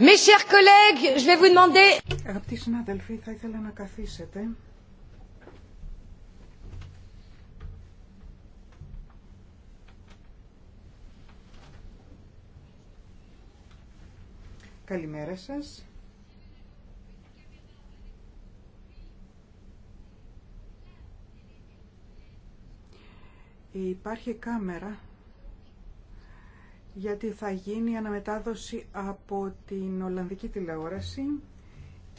Mes chers collègues, je vais vous demander... Αγαπητοί συναδελφοί, θα ήθελα να καθίσετε. Καλημέρα σας. Υπάρχει κάμερα γιατί θα γίνει αναμετάδοση από την Ολλανδική τηλεόραση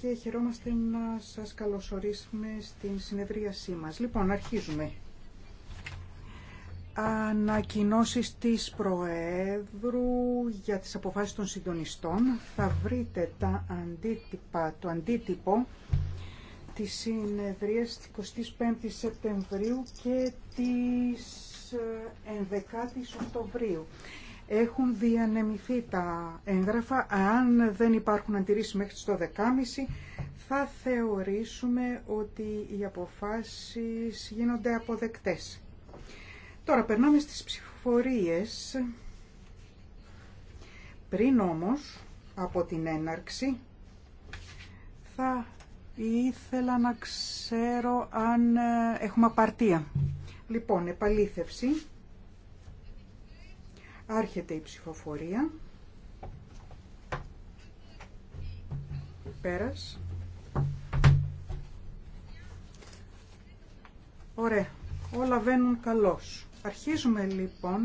και χαιρόμαστε να σας καλωσορίσουμε στην συνεδρίασή μας. Λοιπόν, αρχίζουμε. Ανακοινώσεις της Προέδρου για τις αποφάσεις των συντονιστών. Θα βρείτε τα αντίτυπα, το αντίτυπο τη συνεδρία της 25 Σεπτεμβρίου και της 11 ε, Οκτωβρίου. Έχουν διανεμηθεί τα έγγραφα. Αν δεν υπάρχουν αντιρρήσεις μέχρι το 12.30 θα θεωρήσουμε ότι οι αποφάσεις γίνονται αποδεκτές. Τώρα περνάμε στις ψηφοφορίες. Πριν όμως από την έναρξη θα Ήθελα να ξέρω αν ε, έχουμε απαρτία. Λοιπόν, επαλήθευση. Άρχεται η ψηφοφορία. Πέρας. Ωραία. Όλα βαίνουν καλώς. Αρχίζουμε λοιπόν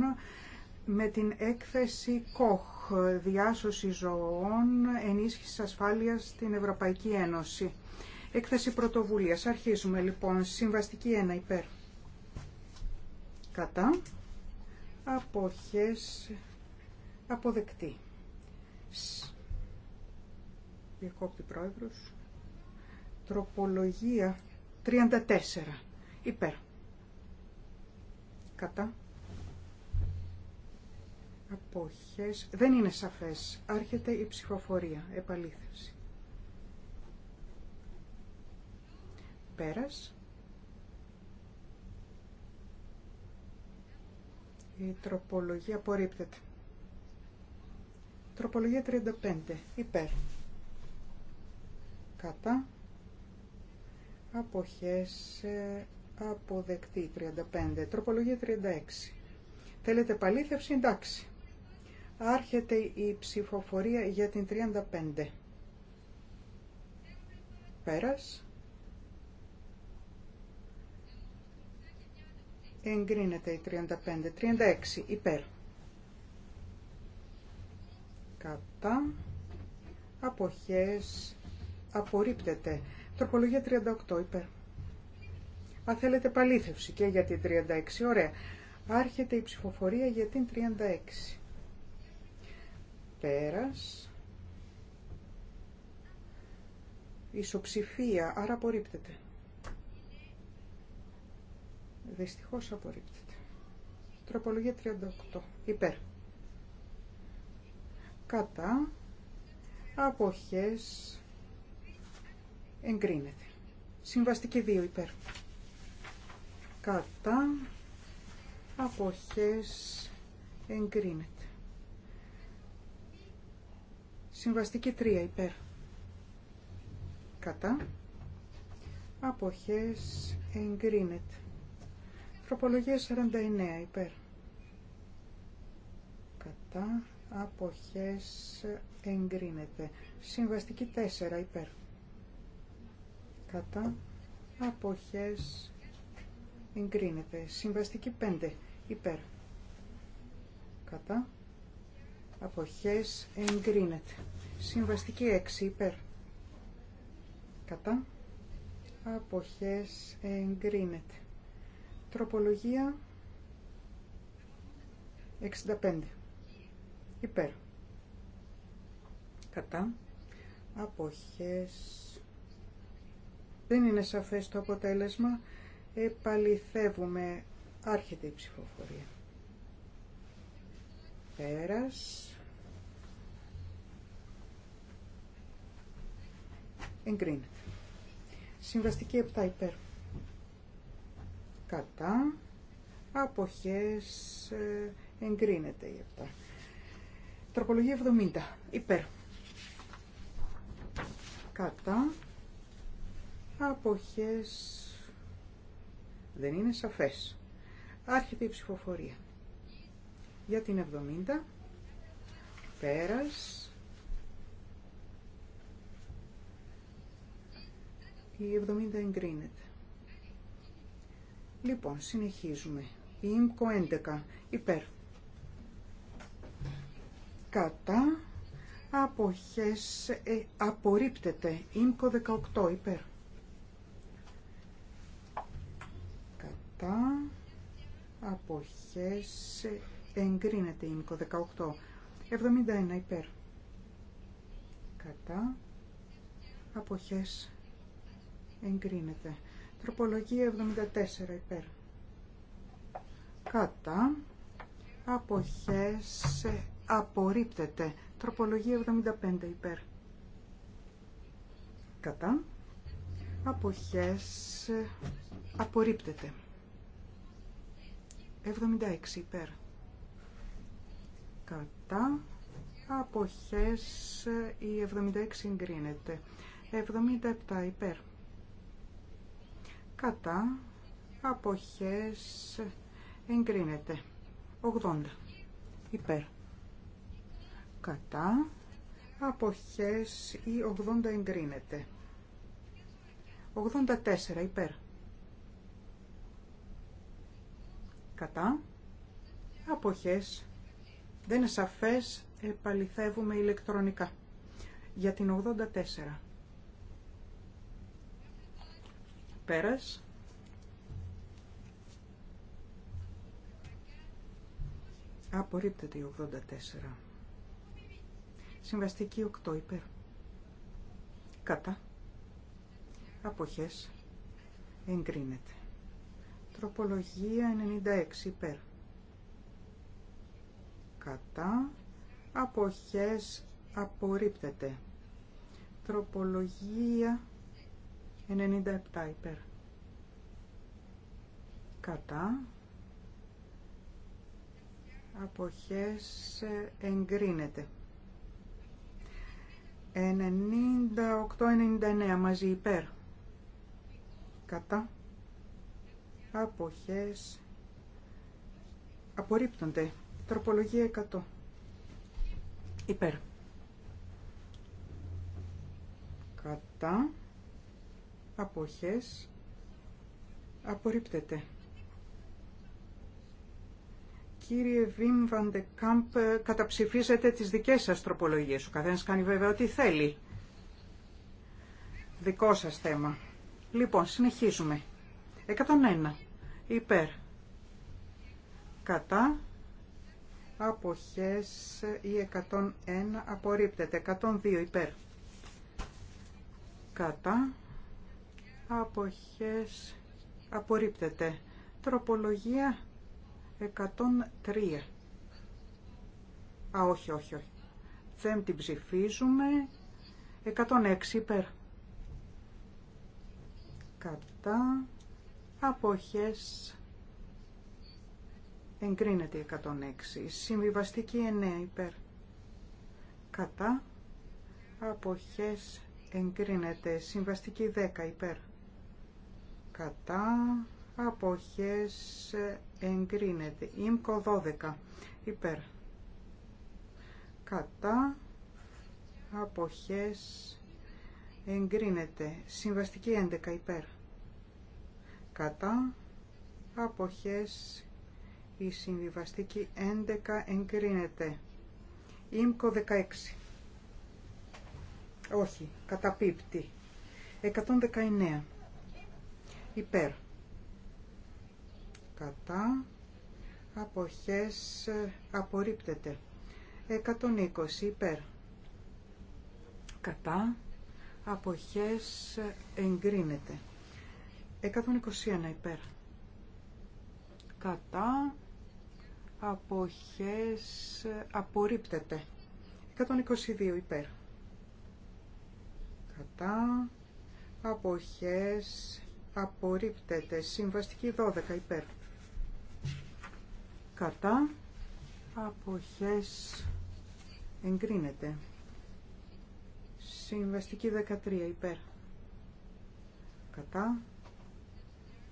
με την έκθεση ΚΟΧ, Διάσωση Ζωών, Ενίσχυση Ασφάλειας στην Ευρωπαϊκή Ένωση. Έκθεση πρωτοβουλίας. Αρχίζουμε λοιπόν. Συμβαστική 1 υπέρ. Κατά. Αποχές. Αποδεκτή. Διακόπτη πρόεδρος. Τροπολογία 34. Υπέρ. Κατά. Αποχές. Δεν είναι σαφές. Άρχεται η ψηφοφορία. Επαλήθευση. πέρας. Η τροπολογία απορρίπτεται. Τροπολογία 35. Υπέρ. Κατά. Αποχές ε, αποδεκτή 35. Τροπολογία 36. Θέλετε παλήθευση, εντάξει. Άρχεται η ψηφοφορία για την 35. Πέρας. Εγκρίνεται η 35. 36 υπέρ. Κατά. Αποχές. Απορρίπτεται. Τροπολογία 38 υπέρ. Αν θέλετε παλήθευση και για την 36. Ωραία. Άρχεται η ψηφοφορία για την 36. Πέρας. Ισοψηφία. Άρα απορρίπτεται. Δυστυχώς απορρίπτεται. Τροπολογία 38. Υπέρ. Κατά. Αποχές. Εγκρίνεται. Συμβαστική 2 υπέρ. Κατά. Αποχές. Εγκρίνεται. Συμβαστική 3 υπέρ. Κατά. Αποχές. Εγκρίνεται. Προπολογίες 49 υπέρ. Κατά αποχές εγκρίνεται. Συμβαστική 4 υπέρ. Κατά αποχές εγκρίνεται. Συμβαστική 5 υπέρ. Κατά αποχές εγκρίνεται. Συμβαστική 6 υπέρ. Κατά αποχές εγκρίνεται. Τροπολογία 65. Υπέρ. Κατά. Αποχές. Δεν είναι σαφές το αποτέλεσμα. Επαληθεύουμε. Άρχεται η ψηφοφορία. Πέρας. Εγκρίνεται. Συμβαστική 7 υπέρ κατά, αποχές, ε, εγκρίνεται η ΕΠΤΑ. Τροπολογία 70, υπέρ, κατά, αποχές, δεν είναι σαφές. Άρχεται η ψηφοφορία. Για την 70, πέρας, η 70 εγκρίνεται. Λοιπόν, συνεχίζουμε. Ήμκο 11. Υπέρ. Κατά. Αποχές. Ε, απορρίπτεται. Ήμκο 18. Ε, υπέρ. Κατά. Αποχές. Εγκρίνεται. Ήμκο 18. 71. Υπέρ. Κατά. Αποχές. Εγκρίνεται. Τροπολογία 74 υπέρ. Κατά. Αποχές ε, απορρίπτεται. Τροπολογία 75 υπέρ. Κατά. Αποχές ε, απορρίπτεται. 76 υπέρ. Κατά. Αποχές ε, η 76 εγκρίνεται. 77 υπέρ κατά αποχές εγκρίνεται 80 υπέρ κατά αποχές ή 80 εγκρίνεται 84 υπέρ κατά αποχές δεν είναι σαφές επαληθεύουμε ηλεκτρονικά για την 84 πέρας. Απορρίπτεται η 84. Συμβαστική 8 υπέρ. Κατά. Αποχές. Εγκρίνεται. Τροπολογία 96 υπέρ. Κατά. Αποχές. Απορρίπτεται. Τροπολογία 97 υπέρ. Κατά. Αποχές ε, εγκρίνεται. 98-99 μαζί υπέρ. Κατά. Αποχές απορρίπτονται. Τροπολογία 100. Υπέρ. Κατά αποχές απορρίπτεται. Κύριε Βίμ Βαντεκάμπ, ε, καταψηφίζετε τις δικές σας τροπολογίες. Ο καθένας κάνει βέβαια ό,τι θέλει. Δικό σας θέμα. Λοιπόν, συνεχίζουμε. 101. Υπέρ. Κατά. Αποχές ή 101 απορρίπτεται. 102 υπέρ. Κατά αποχές απορρίπτεται. Τροπολογία 103. Α, όχι, όχι, όχι. Δεν την ψηφίζουμε. 106 υπέρ. Κατά. Αποχές. Εγκρίνεται 106. Συμβιβαστική 9 υπέρ. Κατά. Αποχές εγκρίνεται. Συμβαστική 10 υπέρ κατά, αποχές εγκρίνεται. Ήμκο 12 υπέρ, κατά, αποχές εγκρίνεται. Συμβαστική 11 υπέρ, κατά, αποχές η συμβιβαστική 11 εγκρίνεται. Ήμκο 16. Όχι, καταπίπτει. 119 υπέρ κατά αποχές ε, απορρίπτεται 120 υπέρ κατά αποχές ε, εγκρίνεται 121 υπέρ κατά αποχές ε, απορρίπτεται 122 υπέρ κατά αποχές απορρίπτεται. Συμβαστική 12 υπέρ. Κατά αποχές εγκρίνεται. Συμβαστική 13 υπέρ. Κατά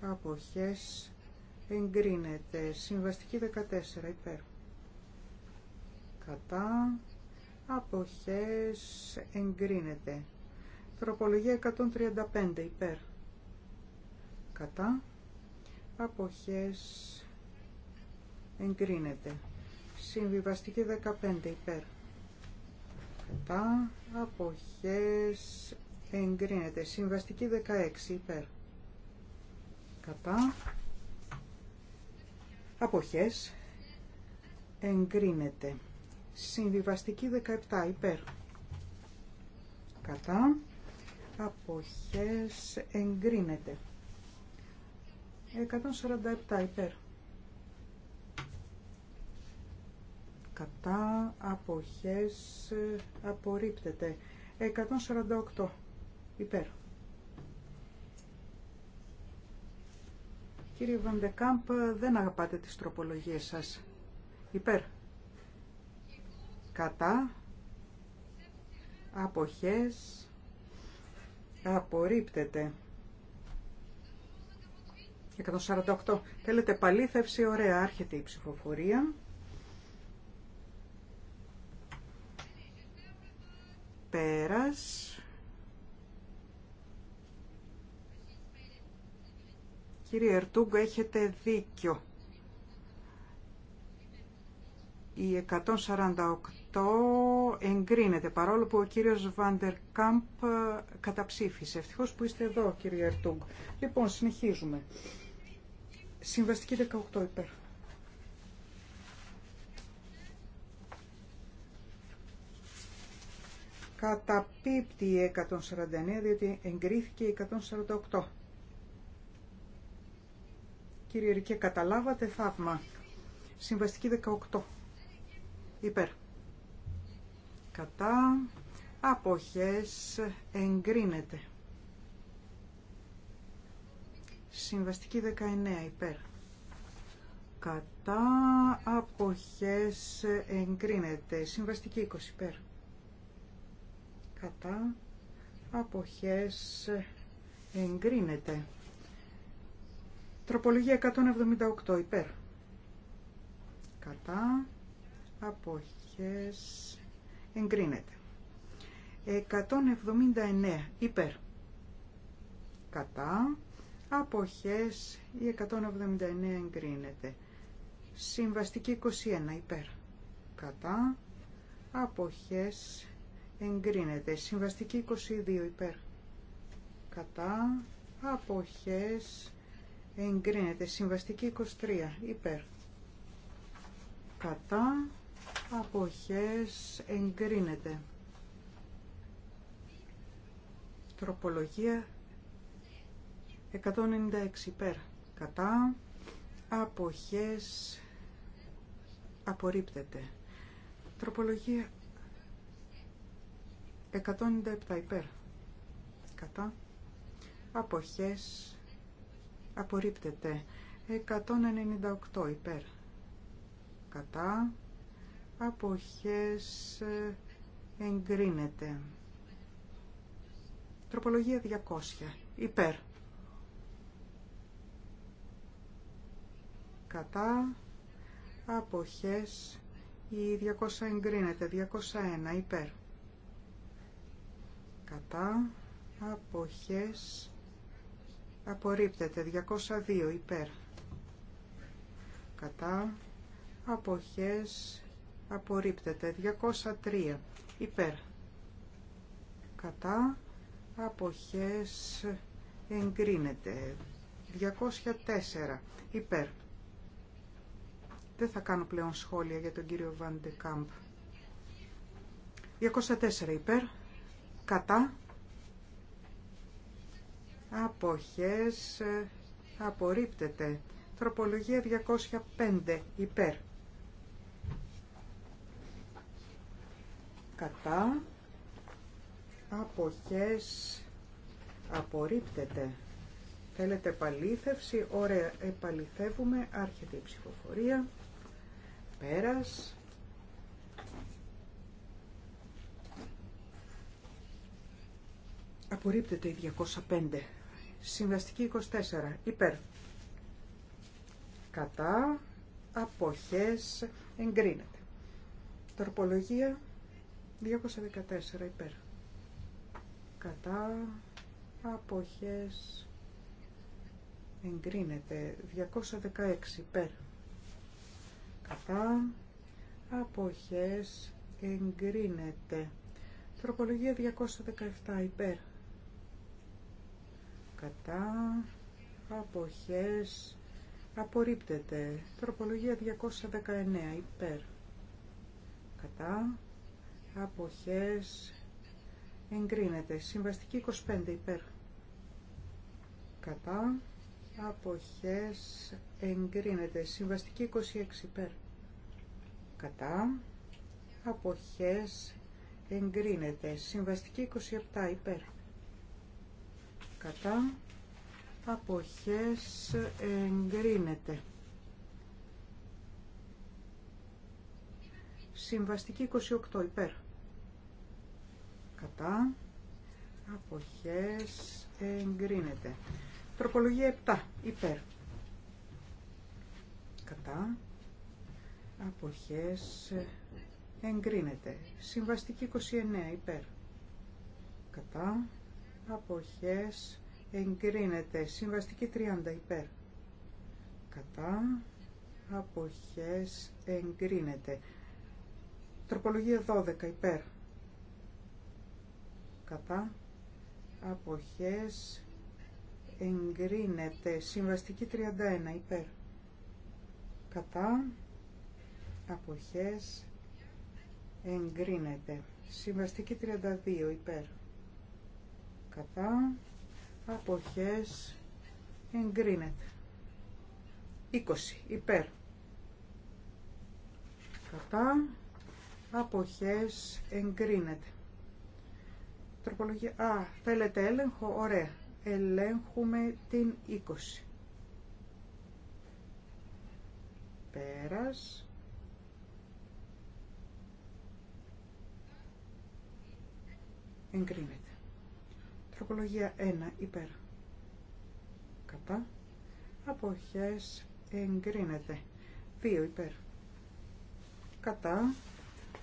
αποχές εγκρίνεται. Συμβαστική 14 υπέρ. Κατά αποχές εγκρίνεται. Τροπολογία 135 υπέρ κατά αποχές εγκρίνεται συμβιβαστική 15 υπέρ κατά αποχές εγκρίνεται συμβαστική 16 υπέρ κατά αποχές εγκρίνεται συμβιβαστική 17 υπέρ κατά αποχές εγκρίνεται 147 υπέρ. Κατά αποχές απορρίπτεται. 148 υπέρ. Κύριε Βαντεκάμπ, δεν αγαπάτε τις τροπολογίες σας. Υπέρ. Κατά. Αποχές. Απορρίπτεται. 148. Θέλετε παλήθευση, ωραία, άρχεται η ψηφοφορία. Πέρας. Κύριε Ερτούγκ, έχετε δίκιο. Η 148 εγκρίνεται, παρόλο που ο κύριος Κάμπ καταψήφισε. Ευτυχώς που είστε εδώ, κύριε Ερτούγκ. Λοιπόν, συνεχίζουμε. Συμβαστική 18 υπέρ. Καταπίπτει η 149 διότι εγκρίθηκε η 148. Κύριε Ρικέ, καταλάβατε θαύμα. Συμβαστική 18. Υπέρ. Κατά. Αποχές εγκρίνεται. Συμβαστική 19 υπέρ. Κατά αποχές εγκρίνεται. Συμβαστική 20 υπέρ. Κατά αποχές εγκρίνεται. Τροπολογία 178 υπέρ. Κατά αποχές εγκρίνεται. 179 υπέρ. Κατά Αποχές η 179 εγκρίνεται. Συμβαστική 21 υπέρ. Κατά. Αποχές εγκρίνεται. Συμβαστική 22 υπέρ. Κατά. Αποχές εγκρίνεται. Συμβαστική 23 υπέρ. Κατά. Αποχές εγκρίνεται. Τροπολογία 196 υπέρ κατά αποχές απορρίπτεται τροπολογία 197 υπέρ κατά αποχές απορρίπτεται 198 υπέρ κατά αποχές εγκρίνεται τροπολογία 200 υπέρ κατά αποχές η 200 εγκρίνεται 201 υπέρ κατά αποχές απορρίπτεται 202 υπέρ κατά αποχές απορρίπτεται 203 υπέρ κατά αποχές εγκρίνεται 204 υπέρ δεν θα κάνω πλέον σχόλια για τον κύριο Βαντεκάμπ. 204 υπέρ, κατά, αποχές, ε, απορρίπτεται. Τροπολογία 205 υπέρ. Κατά, αποχές, απορρίπτεται. Θέλετε επαλήθευση, ωραία, επαληθεύουμε, άρχεται η ψηφοφορία πέρας. Απορρίπτεται η 205. Συμβαστική 24. Υπέρ. Κατά. Αποχές. Εγκρίνεται. Τροπολογία 214. Υπέρ. Κατά. Αποχές. Εγκρίνεται. 216. Υπέρ κατά αποχές εγκρίνεται τροπολογία 217 υπέρ κατά αποχές απορρίπτεται τροπολογία 219 υπέρ κατά αποχές εγκρίνεται συμβαστική 25 υπέρ κατά αποχές εγκρίνεται. Συμβαστική 26 υπέρ. Κατά. Αποχές εγκρίνεται. Συμβαστική 27 υπέρ. Κατά. Αποχές εγκρίνεται. Συμβαστική 28 υπέρ. Κατά. Αποχές εγκρίνεται. Τροπολογία 7 υπέρ κατά αποχές εγκρίνεται. Συμβαστική 29 υπέρ κατά αποχές εγκρίνεται. Συμβαστική 30 υπέρ κατά αποχές εγκρίνεται. Τροπολογία 12 υπέρ κατά αποχές εγκρίνεται. Συμβαστική 31 υπέρ κατά αποχές εγκρίνεται συμβαστική 32 υπέρ κατά αποχές εγκρίνεται 20 υπέρ κατά αποχές εγκρίνεται τροπολογία α θέλετε έλεγχο ωραία ελέγχουμε την 20 πέρας εγκρίνεται τροπολογία 1 υπέρ κατά αποχές εγκρίνεται 2 υπέρ κατά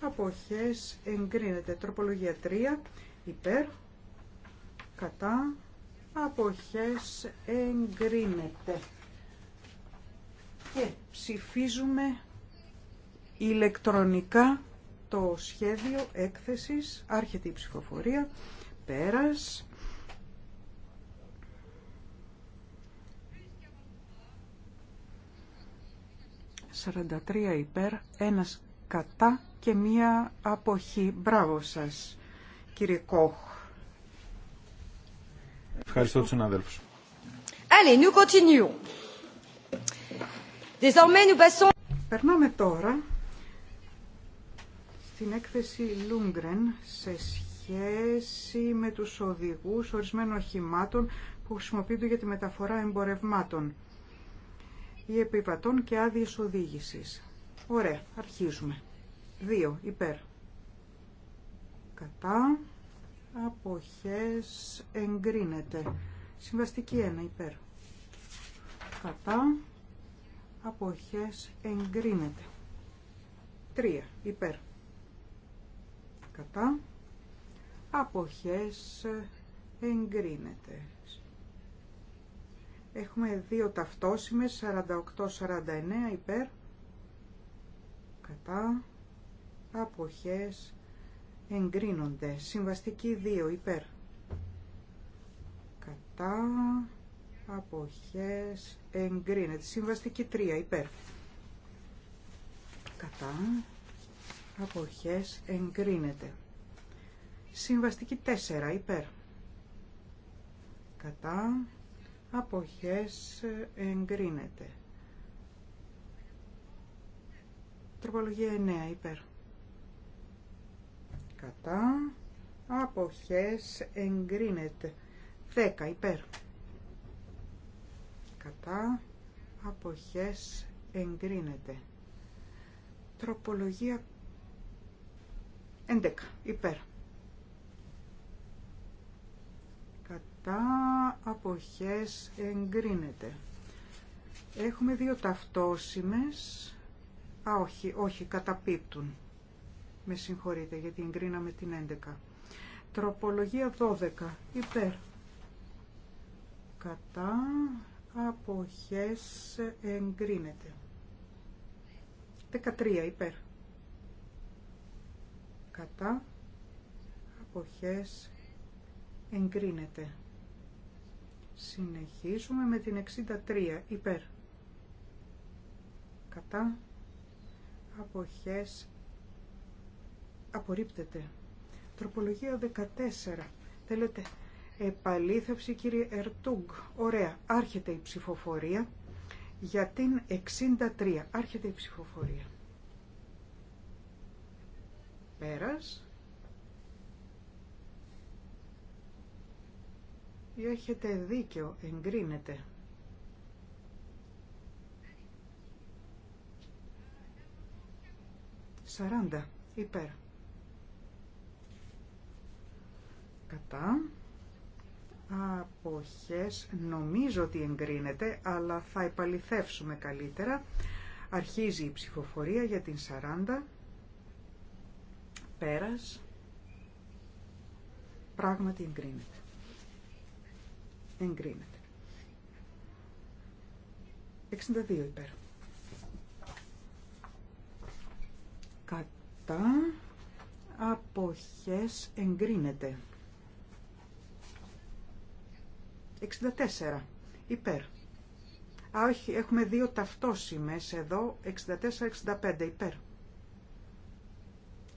αποχές εγκρίνεται τροπολογία 3 υπέρ κατά αποχές εγκρίνεται και ψηφίζουμε ηλεκτρονικά το σχέδιο έκθεσης, άρχεται η ψηφοφορία, πέρας. 43 υπέρ, ένας κατά και μία αποχή. Μπράβο σας, κύριε Κόχ. Ευχαριστώ του συνάδελφου. Allez, nous Περνάμε τώρα στην έκθεση Λούγκρεν σε σχέση με τους οδηγούς ορισμένων οχημάτων που χρησιμοποιούνται για τη μεταφορά εμπορευμάτων ή επιβατών και άδειες οδήγησης. Ωραία, αρχίζουμε. Δύο, Υπέρ. Κατά. Αποχές εγκρίνεται. Συμβαστική ένα, Υπέρ. Κατά αποχές εγκρίνεται. 3. Υπέρ. Κατά. Αποχές εγκρίνεται. Έχουμε δύο ταυτόσημες, 48-49 υπέρ. Κατά. Αποχές εγκρίνονται. Συμβαστική 2 υπέρ. Κατά αποχές εγκρίνεται. Συμβαστική 3 υπέρ. Κατά αποχές εγκρίνεται. Συμβαστική 4 υπέρ. Κατά αποχές εγκρίνεται. Τροπολογία 9 υπέρ. Κατά αποχές εγκρίνεται. 10 υπέρ κατά αποχές εγκρίνεται. Τροπολογία 11 υπέρ. Κατά αποχές εγκρίνεται. Έχουμε δύο ταυτόσημες. Α, όχι, όχι, καταπίπτουν. Με συγχωρείτε γιατί εγκρίναμε την 11. Τροπολογία 12 υπέρ. Κατά αποχές εγκρίνεται. 13 υπέρ. Κατά αποχές εγκρίνεται. Συνεχίζουμε με την 63 υπέρ. Κατά αποχές απορρίπτεται. Τροπολογία 14. Θέλετε Επαλήθευση κύριε Ερτούγκ. Ωραία. Άρχεται η ψηφοφορία για την 63. Άρχεται η ψηφοφορία. Πέρας. Έχετε δίκιο. Εγκρίνεται. Σαράντα. Υπέρ. Κατά αποχές νομίζω ότι εγκρίνεται αλλά θα επαληθεύσουμε καλύτερα αρχίζει η ψηφοφορία για την 40 πέρας πράγματι εγκρίνεται εγκρίνεται 62 υπέρ κατά αποχές εγκρίνεται 64 υπέρ. Α, όχι, έχουμε δύο ταυτόσημες εδώ, 64-65 υπέρ.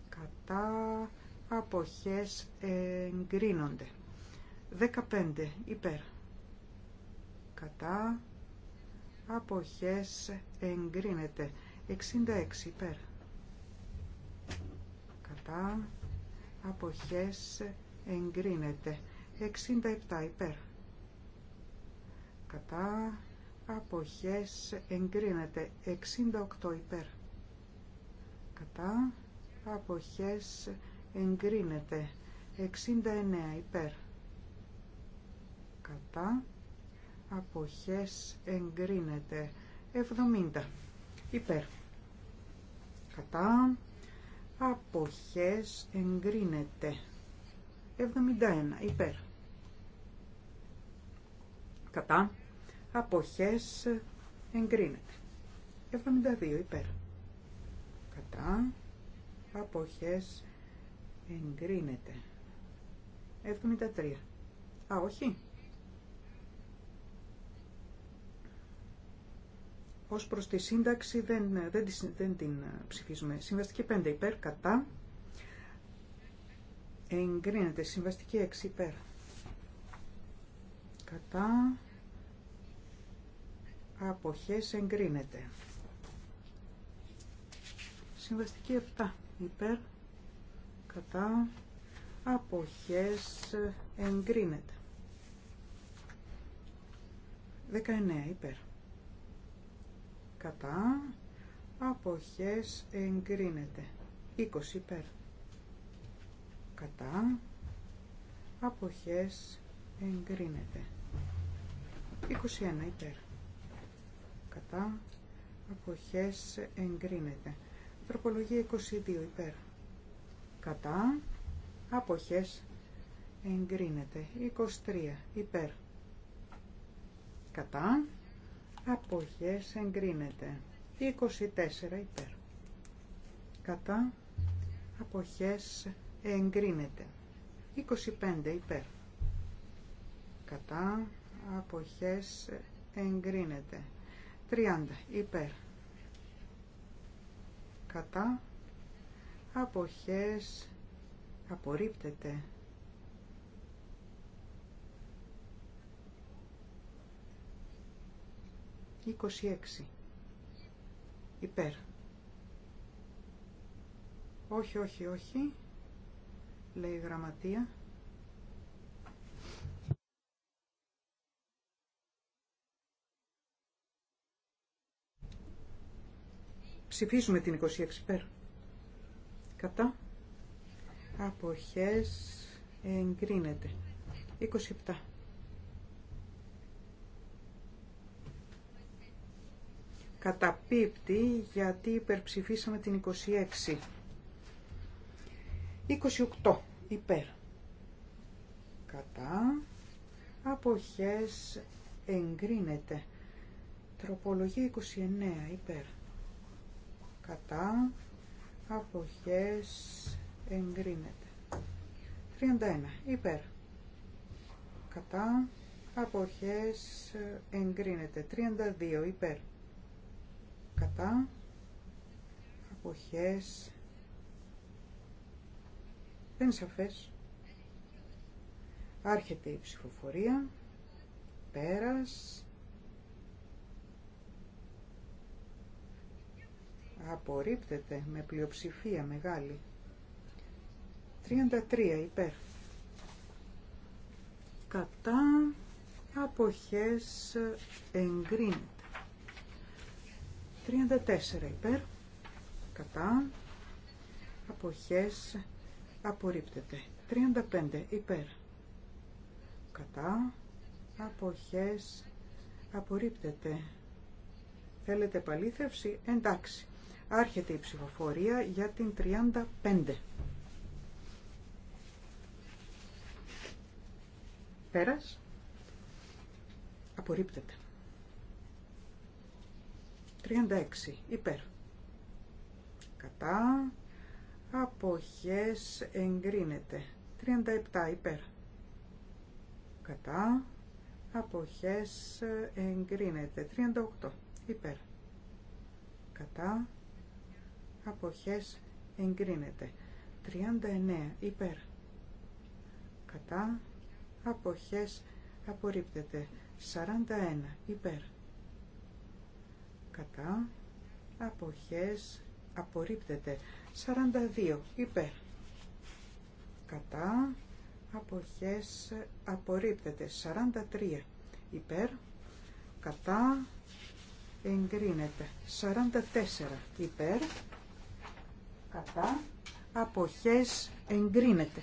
Κατά αποχές εγκρίνονται. 15 υπέρ. Κατά αποχές εγκρίνεται. 66 υπέρ. Κατά αποχές εγκρίνεται. 67 υπέρ κατά, αποχές εγκρίνεται 68 υπέρ κατά, αποχές εγκρίνεται 69 υπέρ κατά, αποχές εγκρίνεται 70 υπέρ κατά, αποχές εγκρίνεται 71 υπέρ κατά αποχές εγκρίνεται. 72 υπέρ. Κατά αποχές εγκρίνεται. 73. Α, όχι. Ως προς τη σύνταξη δεν, δεν, δεν την ψηφίζουμε. Συμβαστική 5 υπέρ, κατά. Εγκρίνεται. Συμβαστική 6 υπέρ. Κατά αποχές εγκρίνεται. Συμβαστική 7 υπέρ κατά αποχές εγκρίνεται. 19 υπέρ κατά αποχές εγκρίνεται. 20 υπέρ κατά αποχές εγκρίνεται. 21 υπέρ κατά αποχές εγκρίνεται. Τροπολογία 22 υπέρ κατά αποχές εγκρίνεται. 23 υπέρ κατά αποχές εγκρίνεται. 24 υπέρ κατά αποχές εγκρίνεται. 25 υπέρ κατά αποχές εγκρίνεται. 30 υπέρ κατά αποχές απορρίπτεται 26, έξι υπέρ όχι όχι όχι λέει η γραμματεία Ψηφίζουμε την 26 πέρα. Κατά. Αποχές εγκρίνεται. 27. Καταπίπτει γιατί υπερψηφίσαμε την 26. 28. Υπέρ. Κατά. Αποχές εγκρίνεται. Τροπολογία 29. Υπέρ κατά, αποχές, εγκρίνεται. 31. Υπέρ. Κατά, αποχές, εγκρίνεται. 32. Υπέρ. Κατά, αποχές, δεν είναι σαφές. Άρχεται η ψηφοφορία. Πέρας. απορρίπτεται με πλειοψηφία μεγάλη. 33 υπέρ. Κατά αποχές εγκρίνεται. 34 υπέρ. Κατά αποχές απορρίπτεται. 35 υπέρ. Κατά αποχές απορρίπτεται. Θέλετε παλήθευση, εντάξει. Άρχεται η ψηφοφορία για την 35. Πέρας. Απορρίπτεται. 36. Υπέρ. Κατά. Αποχές εγκρίνεται. 37. Υπέρ. Κατά. Αποχές εγκρίνεται. 38. Υπέρ. Κατά αποχές εγκρίνεται 39 υπέρ κατά αποχές απορρίπτεται 41 υπέρ κατά αποχές απορρίπτεται 42 υπέρ κατά αποχές απορρίπτεται 43 υπέρ κατά εγκρίνεται 44 υπέρ κατά, αποχές εγκρίνεται.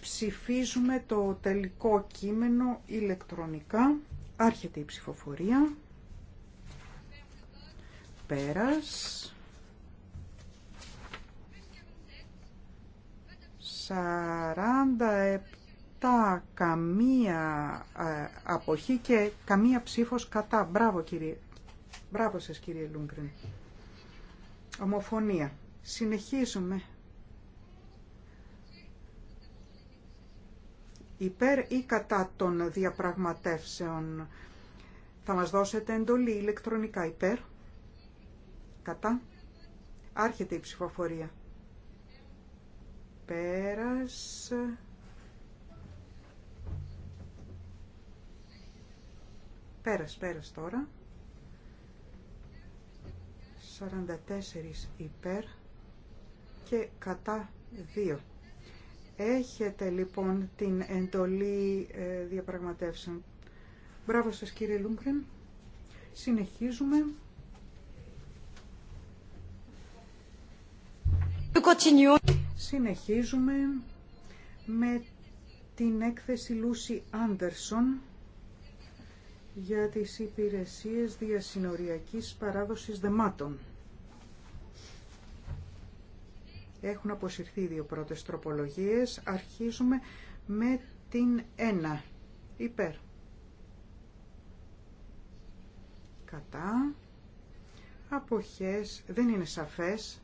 Ψηφίζουμε το τελικό κείμενο ηλεκτρονικά. Άρχεται η ψηφοφορία. Πέρας. 47 καμία ε, αποχή και καμία ψήφος κατά. Μπράβο, κύριε. Μπράβο σας κύριε Λούγκριν. Ομοφωνία. Συνεχίζουμε. Υπέρ ή κατά των διαπραγματεύσεων. Θα μας δώσετε εντολή ηλεκτρονικά υπέρ. Κατά. Άρχεται η ψηφοφορία. Πέρας. Πέρας, πέρας τώρα. 44 υπέρ και κατά δύο. Έχετε λοιπόν την εντολή ε, διαπραγματεύσεων. Μπράβο σας κύριε Λούγκρεν. Συνεχίζουμε. Συνεχίζουμε με την έκθεση Λούση Άντερσον για τις υπηρεσίες διασυνοριακής παράδοσης δεμάτων. Έχουν αποσυρθεί οι δύο πρώτες τροπολογίες. Αρχίζουμε με την 1. Υπέρ. Κατά. Αποχές. Δεν είναι σαφές.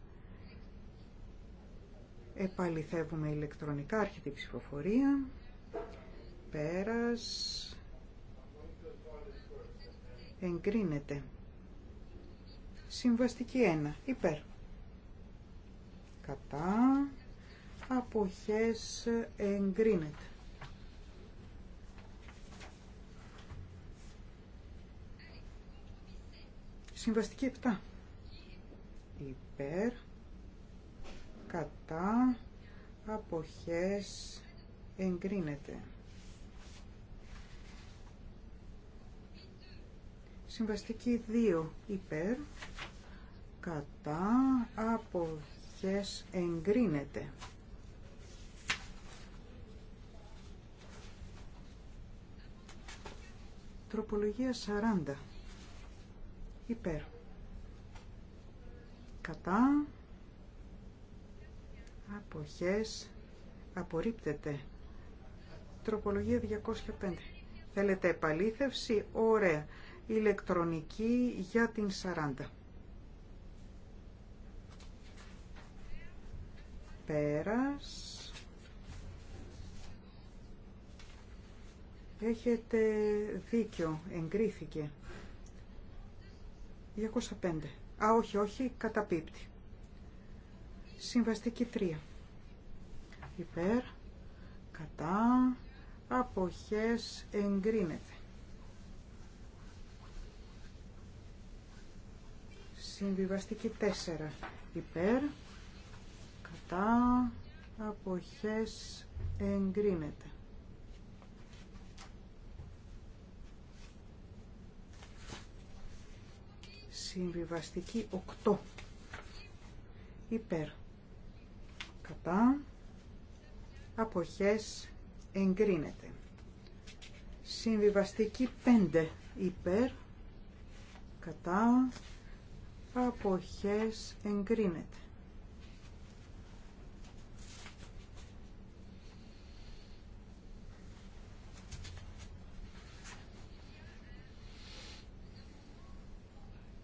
Επαληθεύουμε ηλεκτρονικά. Άρχεται η ψηφοφορία. Πέρας. Εγκρίνεται. Συμβαστική 1. Υπέρ κατά αποχές εγκρίνεται. Συμβαστική 7. Υπέρ, κατά, αποχές, εγκρίνεται. Συμβαστική 2. Υπέρ, κατά, αποχές αποχές εγκρίνεται. Τροπολογία 40. Υπέρ. Κατά. Αποχές. Απορρίπτεται. Τροπολογία 205. Θέλετε επαλήθευση. Ωραία. Ηλεκτρονική για την 40. πέρας. Έχετε δίκιο, εγκρίθηκε. 205. Α, όχι, όχι, καταπίπτει. Συμβαστική 3. Υπέρ, κατά, αποχές, εγκρίνεται. Συμβιβαστική 4. Υπέρ, κατά αποχές εγκρίνεται. Συμβιβαστική 8 υπέρ κατά αποχές εγκρίνεται. Συμβιβαστική 5 υπέρ κατά αποχές εγκρίνεται.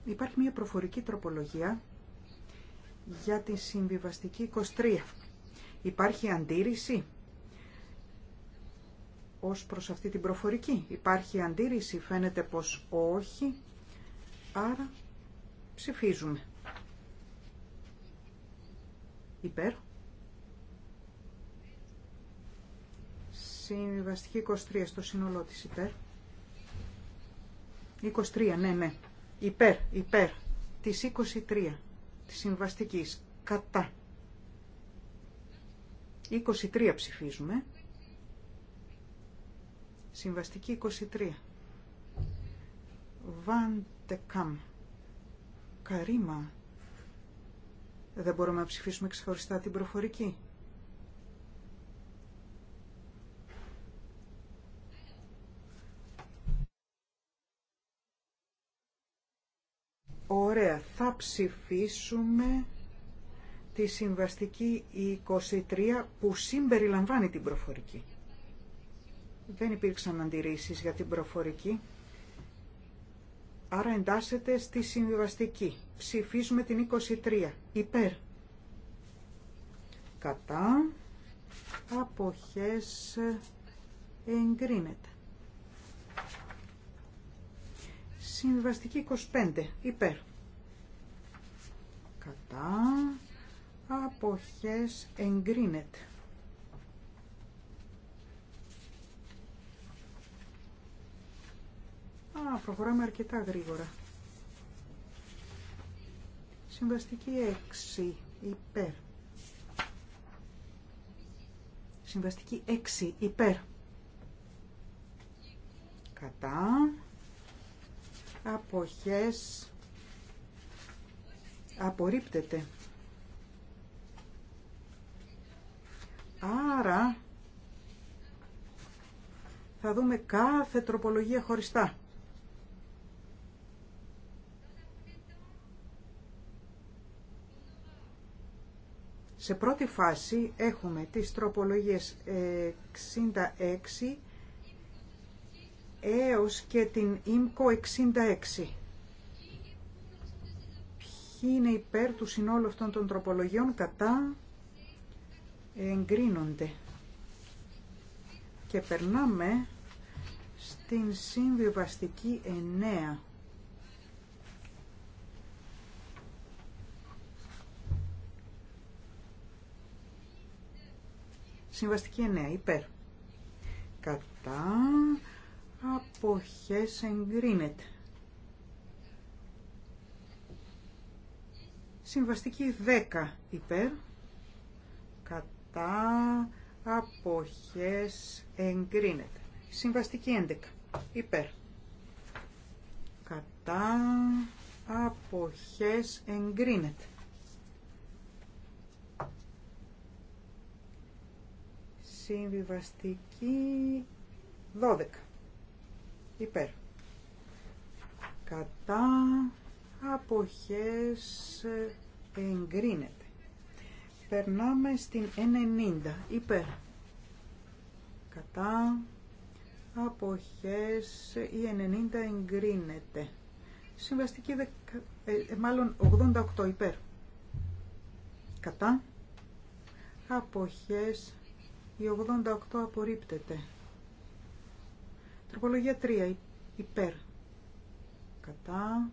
Υπάρχει μια προφορική τροπολογία για τη συμβιβαστική 23. Υπάρχει αντίρρηση ως προς αυτή την προφορική. Υπάρχει αντίρρηση, φαίνεται πως όχι, άρα ψηφίζουμε. Υπέρ. Συμβιβαστική 23 στο σύνολό της υπέρ. 23, ναι, ναι υπέρ, υπέρ, της 23, της συμβαστικής, κατά. 23 ψηφίζουμε. Συμβαστική 23. Βαντεκάμ. Καρίμα. Δεν μπορούμε να ψηφίσουμε ξεχωριστά την προφορική. Ωραία, θα ψηφίσουμε τη συμβαστική 23 που συμπεριλαμβάνει την προφορική. Δεν υπήρξαν αντιρρήσεις για την προφορική. Άρα εντάσσεται στη συμβιβαστική. Ψηφίζουμε την 23. Υπέρ. Κατά. Αποχές εγκρίνεται. Συμβαστική 25. Υπέρ κατά αποχές εγκρίνεται. Α, προχωράμε αρκετά γρήγορα. Συμβαστική 6 υπέρ. Συμβαστική 6 υπέρ. Κατά. Αποχές απορρίπτεται. Άρα θα δούμε κάθε τροπολογία χωριστά. Σε πρώτη φάση έχουμε τις τροπολογίες 66 έως και την ΙΜΚΟ 66 είναι υπέρ του συνόλου αυτών των τροπολογιών κατά εγκρίνονται. Και περνάμε στην συμβιβαστική εννέα Συμβαστική εννέα υπέρ. Κατά αποχές εγκρίνεται. Συμβαστική 10 υπέρ, κατά, αποχές, εγκρίνεται. Συμβαστική 11 υπέρ, κατά, αποχές, εγκρίνεται. Συμβιβαστική 12 υπέρ, κατά, αποχές εγκρίνεται. Περνάμε στην 90 υπέρ. Κατά αποχές η 90 εγκρίνεται. Συμβαστική δεκα, ε, ε μάλλον 88 υπέρ. Κατά αποχές η 88 απορρίπτεται. Τροπολογία 3 υπέρ. Κατά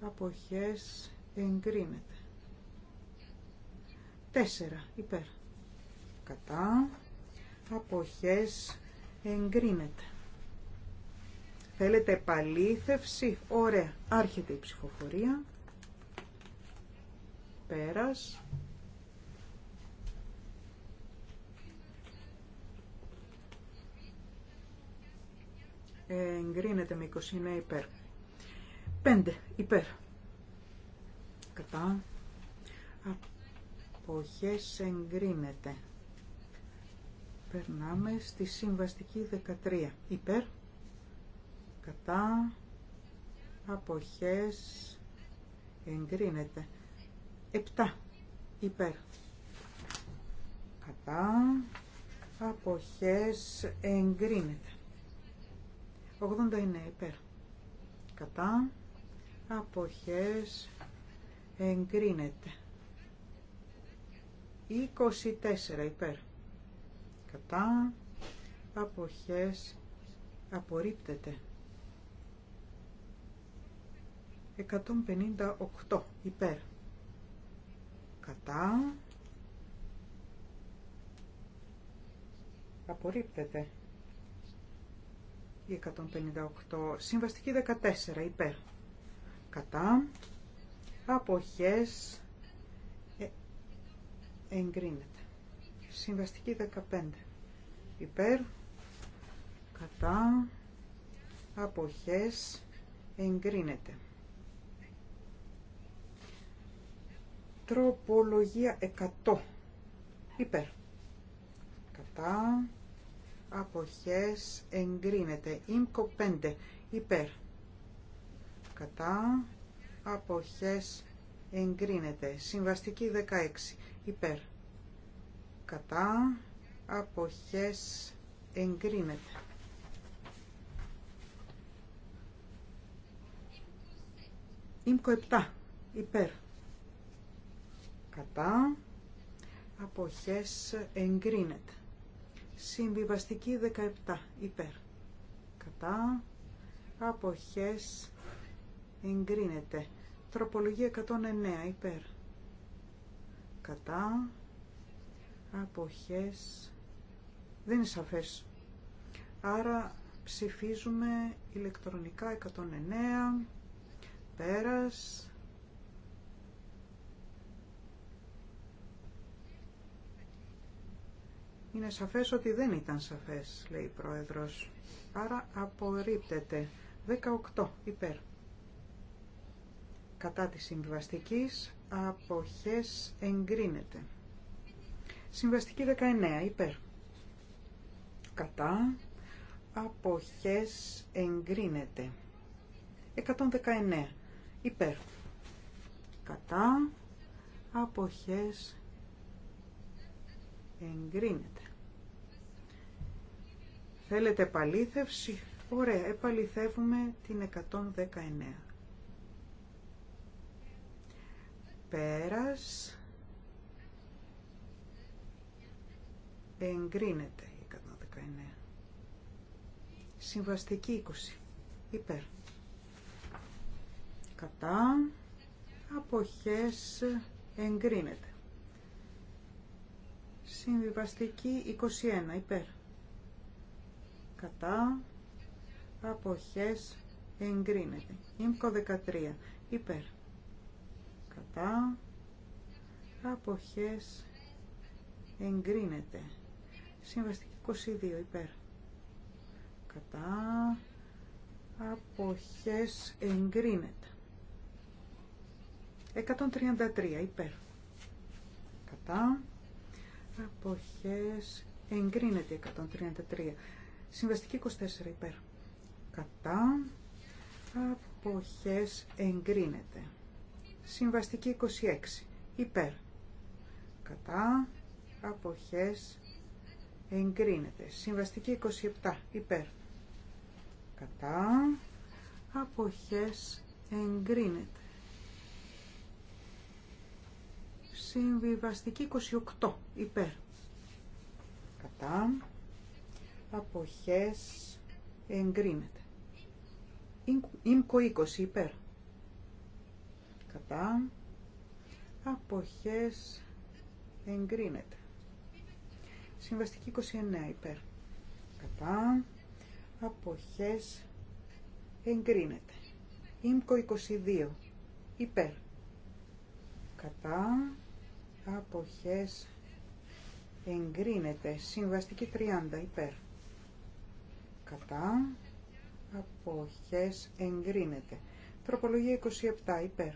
αποχές εγκρίνεται. 4 υπέρ. Κατά αποχές εγκρίνεται. Θέλετε επαλήθευση. Ωραία. Άρχεται η ψηφοφορία. Πέρας. εγκρίνεται με 29 υπέρ. 5 υπέρ κατά αποχές εγκρίνεται. Περνάμε στη συμβαστική 13. Υπέρ, κατά, αποχές, εγκρίνεται. 7. Υπέρ, κατά, αποχές, εγκρίνεται. 89. Υπέρ, κατά, αποχές, εγκρίνεται. 24 υπέρ. Κατά αποχές απορρίπτεται. 158 υπέρ. Κατά απορρίπτεται. 158 συμβαστική 14 υπέρ. Κατά αποχές ε, εγκρίνεται. Συμβαστική 15. Υπέρ, κατά, αποχές εγκρίνεται. Τροπολογία 100. Υπέρ. Κατά. Αποχές εγκρίνεται. Ήμκο 5. Υπέρ. Κατά αποχές εγκρίνεται. Συμβαστική 16 υπέρ. Κατά αποχές εγκρίνεται. Ήμκο 7 υπέρ. Κατά αποχές εγκρίνεται. Συμβιβαστική 17 υπέρ. Κατά αποχές εγκρίνεται. Τροπολογία 109 υπέρ. Κατά. Αποχές. Δεν είναι σαφές. Άρα ψηφίζουμε ηλεκτρονικά 109. Πέρας. Είναι σαφές ότι δεν ήταν σαφές, λέει η Πρόεδρος. Άρα απορρίπτεται. 18 υπέρ κατά της συμβαστικής αποχές εγκρίνεται. Συμβαστική 19 υπέρ. Κατά αποχές εγκρίνεται. 119 υπέρ. Κατά αποχές εγκρίνεται. Θέλετε επαλήθευση. Ωραία, επαληθεύουμε την 119. Πέρας. Εγκρίνεται η 119. Συμβαστική 20. Υπέρ. Κατά. Αποχές εγκρίνεται. Συμβιβαστική 21. Υπέρ. Κατά. Αποχές εγκρίνεται. Ήμκο 13. Υπέρ κατά αποχές εγκρίνεται συμβαστική 22 υπέρ κατά αποχές εγκρίνεται 133 υπέρ κατά αποχές εγκρίνεται 133 συμβαστική 24 υπέρ κατά αποχές εγκρίνεται Συμβαστική 26. Υπέρ. Κατά. Αποχές. Εγκρίνεται. Συμβαστική 27. Υπέρ. Κατά. Αποχές. Εγκρίνεται. Συμβιβαστική 28. Υπέρ. Κατά. Αποχές. Εγκρίνεται. Ήμκο 20. Υπέρ κατά αποχές εγκρίνεται συμβαστική 29 υπέρ κατά αποχές εγκρίνεται ΙΜΚΟ 22 υπέρ κατά αποχές εγκρίνεται συμβαστική 30 υπέρ κατά αποχές εγκρίνεται τροπολογία 27 υπέρ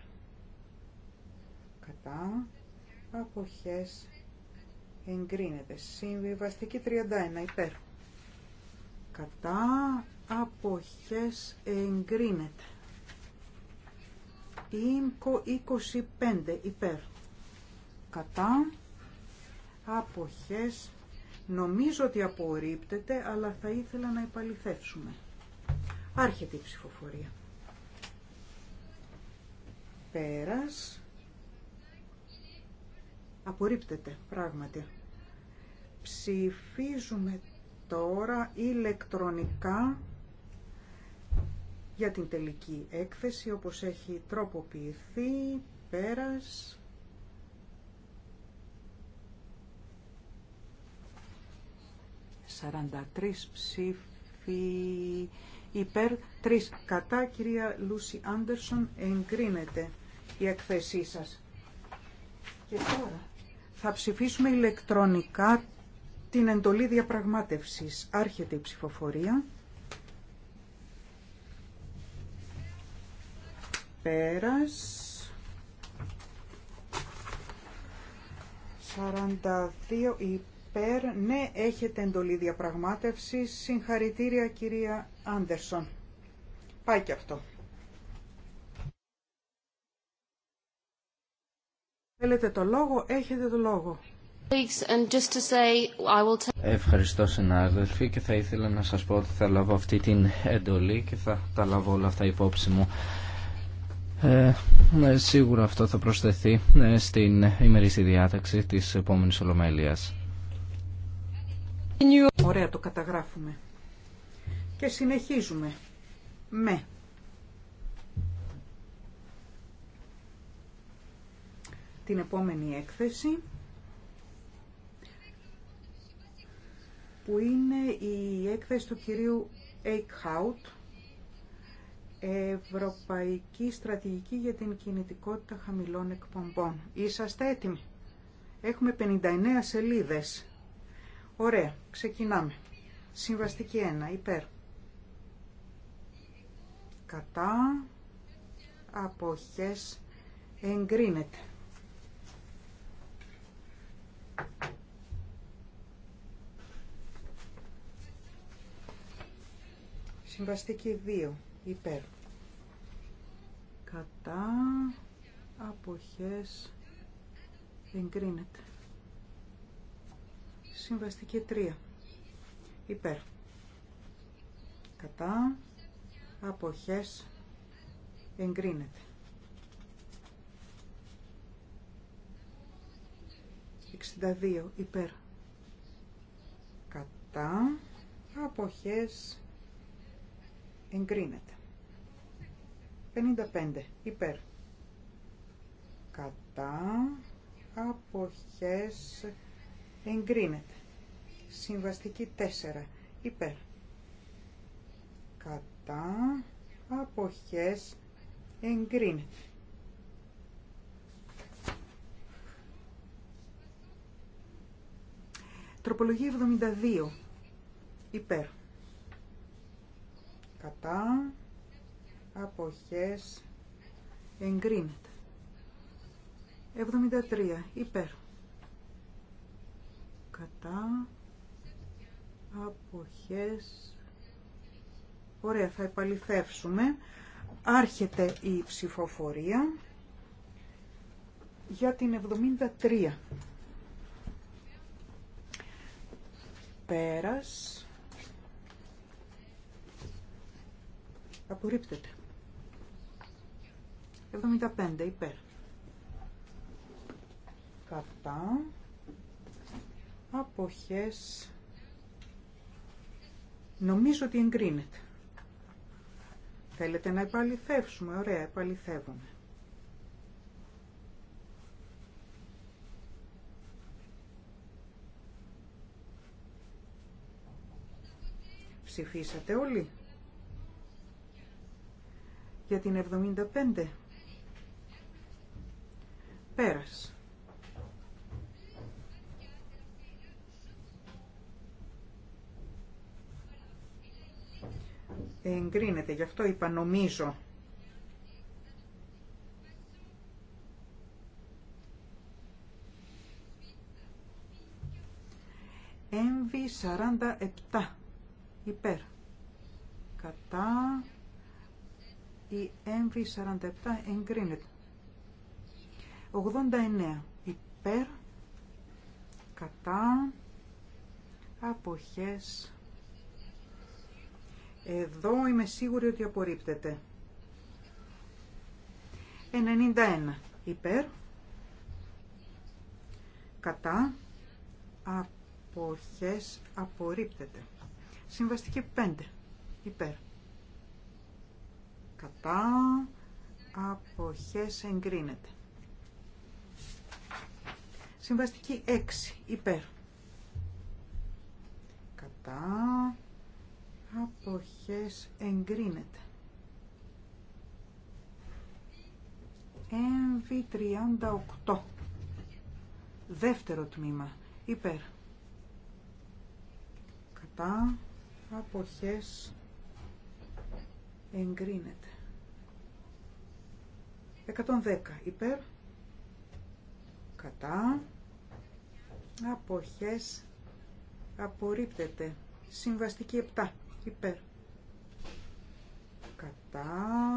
κατά αποχές εγκρίνεται. Συμβιβαστική 31 υπέρ. Κατά αποχές εγκρίνεται. Ήμκο 25 υπέρ. Κατά αποχές νομίζω ότι απορρίπτεται αλλά θα ήθελα να επαληθεύσουμε. Άρχεται η ψηφοφορία. Πέρας Απορρίπτεται, πράγματι. Ψηφίζουμε τώρα ηλεκτρονικά για την τελική έκθεση όπως έχει τροποποιηθεί, πέρας. ...43 ψήφοι υπέρ, 3 κατά. Κυρία Λούση Άντερσον, εγκρίνεται η εκθέσή σας. Και τώρα θα ψηφίσουμε ηλεκτρονικά την εντολή διαπραγμάτευσης. Άρχεται η ψηφοφορία. Πέρας. 42 υπέρ. Ναι, έχετε εντολή διαπραγμάτευσης. Συγχαρητήρια κυρία Άντερσον. Πάει και αυτό. Θέλετε το λόγο, έχετε το λόγο. Ευχαριστώ συνάδελφοι και θα ήθελα να σας πω ότι θα λάβω αυτή την εντολή και θα τα λάβω όλα αυτά υπόψη μου. Ε, ναι, σίγουρα αυτό θα προσθεθεί ε, στην ημερήσια διάταξη της επόμενης Ολομέλειας. Ωραία, το καταγράφουμε. Και συνεχίζουμε με την επόμενη έκθεση που είναι η έκθεση του κυρίου Eichhout Ευρωπαϊκή Στρατηγική για την Κινητικότητα Χαμηλών Εκπομπών. Είσαστε έτοιμοι. Έχουμε 59 σελίδες. Ωραία, ξεκινάμε. Συμβαστική 1, υπέρ. Κατά, αποχές, εγκρίνεται. Συμβαστική 2. Υπέρ. Κατά αποχές εγκρίνεται. Συμβαστική 3. Υπέρ. Κατά αποχές εγκρίνεται. 62 υπέρ κατά αποχές εγκρίνεται 55 υπέρ κατά αποχές εγκρίνεται συμβαστική 4 υπέρ κατά αποχές εγκρίνεται Τροπολογία 72. Υπέρ. Κατά. Αποχές. Εγκρίνεται. 73. Υπέρ. Κατά. Αποχές. Ωραία, θα επαληθεύσουμε. Άρχεται η ψηφοφορία για την 73. Πέρας. Απορρίπτεται. 75 υπέρ. Κατά. Αποχές. Νομίζω ότι εγκρίνεται. Θέλετε να επαληθεύσουμε. Ωραία, επαληθεύουμε. Ψηφίσατε όλοι. Για την 75. Πέρας. Εγκρίνεται, γι' αυτό είπα νομίζω. MV47 υπέρ κατά η MV47 εγκρίνεται 89 υπέρ κατά αποχές εδώ είμαι σίγουρη ότι απορρίπτεται 91 υπέρ κατά αποχές απορρίπτεται Συμβαστική 5. Υπέρ. Κατά. Αποχές εγκρίνεται. Συμβαστική 6. Υπέρ. Κατά. Αποχές εγκρίνεται. MV38. Δεύτερο τμήμα. Υπέρ. Κατά αποχές εγκρίνεται 110 υπέρ κατά αποχές απορρίπτεται συμβαστική 7 υπέρ κατά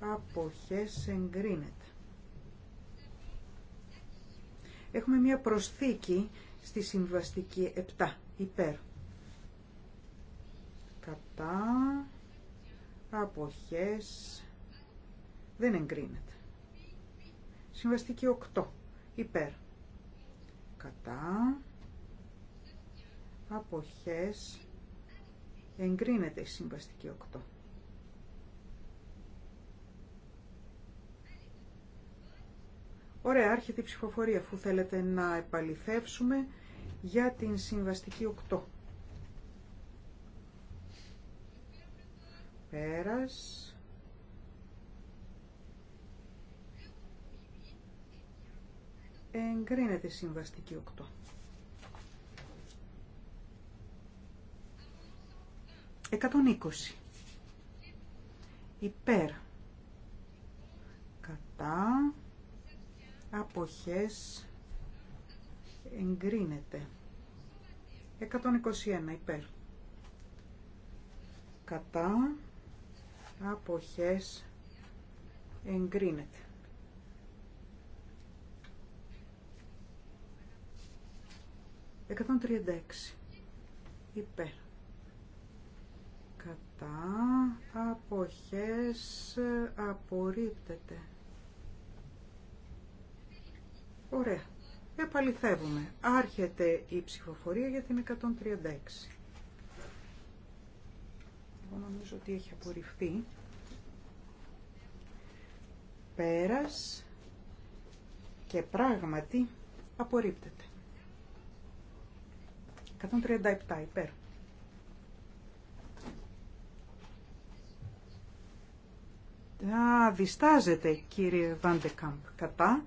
αποχές εγκρίνεται έχουμε μια προσθήκη στη συμβαστική 7 υπέρ κατά αποχές δεν εγκρίνεται. Συμβαστική 8 υπέρ κατά αποχές εγκρίνεται η συμβαστική 8. Ωραία, άρχεται η ψηφοφορία αφού θέλετε να επαληθεύσουμε για την συμβαστική 8. Πέρας. Εγκρίνεται συμβαστική 8. 120. Υπέρ. Κατά. Αποχές. Εγκρίνεται. 121 υπέρ. Κατά αποχές εγκρίνεται. Εκατόν τριάντα Υπέρ. Κατά αποχές απορρίπτεται. Ωραία. Επαληθεύουμε. Άρχεται η ψηφοφορία για την 136. Εγώ νομίζω ότι έχει απορριφθεί. Πέρας και πράγματι απορρίπτεται. 137 υπέρ. Α, διστάζεται κύριε Βαντεκάμπ κατά.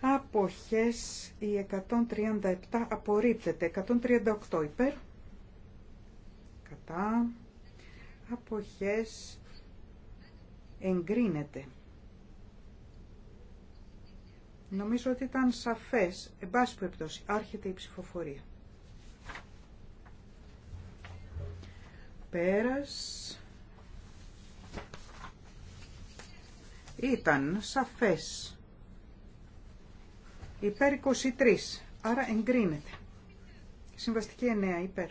Αποχές η 137 απορρίπτεται. 138 υπέρ. Τα αποχές εγκρίνεται. Νομίζω ότι ήταν σαφές, εν πάση άρχεται η ψηφοφορία. Πέρας. Ήταν σαφές. Υπέρ 23, άρα εγκρίνεται. Συμβαστική 9, υπέρ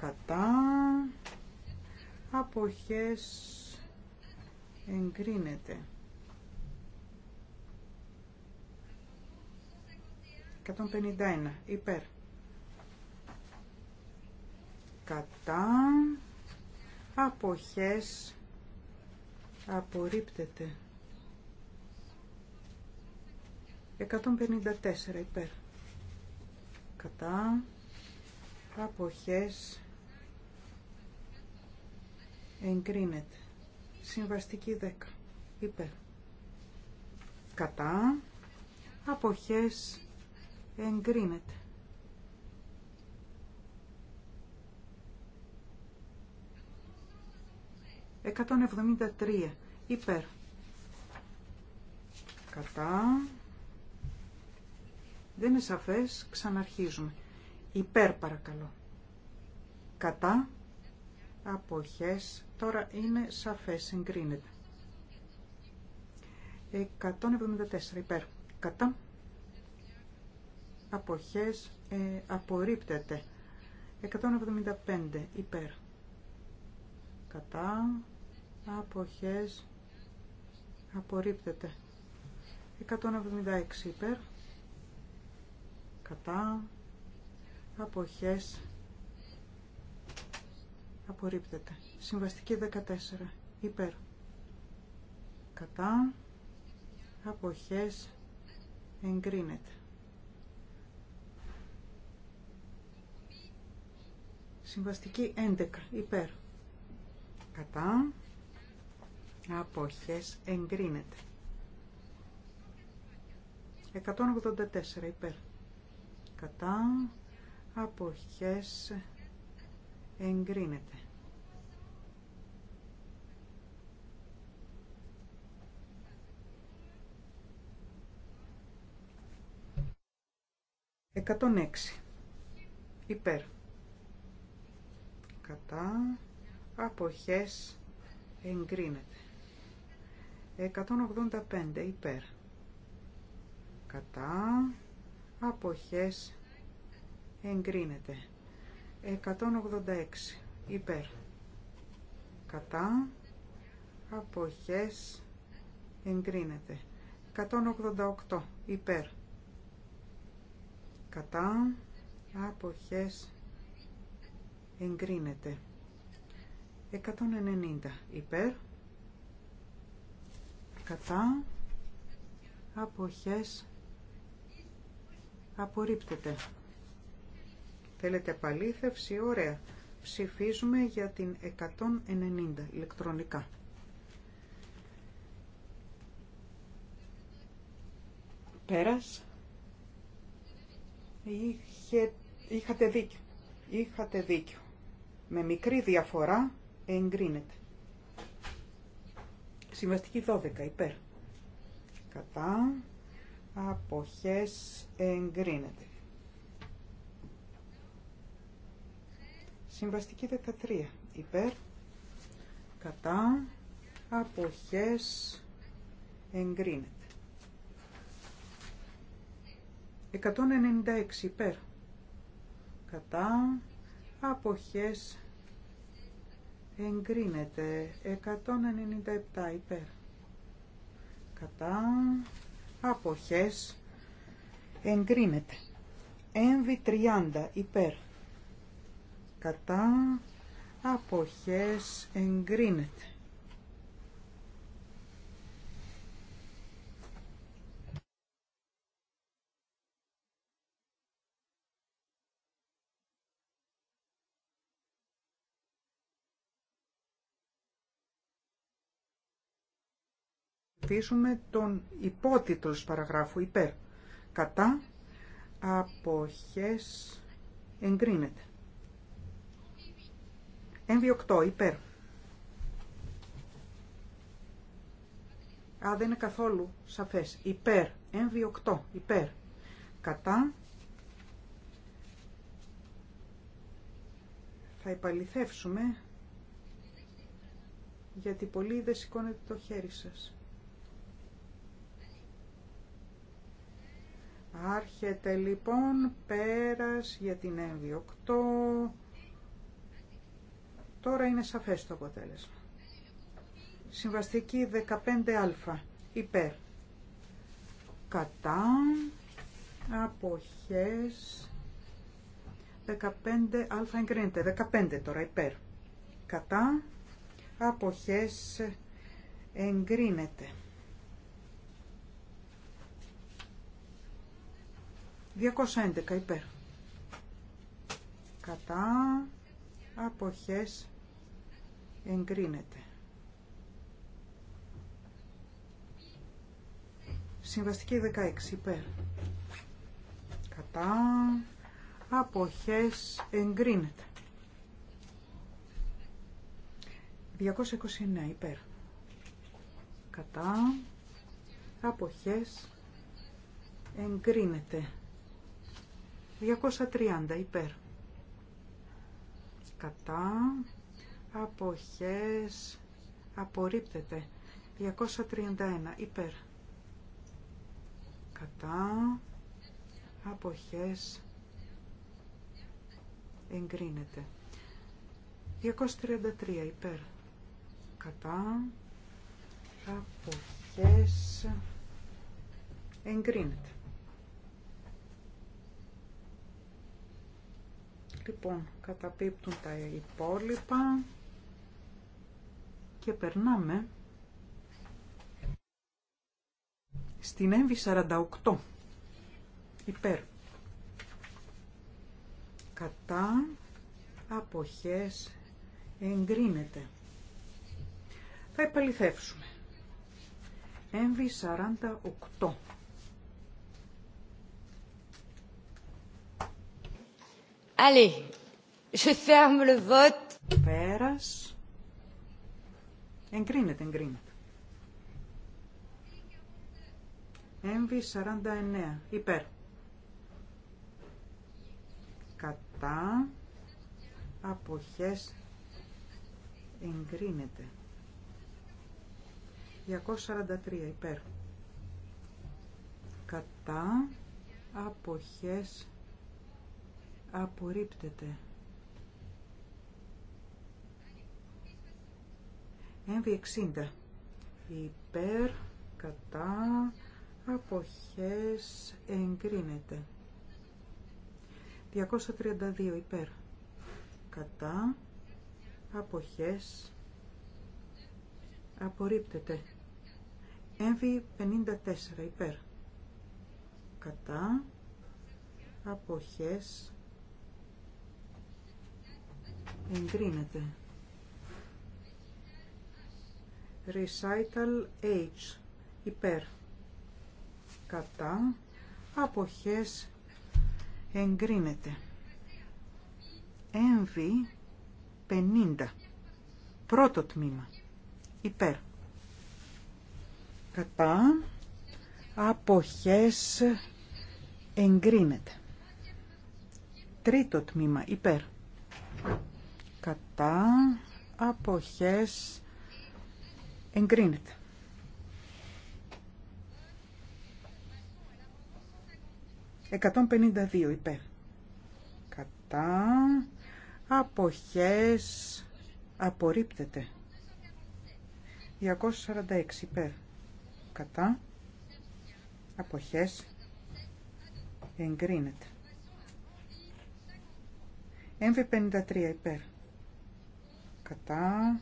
κατά αποχές εγκρίνεται 151 υπέρ κατά αποχές απορρίπτεται 154 υπέρ κατά αποχές εγκρίνεται. Συμβαστική 10 υπέρ. Κατά αποχές εγκρίνεται. Εκατόν υπέρ. Κατά. Δεν είναι σαφές, ξαναρχίζουμε. Υπέρ παρακαλώ. Κατά. Αποχές Τώρα είναι σαφές, συγκρίνεται. 174 υπέρ. Κατά. Αποχές ε, απορρίπτεται. 175 υπέρ. Κατά. Αποχές απορρίπτεται. 176 υπέρ. Κατά. Αποχές απορρίπτεται. Συμβαστική 14 υπέρ. Κατά αποχές εγκρίνεται. Συμβαστική 11 υπέρ. Κατά αποχές εγκρίνεται. 184 υπέρ. Κατά αποχές εγκρίνεται εγκρίνεται. Εκατόν έξι. Υπέρ. Κατά. Αποχές. Εγκρίνεται. 185 υπέρ. Κατά. Αποχές. Εγκρίνεται. 186 υπέρ κατά αποχές εγκρίνεται 188 υπέρ κατά αποχές εγκρίνεται 190 υπέρ κατά αποχές απορρίπτεται Θέλετε επαλήθευση, ωραία. Ψηφίζουμε για την 190 ηλεκτρονικά. Πέρας. Είχε... Είχατε δίκιο. Είχατε δίκιο. Με μικρή διαφορά εγκρίνεται. Συμβαστική 12 υπέρ. Κατά. Αποχές εγκρίνεται. Συμβαστική 13. Υπέρ, κατά, αποχές, εγκρίνεται. 196 υπέρ, κατά, αποχές, εγκρίνεται. 197 υπέρ, κατά, αποχές, εγκρίνεται. Έμβη 30 υπέρ κατά αποχές εγκρίνεται. πίσουμε τον υπότιτλο παραγράφου υπέρ. Κατά αποχές εγκρίνεται. MV8 υπέρ. Α, δεν είναι καθόλου σαφές. Υπέρ. MV8 υπέρ. Κατά. Θα υπαλληθεύσουμε γιατί πολύ δεν σηκώνετε το χέρι σας. Άρχεται λοιπόν πέρας για την MV8. Τώρα είναι σαφές το αποτέλεσμα. Συμβαστική 15α. Υπέρ. Κατά. Αποχές. 15α εγκρίνεται. 15 τώρα υπέρ. Κατά. Αποχές εγκρίνεται. 211 υπέρ. Κατά αποχές εγκρίνεται. Συμβαστική 16 υπέρ. Κατά αποχές εγκρίνεται. 229 υπέρ. Κατά αποχές εγκρίνεται. 230 υπέρ κατά αποχές απορρίπτεται 231 υπέρ κατά αποχές εγκρίνεται 233 υπέρ κατά αποχές εγκρίνεται Λοιπόν, καταπίπτουν τα υπόλοιπα και περνάμε στην έμβη 48 υπέρ κατά αποχές εγκρίνεται θα επαληθεύσουμε έμβη 48 Allez, je ferme le vote. Εγκρίνεται, εγκρίνεται. Έμβη 49. Υπέρ. Κατά. Αποχές. Εγκρίνεται. 243. Υπέρ. Κατά. Αποχές απορρίπτεται. MV60 υπέρ, κατά, αποχές, εγκρίνεται. 232 υπέρ, κατά, αποχές, απορρίπτεται. MV54 υπέρ, κατά, αποχές, Εγκρίνεται. Recital H. Υπέρ. Κατά. Αποχές. Εγκρίνεται. Envy 50. Πρώτο τμήμα. Υπέρ. Κατά. Αποχές. Εγκρίνεται. Τρίτο τμήμα. Υπέρ κατά αποχές εγκρίνεται. 152 υπέρ. Κατά αποχές απορρίπτεται. 246 υπέρ. Κατά αποχές Εμβε MV53 υπέρ κατά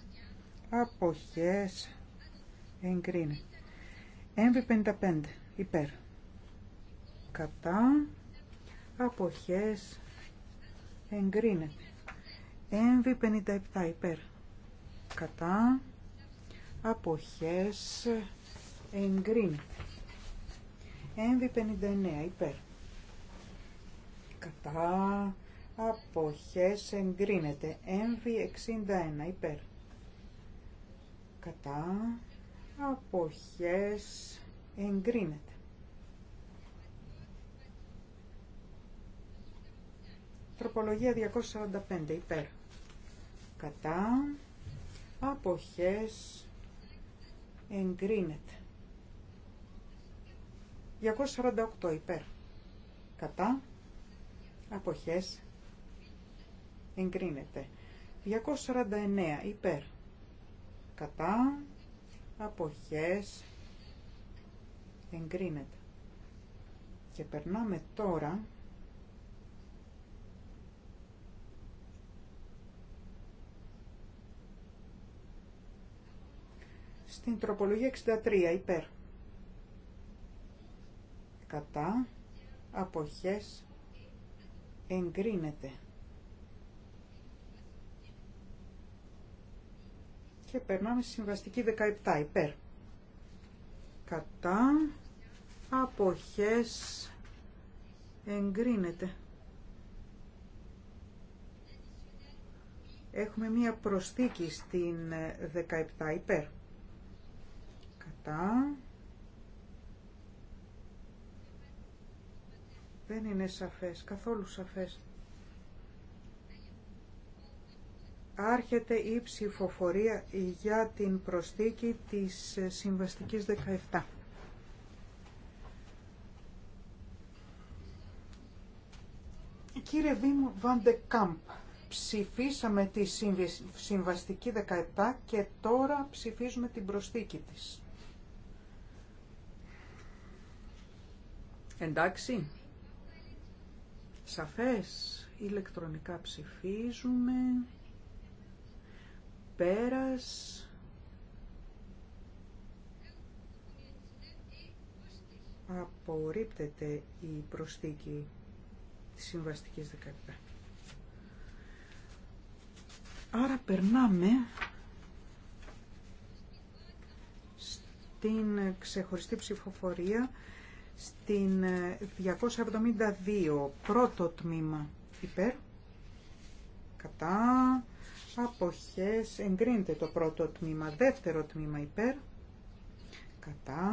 αποχές Εμβι MV55 υπέρ κατά αποχές Εμβι MV57 υπέρ κατά αποχές Εμβι MV59 υπέρ κατά αποχές εγκρίνεται. Έμβη 61 υπέρ. Κατά αποχές εγκρίνεται. 245 υπέρ. Κατά αποχές εγκρίνεται. 248 υπέρ. Κατά αποχές εγκρίνεται. 249 υπέρ. Κατά αποχές εγκρίνεται. Και περνάμε τώρα στην τροπολογία 63 υπέρ. Κατά αποχές εγκρίνεται. Και περνάμε στη συμβαστική 17 υπέρ. Κατά αποχές εγκρίνεται. Έχουμε μία προσθήκη στην 17 υπέρ. Κατά. Δεν είναι σαφές, καθόλου σαφές. άρχεται η ψηφοφορία για την προσθήκη της Συμβαστικής 17. Κύριε Βίμ Βαντεκάμπ, ψηφίσαμε τη Συμβαστική 17 και τώρα ψηφίζουμε την προσθήκη της. Εντάξει. Σαφές. Ηλεκτρονικά ψηφίζουμε πέρας απορρίπτεται η προστίκη της συμβαστικής 17. Άρα περνάμε στην ξεχωριστή ψηφοφορία στην 272 πρώτο τμήμα υπέρ κατά αποχές εγκρίνεται το πρώτο τμήμα. Δεύτερο τμήμα υπέρ, κατά,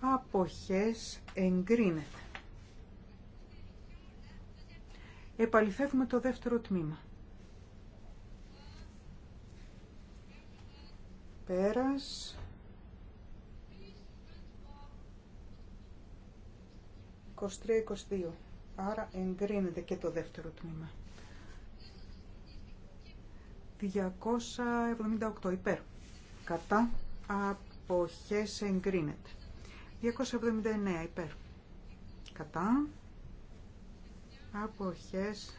αποχές εγκρίνεται. Επαληθεύουμε το δεύτερο τμήμα. Πέρας. 23-22. Άρα εγκρίνεται και το δεύτερο τμήμα. 278 υπέρ. Κατά αποχές εγκρίνεται. 279 υπέρ. Κατά αποχές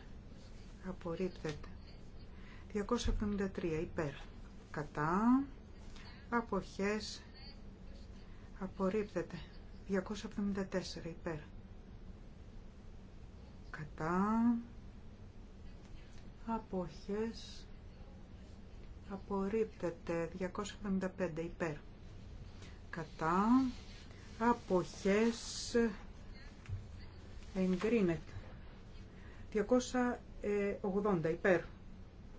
απορρίπτεται. 273 υπέρ. Κατά αποχές απορρίπτεται. 274 υπέρ. Κατά αποχές απορρίπτεται 275 υπέρ κατά αποχές εγκρίνεται 280 υπέρ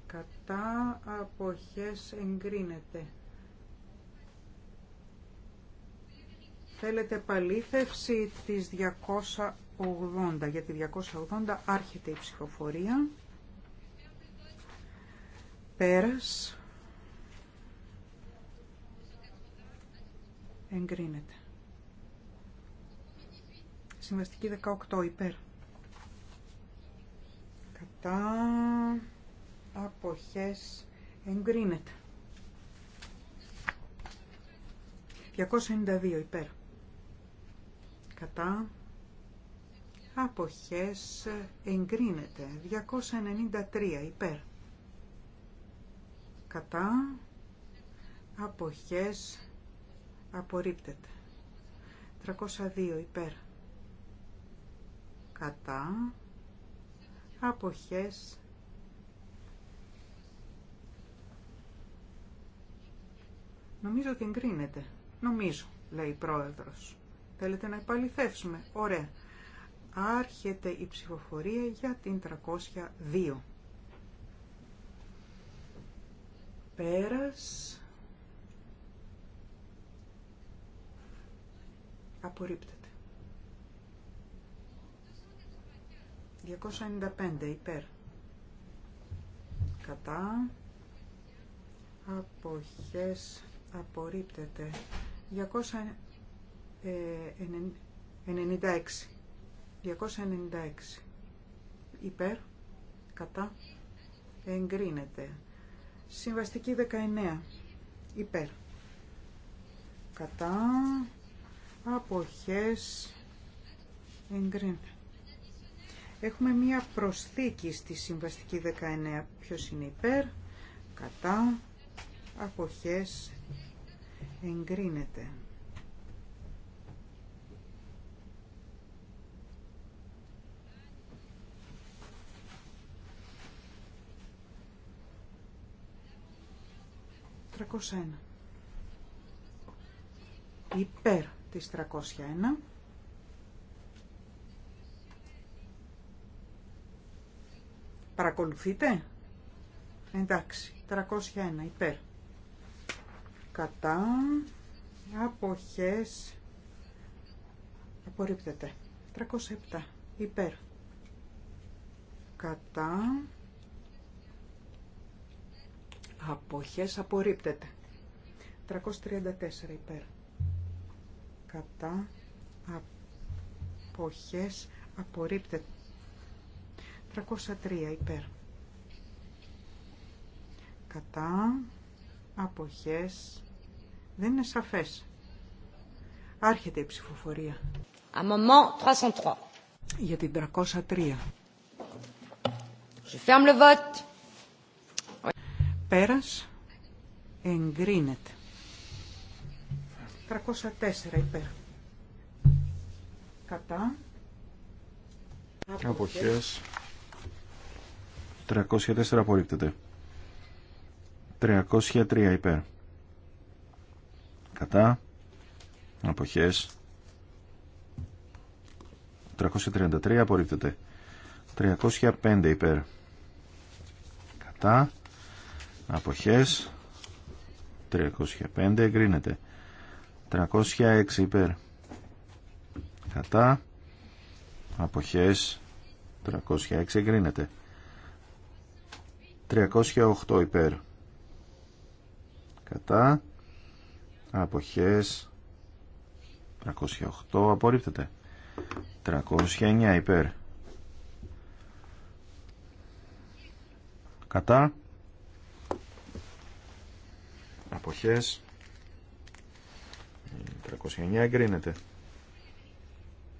κατά αποχές εγκρίνεται Θέλετε παλήθευση της 280, γιατί 280 άρχεται η ψηφοφορία. Πέρας. εγκρίνεται. Συμβαστική 18 υπέρ. Κατά αποχές εγκρίνεται. 292 υπέρ. Κατά αποχές εγκρίνεται. 293 υπέρ. Κατά αποχές απορρίπτεται. 302 υπέρ κατά αποχές Νομίζω ότι εγκρίνεται. Νομίζω, λέει η πρόεδρος. Θέλετε να επαληθεύσουμε. Ωραία. Άρχεται η ψηφοφορία για την 302. Πέρας. Απορρίπτεται. 295 υπέρ. Κατά. Αποχές. Απορρίπτεται. 296. 296. Ε, υπέρ. Κατά. Εγκρίνεται. Συμβαστική 19. Υπέρ. Κατά αποχές εγκρίνεται. Έχουμε μία προσθήκη στη συμβαστική 19. Ποιος είναι υπέρ, κατά, αποχές εγκρίνεται. 301 Υπέρ της 301. Παρακολουθείτε. Εντάξει, 301 υπέρ. Κατά αποχές απορρίπτεται. 307 υπέρ. Κατά αποχές απορρίπτεται. 334 υπέρ κατά αποχές απορρίπτεται 303 υπέρ κατά αποχές δεν είναι σαφές άρχεται η ψηφοφορία 303 για την 303 Je ferme le vote. Πέρας εγκρίνεται 304 υπέρ. Κατά. Αποχές. 304 απορρίπτεται. 303 υπέρ. Κατά. Αποχές. 333 απορρίπτεται. 305 υπέρ. Κατά. Αποχές. 305 εγκρίνεται. 306 υπέρ κατά αποχές 306 εγκρίνεται 308 υπέρ κατά αποχές 308 απορρίπτεται 309 υπέρ κατά αποχές 309 εγκρίνεται.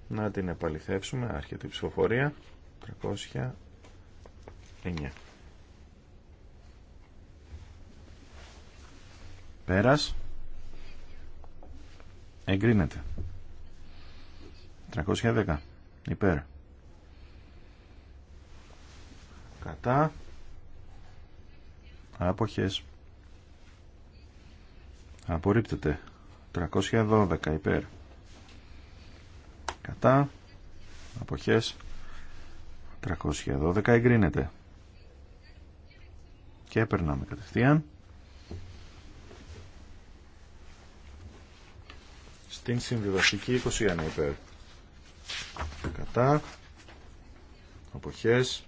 Να την επαληθεύσουμε. Άρχεται η ψηφοφορία. 309. Πέρας. Εγκρίνεται. 310. Υπέρ. Κατά. Αποχές. Απορρίπτεται. 312 υπέρ κατά αποχές 312 εγκρίνεται και περνάμε κατευθείαν στην συμβιβαστική 21 υπέρ κατά αποχές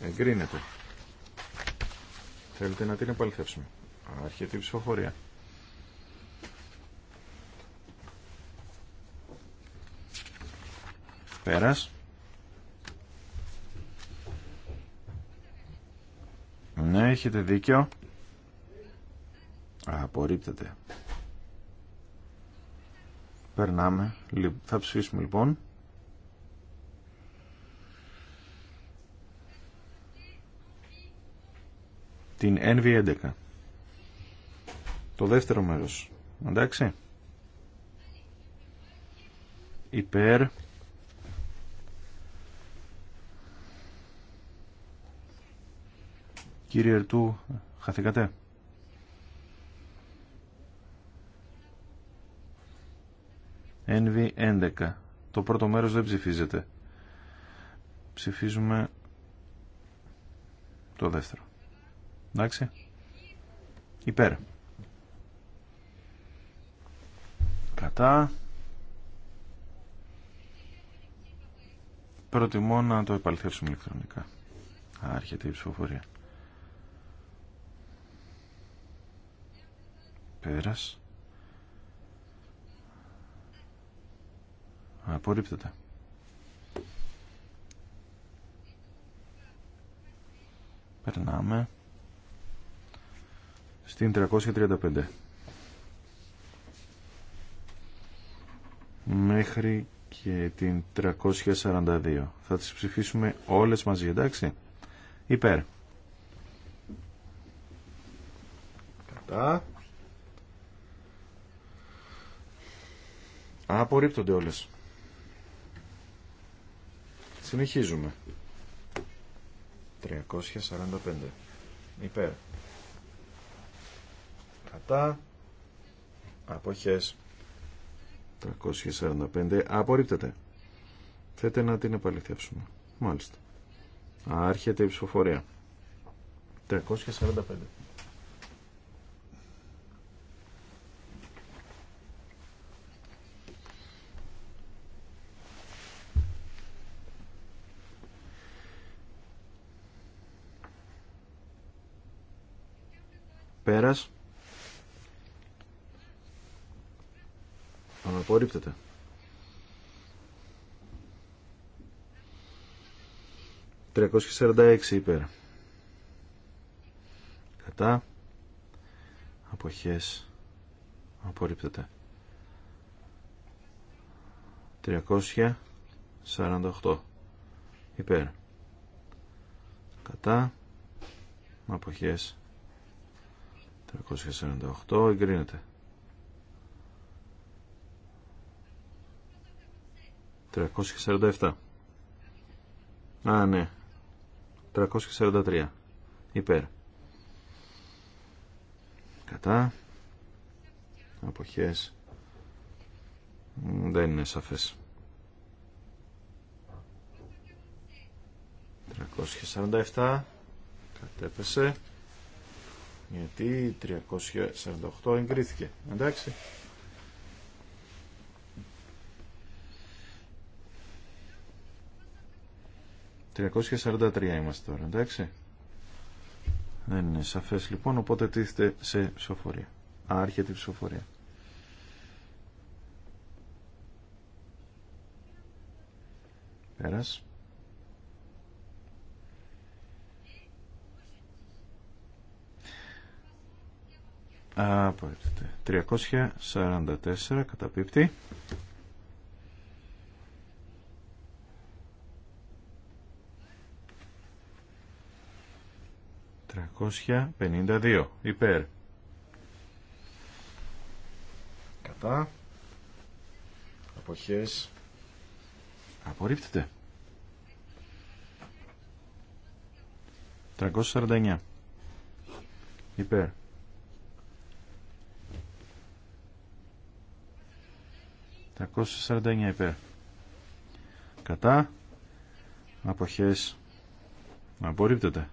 εγκρίνεται θέλετε να την επαληθεύσουμε αρχιετή ψηφοφορία Ναι, έχετε δίκιο. Απορρίπτεται. Περνάμε. Θα ψηφίσουμε λοιπόν. Την NV11. Το δεύτερο μέρος. Εντάξει. Υπέρ. Κύριε Ερτού, χαθήκατε. NV11. Το πρώτο μέρος δεν ψηφίζεται. Ψηφίζουμε το δεύτερο. Εντάξει. Υπέρ. Κατά. Προτιμώ να το επαληθεύσουμε ηλεκτρονικά. Άρχεται η ψηφοφορία. Πέρας. Απορρίπτεται. Περνάμε στην 335. Μέχρι και την 342. Θα τις ψηφίσουμε όλες μαζί, εντάξει. Υπέρ. Κατά. Απορρίπτονται όλες. Συνεχίζουμε. 345. Υπέρ. Κατά. Αποχές. 345. Απορρίπτεται. Θέτε να την επαληθεύσουμε. Μάλιστα. Άρχεται η ψηφοφορία. 345. Πέρας. Αναπορρίπτεται. 346 υπέρ. Κατά. Αποχές. Απορρίπτεται. 348 υπέρ. Κατά. Αποχές. 348 εγκρίνεται 347 Α ναι 343 υπέρ κατά αποχές δεν είναι σαφές 347 κατέπεσε γιατί 348 εγκρίθηκε. Εντάξει. ...343 είμαστε τώρα, εντάξει. Δεν είναι σαφές λοιπόν, οπότε τίθεται σε ψηφοφορία. Άρχεται η ψηφοφορία. Πέρας. Απορρίπτεται. 344 καταπίπτει. Τρακόσια πενήντα Υπέρ. Κατά. Αποχές. Απορρίπτεται. 349. Υπέρ. 349 υπέρ. Κατά. Αποχές. Απορρίπτεται.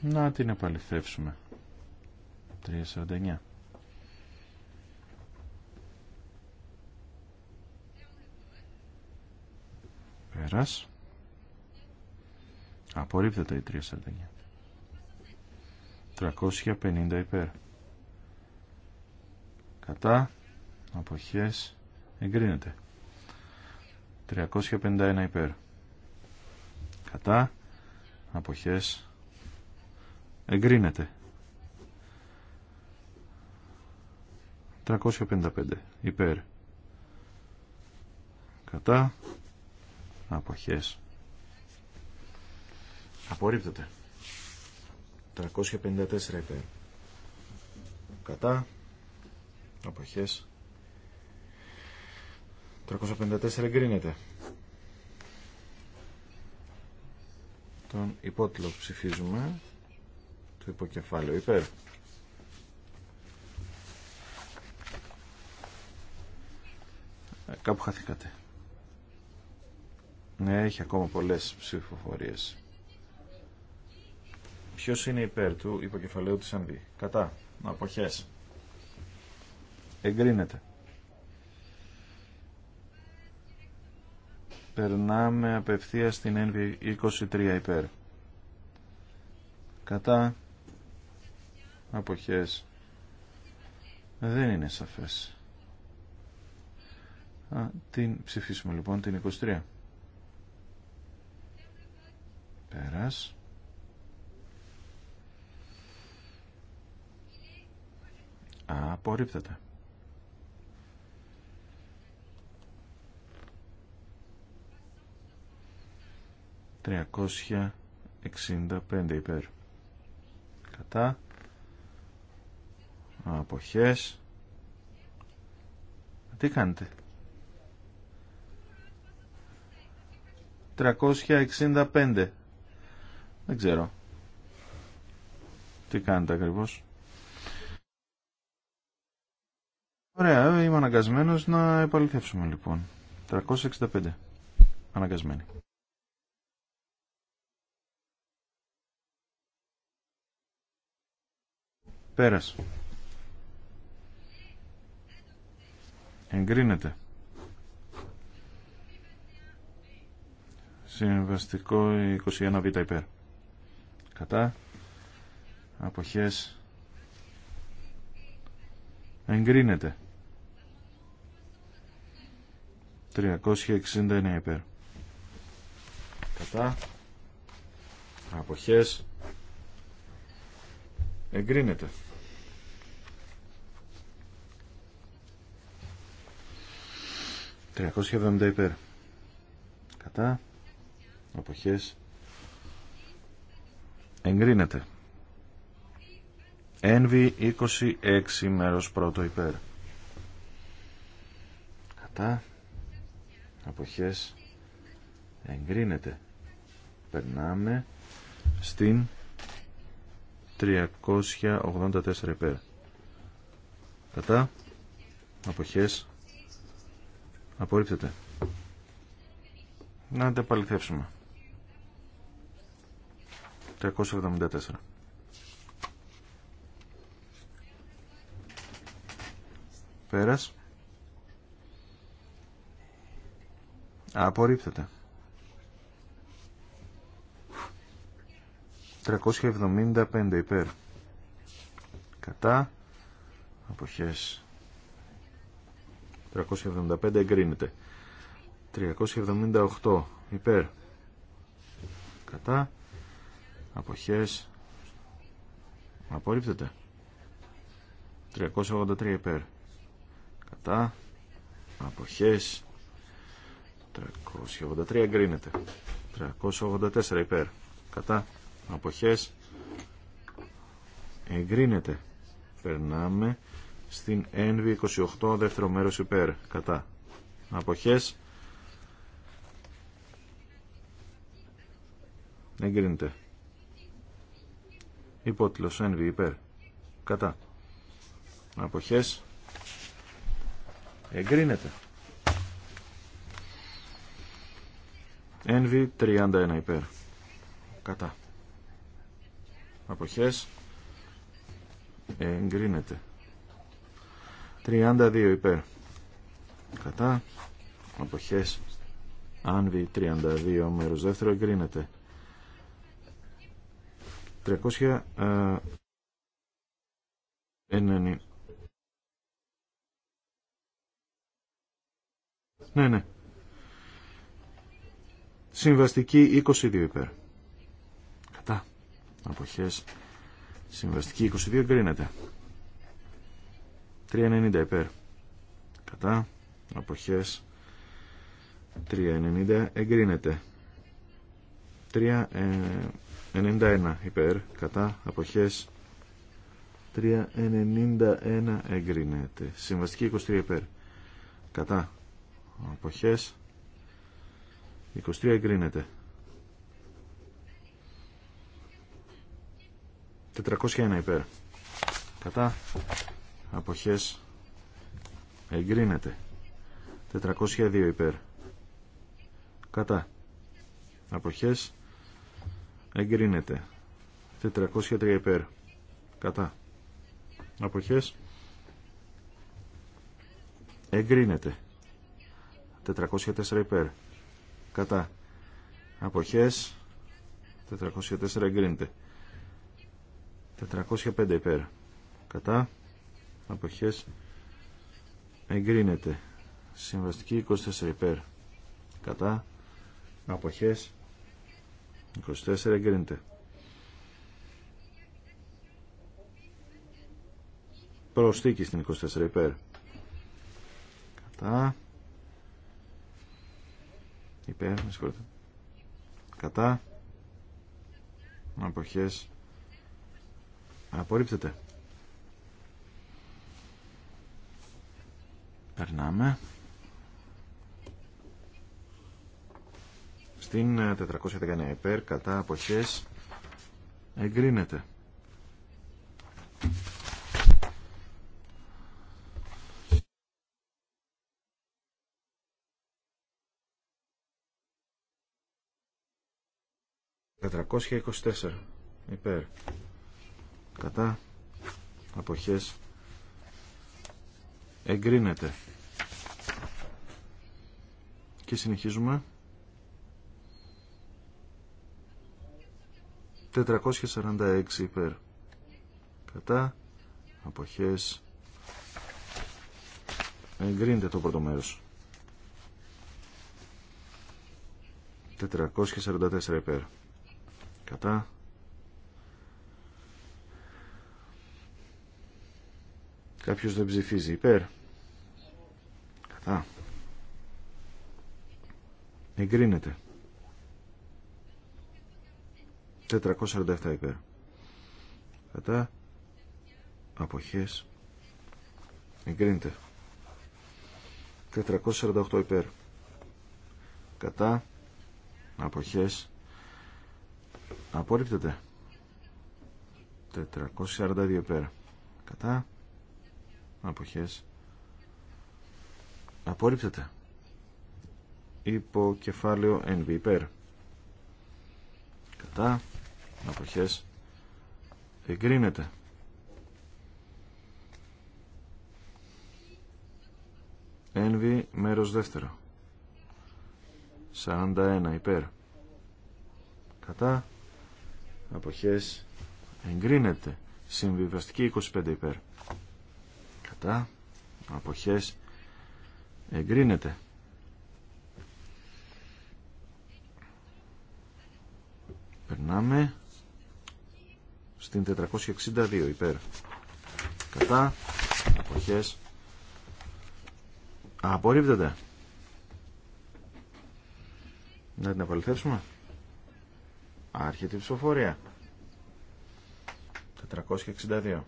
Να την επαληθεύσουμε. 349. Πέρας. Απορρίπτεται η 349. 350 υπέρ. Κατά αποχές εγκρίνεται 351 υπέρ κατά αποχές εγκρίνεται 355 υπέρ κατά αποχές απορρίπτεται 354 υπέρ κατά αποχές 354 εγκρίνεται. Τον υπότιλο ψηφίζουμε. Το υποκεφάλαιο υπέρ. Ε, κάπου χαθήκατε. Ναι, έχει ακόμα πολλές ψηφοφορίες. Ποιος είναι υπέρ του υποκεφαλαίου της Ανδύ. Κατά. Αποχές. Εγκρίνεται. Περνάμε απευθείας στην NV23 υπέρ. Κατά αποχές δεν είναι σαφές. Α, την ψηφίσουμε λοιπόν την 23. Πέρας. Απορρίπτεται. 365 υπέρ κατά αποχές τι κάνετε 365 δεν ξέρω τι κάνετε ακριβώς Ωραία, είμαι αναγκασμένος να επαληθεύσουμε λοιπόν 365 αναγκασμένοι Πέρας. Εγκρίνεται. Συμβαστικό 21β υπέρ. Κατά. Αποχές. Εγκρίνεται. 369 υπέρ. Κατά. Αποχές. Εγκρίνεται. 370 υπέρ. Κατά. Αποχές. Εγκρίνεται. ΕΝΒΗ 26 μέρος πρώτο υπέρ. Κατά. Αποχές. Εγκρίνεται. Περνάμε στην 384 υπέρ. Κατά. Αποχές Απορρίπτεται. Να ανταπαληθεύσουμε. 374. Πέρας. Απορρίπτεται. 375 υπέρ. Κατά. Αποχές 375 εγκρίνεται. 378 υπέρ. Κατά. Αποχές. Απορρίπτεται. 383 υπέρ. Κατά. Αποχές. 383 εγκρίνεται. 384 υπέρ. Κατά. Αποχές. Εγκρίνεται. Περνάμε στην ένβη 28 δεύτερο μέρος υπέρ κατά αποχές εγκρίνεται υπότιλος ένβη υπέρ κατά αποχές εγκρίνεται ένβη 31 υπέρ κατά αποχές εγκρίνεται 32 υπέρ κατά αποχές άνβη 32 μέρος δεύτερο εγκρίνεται 300 ε, Ναι, ναι. Συμβαστική 22 υπέρ. Κατά. Αποχές. Συμβαστική 22 εγκρίνεται. 390 υπέρ. Κατά. Αποχές. 390 εγκρίνεται. 391 υπέρ. Κατά. Αποχές. 391 εγκρίνεται. Συμβαστική 23 υπέρ. Κατά. Αποχές. 23 εγκρίνεται. 401 υπέρ. Κατά αποχές εγκρίνεται 402 υπέρ κατά αποχές εγκρίνεται 403 υπέρ κατά αποχές εγκρίνεται 404 υπέρ κατά αποχές 404 εγκρίνεται 405 υπέρ κατά αποχές εγκρίνεται συμβαστική 24 υπέρ κατά αποχές 24 εγκρίνεται προσθήκη στην 24 υπέρ κατά υπέρ με συγχωρείτε κατά αποχές απορρίπτεται Περνάμε. Στην 419 ε, υπέρ, κατά αποχές, εγκρίνεται. 424 υπέρ κατά αποχές εγκρίνεται. Και συνεχίζουμε. 446 υπέρ. Κατά. Αποχές. Εγκρίνεται το πρώτο μέρος. 444 υπέρ. Κατά. Κάποιος δεν ψηφίζει υπέρ. Κατά. Εγκρίνεται. 447 υπέρ. Κατά. Αποχές. Εγκρίνεται. 448 υπέρ. Κατά. Αποχές. Απορρίπτεται. 442 υπέρ. Κατά αποχές απορρίπτεται υπό κεφάλαιο NV υπέρ κατά αποχές εγκρίνεται NV μέρος δεύτερο 41 υπέρ κατά αποχές εγκρίνεται συμβιβαστική 25 υπέρ κατά αποχές εγκρίνεται περνάμε στην 462 υπέρ κατά αποχές απορρίπτεται να την απολυθέψουμε. άρχεται η ψηφοφορία 462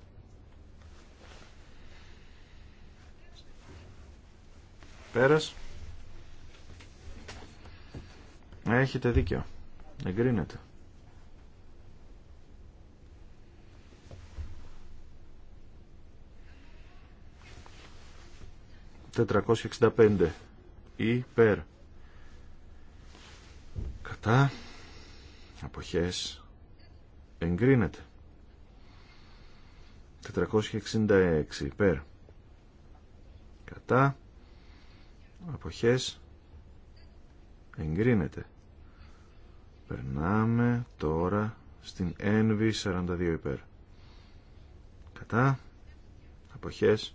Πέρας. Έχετε δίκιο. Εγκρίνεται. Τετρακόσια υπέρ κατά αποχές εγκρίνεται 466 υπέρ κατά αποχές εγκρίνεται περνάμε τώρα στην NV42 υπέρ κατά αποχές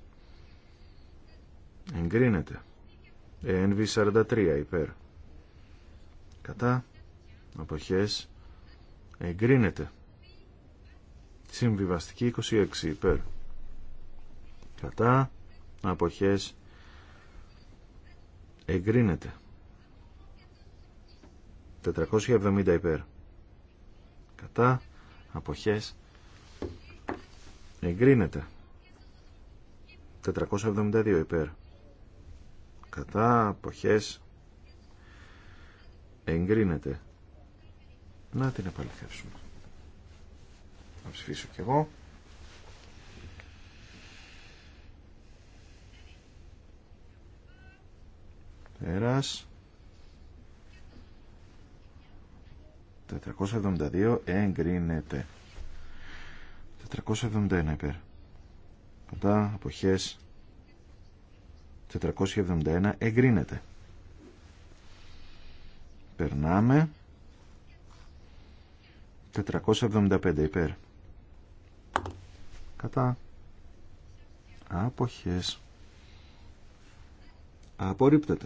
εγκρίνεται NV43 υπέρ κατά αποχές εγκρίνεται συμβιβαστική 26 υπέρ κατά αποχές εγκρίνεται 470 υπέρ κατά αποχές εγκρίνεται 472 υπέρ κατά αποχές εγκρίνεται να την επαληθεύσουμε να ψηφίσω κι εγώ Πέρας. 472 εγκρίνεται. 471 υπέρ. Κατά αποχές 471 εγκρίνεται. Περνάμε. 475 υπέρ. Κατά αποχές απορρίπτεται.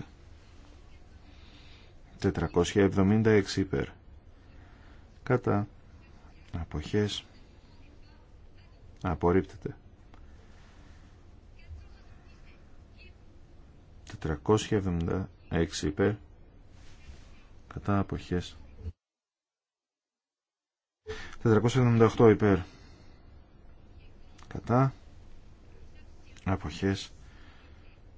476 υπέρ κατά αποχές απορρίπτεται 476 υπέρ κατά αποχές 478 υπέρ κατά αποχές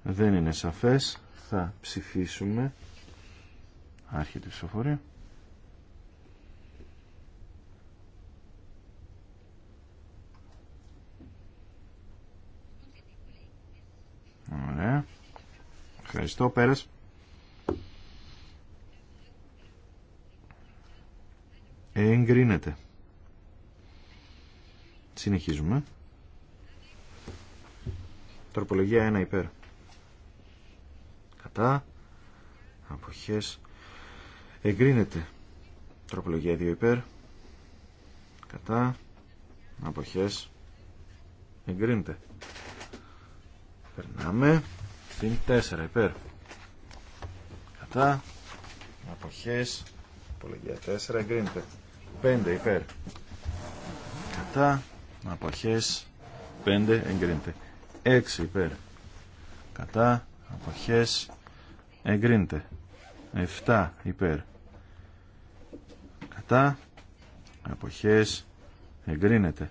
δεν είναι σαφές θα ψηφίσουμε Άρχεται η ψηφοφορία. Ωραία. Ευχαριστώ, πέρας. Εγκρίνεται. Συνεχίζουμε. Τροπολογία 1 υπέρ. Κατά. Αποχές Εγκρίνεται. Τροπολογία 2 υπέρ. Κατά. Αποχές. Εγκρίνεται. Περνάμε. Συν 4 υπέρ. Κατά. Αποχές. Τροπολογία 4 εγκρίνεται. 5 υπέρ. Κατά. Αποχές. 5 εγκρίνεται. 6 υπέρ. Κατά. Αποχές. Εγκρίνεται. 7 υπέρ κατά αποχές εγκρίνεται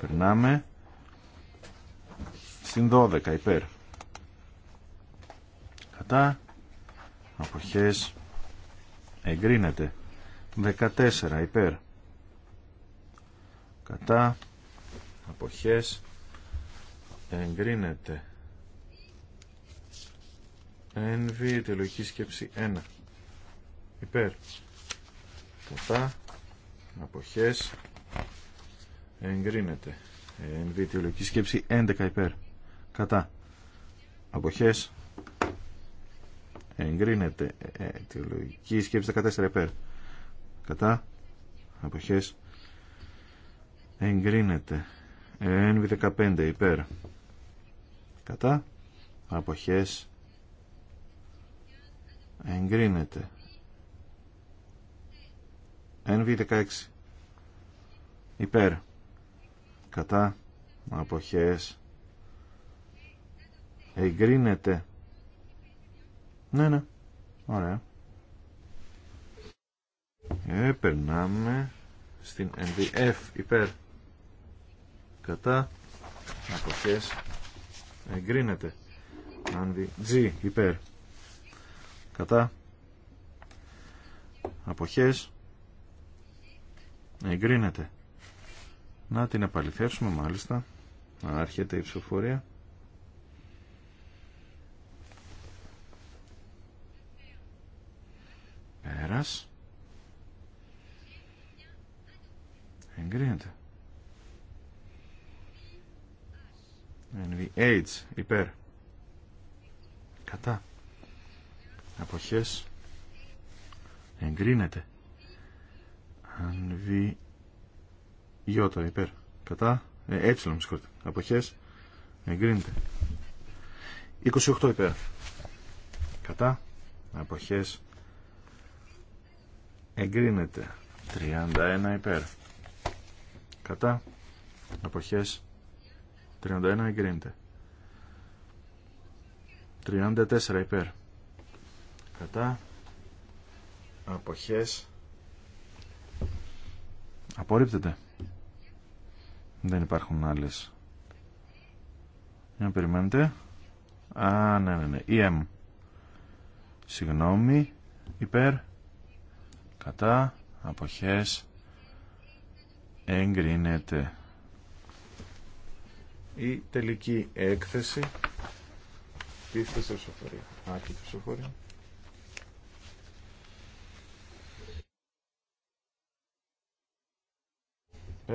περνάμε στην 12 υπέρ κατά αποχές εγκρίνεται 14 υπέρ κατά αποχές εγκρίνεται ένβη σκέψη 1 υπέρ κατά αποχές εγκρίνεται NV σκέψη 11 υπέρ κατά αποχές εγκρίνεται ε, αιτιολογική σκέψη 14 υπέρ κατά αποχές εγκρίνεται NV15 υπέρ κατά αποχές εγκρίνεται NV16 υπέρ κατά αποχές εγκρίνεται ναι ναι ωραία επερνάμε στην NVF υπέρ κατά αποχές εγκρίνεται NVG υπέρ κατά αποχές Εγκρίνεται. Να την επαληθεύσουμε μάλιστα. Άρχεται η ψηφοφορία. Πέρας. Εγκρίνεται. AIDS. υπέρ. Κατά. Αποχές. Εγκρίνεται. Ανβι υπέρ. Κατά. Ε, ε, συγχωρείτε. Αποχές. Εγκρίνεται. 28 υπέρ. Κατά. Αποχές. Εγκρίνεται. 31 υπέρ. Κατά. Αποχές. 31 εγκρίνεται. 34 υπέρ. Κατά. Αποχές. Απορρίπτεται. Δεν υπάρχουν άλλες. Για να περιμένετε. Α, ναι, ναι, ναι. EM. Συγγνώμη. Υπέρ. Κατά. Αποχές. Εγκρίνεται. Η τελική έκθεση. Πίστε ψηφοφορία. Άκρη ψηφοφορία. 25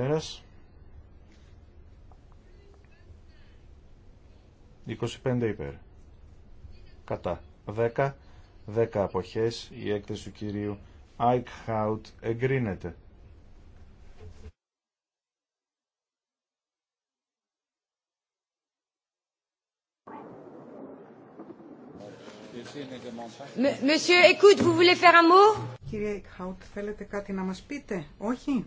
υπέρ. Κατά. 10. 10 αποχές. Η έκθεση του κυρίου Άικχαουτ εγκρίνεται. Monsieur, écoute, vous voulez faire Κύριε Αικχάουτ θέλετε κάτι να μας πείτε, όχι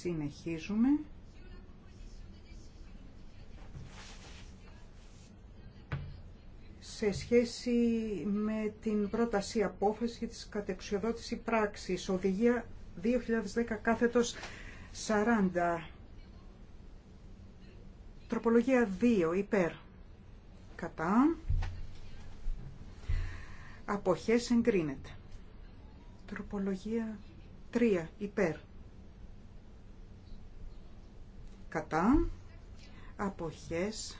Συνεχίζουμε. σε σχέση με την πρόταση απόφαση της κατεξιοδότηση πράξης, οδηγία 2010 κάθετος 40, τροπολογία 2, υπέρ, κατά, αποχές εγκρίνεται, τροπολογία 3, υπέρ, κατά αποχές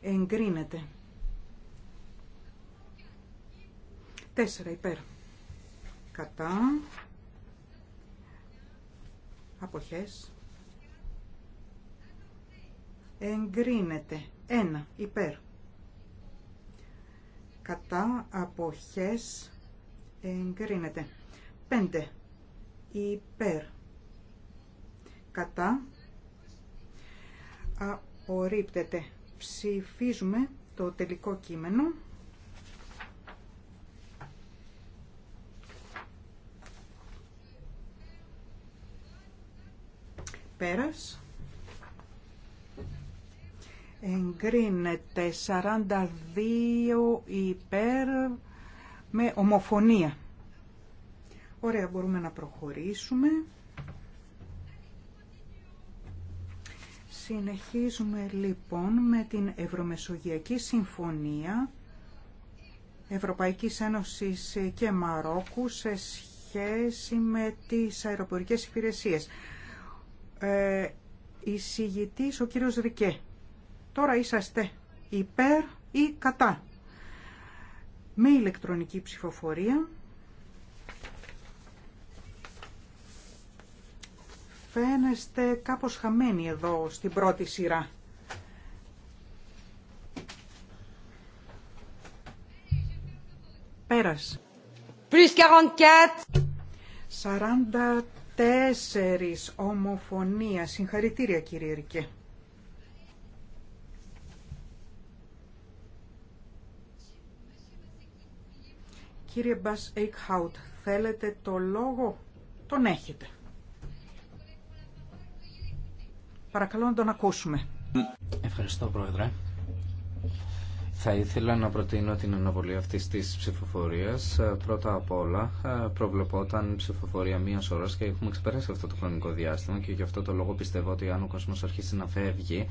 εγκρίνεται. Τέσσερα υπέρ. Κατά αποχές εγκρίνεται. Ένα υπέρ. Κατά αποχές εγκρίνεται. Πέντε υπέρ κατά απορρίπτεται. Ψηφίζουμε το τελικό κείμενο. Πέρας. Εγκρίνεται 42 υπέρ με ομοφωνία. Ωραία, μπορούμε να προχωρήσουμε. Συνεχίζουμε λοιπόν με την Ευρωμεσογειακή Συμφωνία Ευρωπαϊκής Ένωσης και Μαρόκου σε σχέση με τις αεροπορικές υπηρεσίες. Ε, συγητής, ο κύριος Ρικέ. Τώρα είσαστε υπέρ ή κατά. Με ηλεκτρονική ψηφοφορία. φαίνεστε κάπως χαμένοι εδώ στην πρώτη σειρά. Πέρας. Plus 44. 44 ομοφωνία. Συγχαρητήρια κύριε Ρικέ. Κύριε Μπας Εικχάουτ, θέλετε το λόγο, τον έχετε. Παρακαλώ να τον ακούσουμε. Ευχαριστώ Πρόεδρε. Θα ήθελα να προτείνω την αναβολή αυτή τη ψηφοφορία. Πρώτα απ' όλα ε, προβλεπόταν ψηφοφορία μια ώρα και έχουμε ξεπεράσει αυτό το χρονικό διάστημα και γι' αυτό το λόγο πιστεύω ότι αν ο κόσμο αρχίσει να φεύγει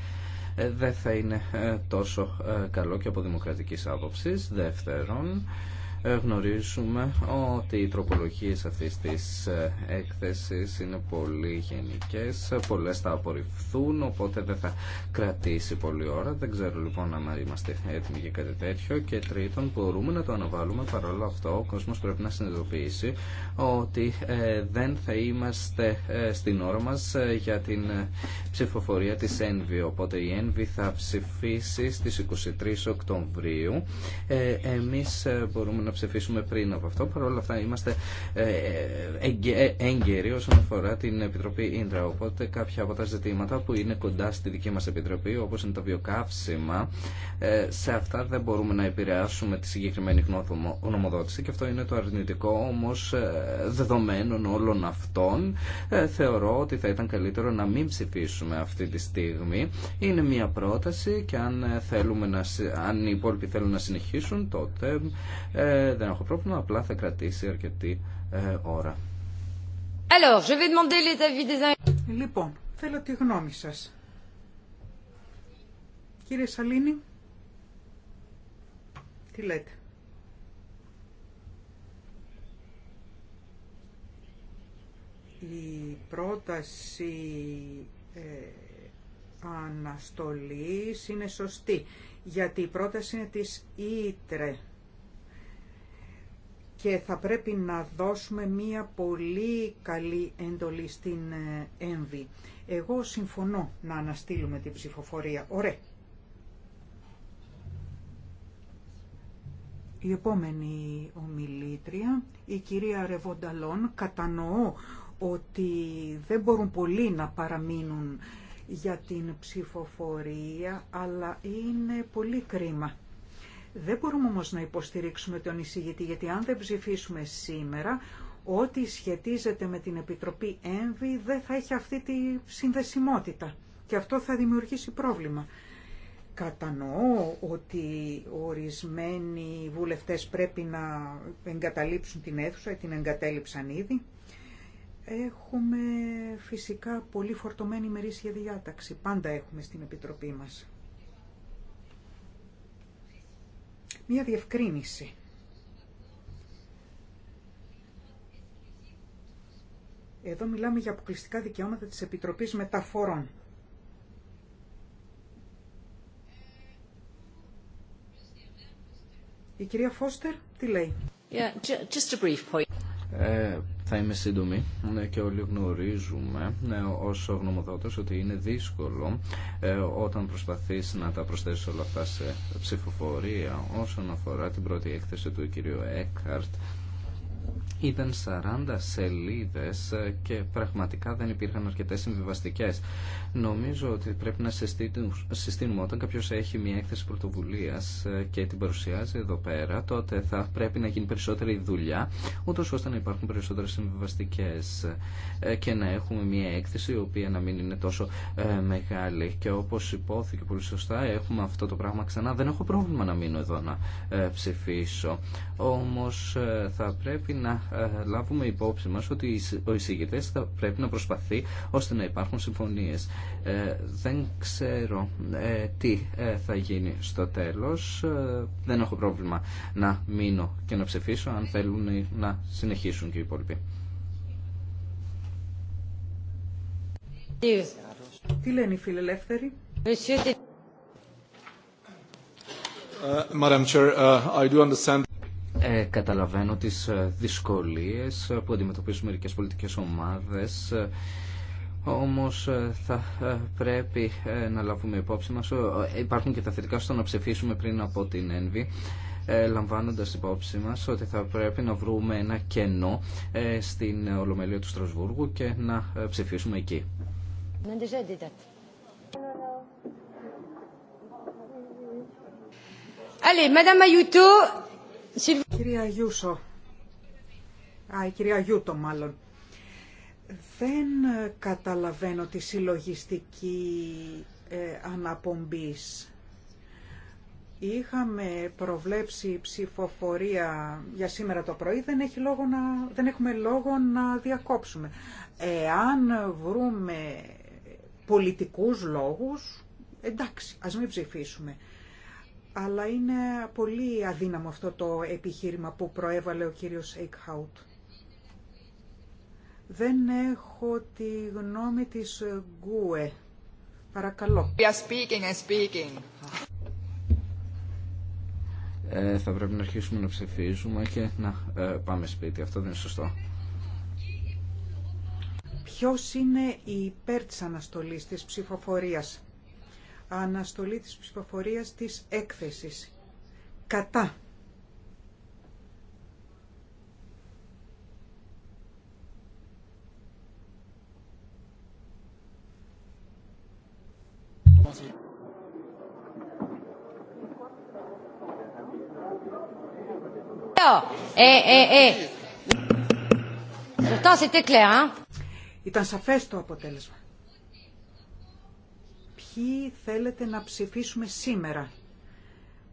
ε, δεν θα είναι ε, τόσο καλό και από δημοκρατικής άποψης. Δεύτερον, γνωρίζουμε ότι οι τροπολογίες αυτής της ε, έκθεσης είναι πολύ γενικές, πολλές θα απορριφθούν, οπότε δεν θα κρατήσει πολλή ώρα. Δεν ξέρω λοιπόν αν είμαστε έτοιμοι για κάτι τέτοιο. Και τρίτον, μπορούμε να το αναβάλουμε, παρόλο αυτό ο κόσμος πρέπει να συνειδητοποιήσει ότι ε, δεν θα είμαστε ε, στην ώρα μας για την ψηφοφορία της ΕΝΒΙ. Οπότε η ΕΝΒΙ θα ψηφίσει στις 23 Οκτωβρίου. εμείς μπορούμε να ψηφίσουμε πριν από αυτό. Παρ' όλα αυτά είμαστε ε, ε, ε, έγκαιροι όσον αφορά την Επιτροπή Ίντρα. Οπότε κάποια από τα ζητήματα που είναι κοντά στη δική μας Επιτροπή, όπως είναι τα βιοκαύσιμα, σε αυτά δεν μπορούμε να επηρεάσουμε τη συγκεκριμένη γνωμοδότηση και αυτό είναι το αρνητικό όμως δεδομένων όλων αυτών. Θεωρώ ότι θα ήταν καλύτερο να μην ψηφίσουμε αυτή τη στιγμή. Είναι μια πρόταση και αν, θέλουμε να, αν οι υπόλοιποι θέλουν να συνεχίσουν τότε δεν έχω πρόβλημα, απλά θα κρατήσει αρκετή ε, ώρα. Alors, je vais demander les avis Λοιπόν, θέλω τη γνώμη σας. Κύριε Σαλίνη, τι λέτε. Η πρόταση ε, αναστολής είναι σωστή, γιατί η πρόταση είναι της Ήτρε και θα πρέπει να δώσουμε μία πολύ καλή εντολή στην ε, ΕΜΒΗ. Εγώ συμφωνώ να αναστείλουμε την ψηφοφορία. Ωραία. Η επόμενη ομιλήτρια, η κυρία Ρεβονταλόν, κατανοώ ότι δεν μπορούν πολλοί να παραμείνουν για την ψηφοφορία, αλλά είναι πολύ κρίμα δεν μπορούμε όμως να υποστηρίξουμε τον εισηγητή, γιατί αν δεν ψηφίσουμε σήμερα, ό,τι σχετίζεται με την Επιτροπή ΕΜΒΗ δεν θα έχει αυτή τη συνδεσιμότητα. Και αυτό θα δημιουργήσει πρόβλημα. Κατανοώ ότι ορισμένοι βουλευτές πρέπει να εγκαταλείψουν την αίθουσα ή την εγκατέλειψαν ήδη. Έχουμε φυσικά πολύ φορτωμένη ημερήσια διάταξη. Πάντα έχουμε στην Επιτροπή μας. Μία διευκρίνηση. Εδώ μιλάμε για αποκλειστικά δικαιώματα της Επιτροπής Μεταφορών. Η κυρία Φώστερ τι λέει. Yeah, just a brief point. Ε, θα είμαι σύντομη ναι, και όλοι γνωρίζουμε ναι, ως ότι είναι δύσκολο ε, όταν προσπαθείς να τα προσθέσεις όλα αυτά σε ψηφοφορία όσον αφορά την πρώτη έκθεση του κυρίου Έκαρτ ήταν 40 σελίδες και πραγματικά δεν υπήρχαν αρκετές συμβιβαστικέ. Νομίζω ότι πρέπει να συστήνουμε όταν κάποιος έχει μια έκθεση πρωτοβουλίας ε, και την παρουσιάζει εδώ πέρα, τότε θα πρέπει να γίνει περισσότερη δουλειά, ούτως ώστε να υπάρχουν περισσότερες συμβιβαστικέ ε, και να έχουμε μια έκθεση η οποία να μην είναι τόσο ε, μεγάλη. Και όπως υπόθηκε πολύ σωστά, έχουμε αυτό το πράγμα ξανά. Δεν έχω πρόβλημα να μείνω εδώ να ψηφίσω. Όμως θα πρέπει να ε, λάβουμε υπόψη μας ότι ο εισηγητές θα πρέπει να προσπαθεί ώστε να υπάρχουν συμφωνίες. Ε, δεν ξέρω ε, τι θα γίνει στο τέλος. Δεν έχω πρόβλημα να μείνω και να ψηφίσω αν θέλουν να συνεχίσουν και οι υπόλοιποι. Τι λένε οι φιλελεύθεροι. Madam Chair, I do understand. Ε, καταλαβαίνω τις ε, δυσκολίες ε, που αντιμετωπίζουν μερικές πολιτικές ομάδες όμως θα πρέπει να λάβουμε υπόψη μας υπάρχουν και τα θετικά στο να ψηφίσουμε πριν από την ΕΝΒΗ λαμβάνοντας υπόψη μας ότι θα πρέπει να βρούμε ένα κενό στην Ολομελία του Στρασβούργου και να ψηφίσουμε εκεί. Allez, Madame Ayuto, Κυρία Γιούσο, α, κυρία Γιούτο μάλλον, δεν ε, καταλαβαίνω τη συλλογιστική ε, αναπομπής. Είχαμε προβλέψει ψηφοφορία για σήμερα το πρωί, δεν, έχει λόγο να, δεν έχουμε λόγο να διακόψουμε. Εάν βρούμε πολιτικούς λόγους, εντάξει, ας μην ψηφίσουμε αλλά είναι πολύ αδύναμο αυτό το επιχείρημα που προέβαλε ο κύριος Eichhout. Δεν έχω τη γνώμη της Γκούε. Παρακαλώ. speaking speaking. Ε, θα πρέπει να αρχίσουμε να ψηφίζουμε και να ε, πάμε σπίτι. Αυτό δεν είναι σωστό. Ποιος είναι η υπέρ της αναστολής της ψηφοφορίας αναστολή της ψηφοφορίας της έκθεσης. Κατά. Ε, ε, ε, Ήταν σαφές το αποτέλεσμα ποιοι θέλετε να ψηφίσουμε σήμερα.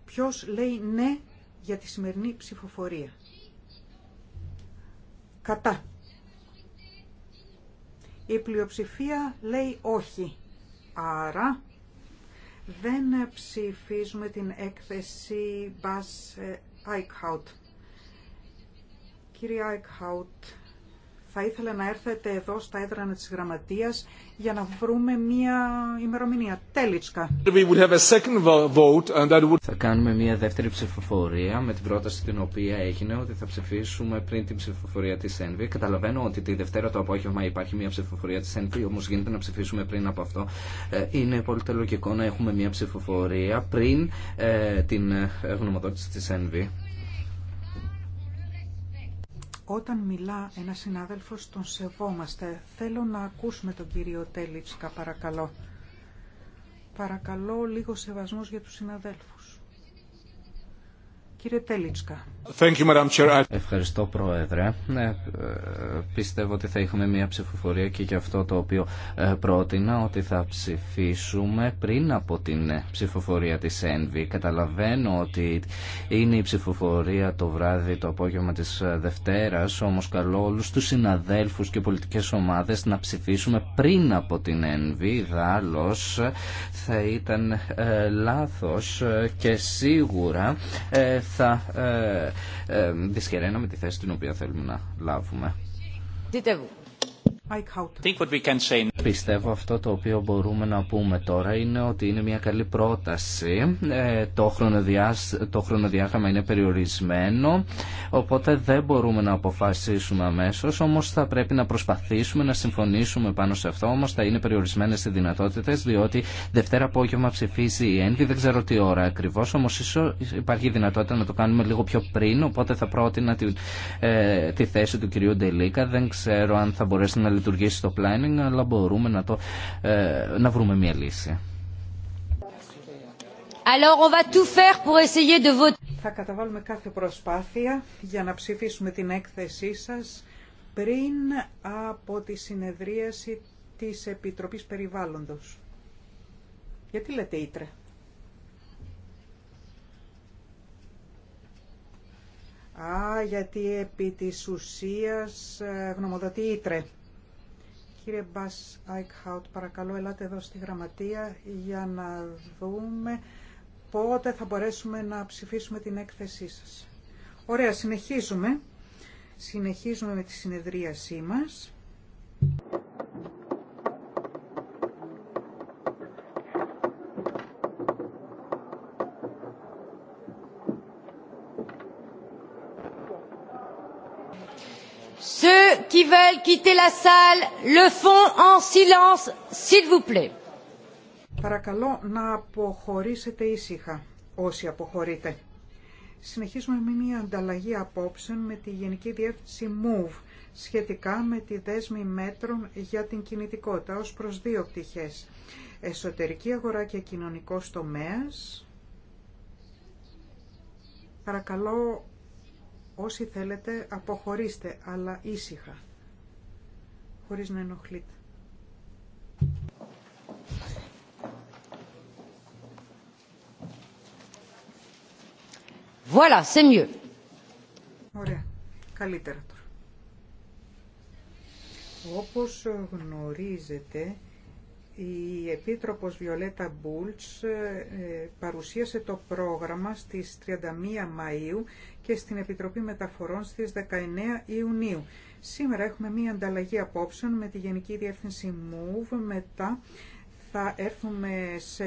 Ποιος λέει ναι για τη σημερινή ψηφοφορία. Κατά. Η πλειοψηφία λέει όχι. Άρα δεν ψηφίζουμε την έκθεση Bas Άικχαουτ. Κύριε Άικχαουτ θα ήθελα να έρθετε εδώ στα έδρανα της Γραμματείας για να βρούμε μία ημερομηνία. Τέλιτσκα. Θα κάνουμε μία δεύτερη ψηφοφορία με την πρόταση την οποία έγινε ότι θα ψηφίσουμε πριν την ψηφοφορία της ΕΝΒΗ. Καταλαβαίνω ότι τη Δευτέρα το απόγευμα υπάρχει μία ψηφοφορία της ΕΝΒΗ, όμως γίνεται να ψηφίσουμε πριν από αυτό. Ε, είναι πολύ λογικό να έχουμε μία ψηφοφορία πριν ε, την ε, γνωμοδότηση της ΕΝΒΗ. Όταν μιλά ένας συνάδελφος, τον σεβόμαστε. Θέλω να ακούσουμε τον κύριο Τέλιτσκα, παρακαλώ. Παρακαλώ λίγο σεβασμός για τους συναδέλφους. Κύριε Τελίτσκα. Ευχαριστώ Πρόεδρε. Ναι, ε, πιστεύω ότι θα είχαμε μια ψηφοφορία και για αυτό το οποίο ε, πρότεινα ότι θα ψηφίσουμε πριν από την ε, ψηφοφορία της ΕΝΒΗ. Καταλαβαίνω ότι είναι η ψηφοφορία το βράδυ, το απόγευμα της Δευτέρας, όμως καλώ όλους τους συναδέλφους και πολιτικές ομάδες να ψηφίσουμε πριν από την ΕΝΒΗ. Δάλλως θα ήταν λάθος και σίγουρα θα ε, ε, δυσχεραίναμε τη θέση την οποία θέλουμε να λάβουμε. Πιστεύω αυτό το οποίο μπορούμε να πούμε τώρα είναι ότι είναι μια καλή πρόταση. Ε, το, χρονοδιά, το χρονοδιάγραμμα είναι περιορισμένο, οπότε δεν μπορούμε να αποφασίσουμε αμέσω. Όμω θα πρέπει να προσπαθήσουμε να συμφωνήσουμε πάνω σε αυτό. Όμω θα είναι περιορισμένε οι δυνατότητε, διότι Δευτέρα απόγευμα ψηφίζει η ΕΝΒΗ, Δεν ξέρω τι ώρα ακριβώ, όμω ίσω υπάρχει δυνατότητα να το κάνουμε λίγο πιο πριν. Οπότε θα πρότεινα τη, ε, τη θέση του κυρίου Ντελίκα. Δεν ξέρω αν θα μπορέσει να λειτουργήσει το planning, αλλά μπορούμε να, το, ε, να βρούμε μια λύση. Θα καταβάλουμε κάθε προσπάθεια για να ψηφίσουμε την έκθεσή σας πριν από τη συνεδρίαση της Επιτροπής Περιβάλλοντος. Γιατί λέτε Ήτρε. Α, γιατί επί της ουσίας ε, γνωμοδοτεί Ήτρε. Κύριε Μπάς Άικχαουτ, παρακαλώ ελάτε εδώ στη γραμματεία για να δούμε πότε θα μπορέσουμε να ψηφίσουμε την έκθεσή σας. Ωραία, συνεχίζουμε. Συνεχίζουμε με τη συνεδρίασή μας. Ceux qui veulent quitter la salle le font en silence, s'il vous plaît. Παρακαλώ να αποχωρήσετε ήσυχα όσοι αποχωρείτε. Συνεχίζουμε με μια ανταλλαγή απόψεων με τη Γενική Διεύθυνση MOVE σχετικά με τη δέσμη μέτρων για την κινητικότητα ως προς δύο πτυχές. Εσωτερική αγορά και κοινωνικός τομέας. Παρακαλώ Όσοι θέλετε αποχωρήστε, αλλά ήσυχα, χωρίς να ενοχλείτε. Voilà, c'est mieux. Ωραία, καλύτερα τώρα. Όπως γνωρίζετε, η Επίτροπος Βιολέτα Μπούλτς ε, παρουσίασε το πρόγραμμα στις 31 Μαΐου και στην Επιτροπή Μεταφορών στις 19 Ιουνίου. Σήμερα έχουμε μία ανταλλαγή απόψεων με τη Γενική Διεύθυνση MOVE μετά θα έρθουμε σε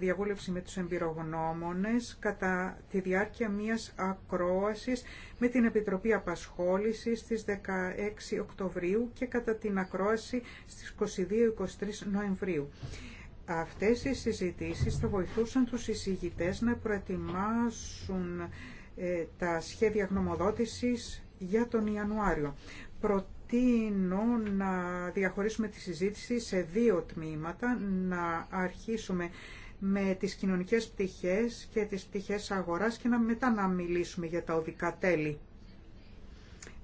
διαβούλευση με τους εμπειρογνώμονες κατά τη διάρκεια μιας ακρόασης με την Επιτροπή Απασχόλησης στις 16 Οκτωβρίου και κατά την ακρόαση στις 22-23 Νοεμβρίου. Αυτές οι συζητήσεις θα βοηθούσαν τους εισηγητές να προετοιμάσουν ε, τα σχέδια γνωμοδότησης για τον Ιανουάριο προτείνω να διαχωρίσουμε τη συζήτηση σε δύο τμήματα, να αρχίσουμε με τις κοινωνικές πτυχές και τις πτυχές αγοράς και να μετά να μιλήσουμε για τα οδικά τέλη.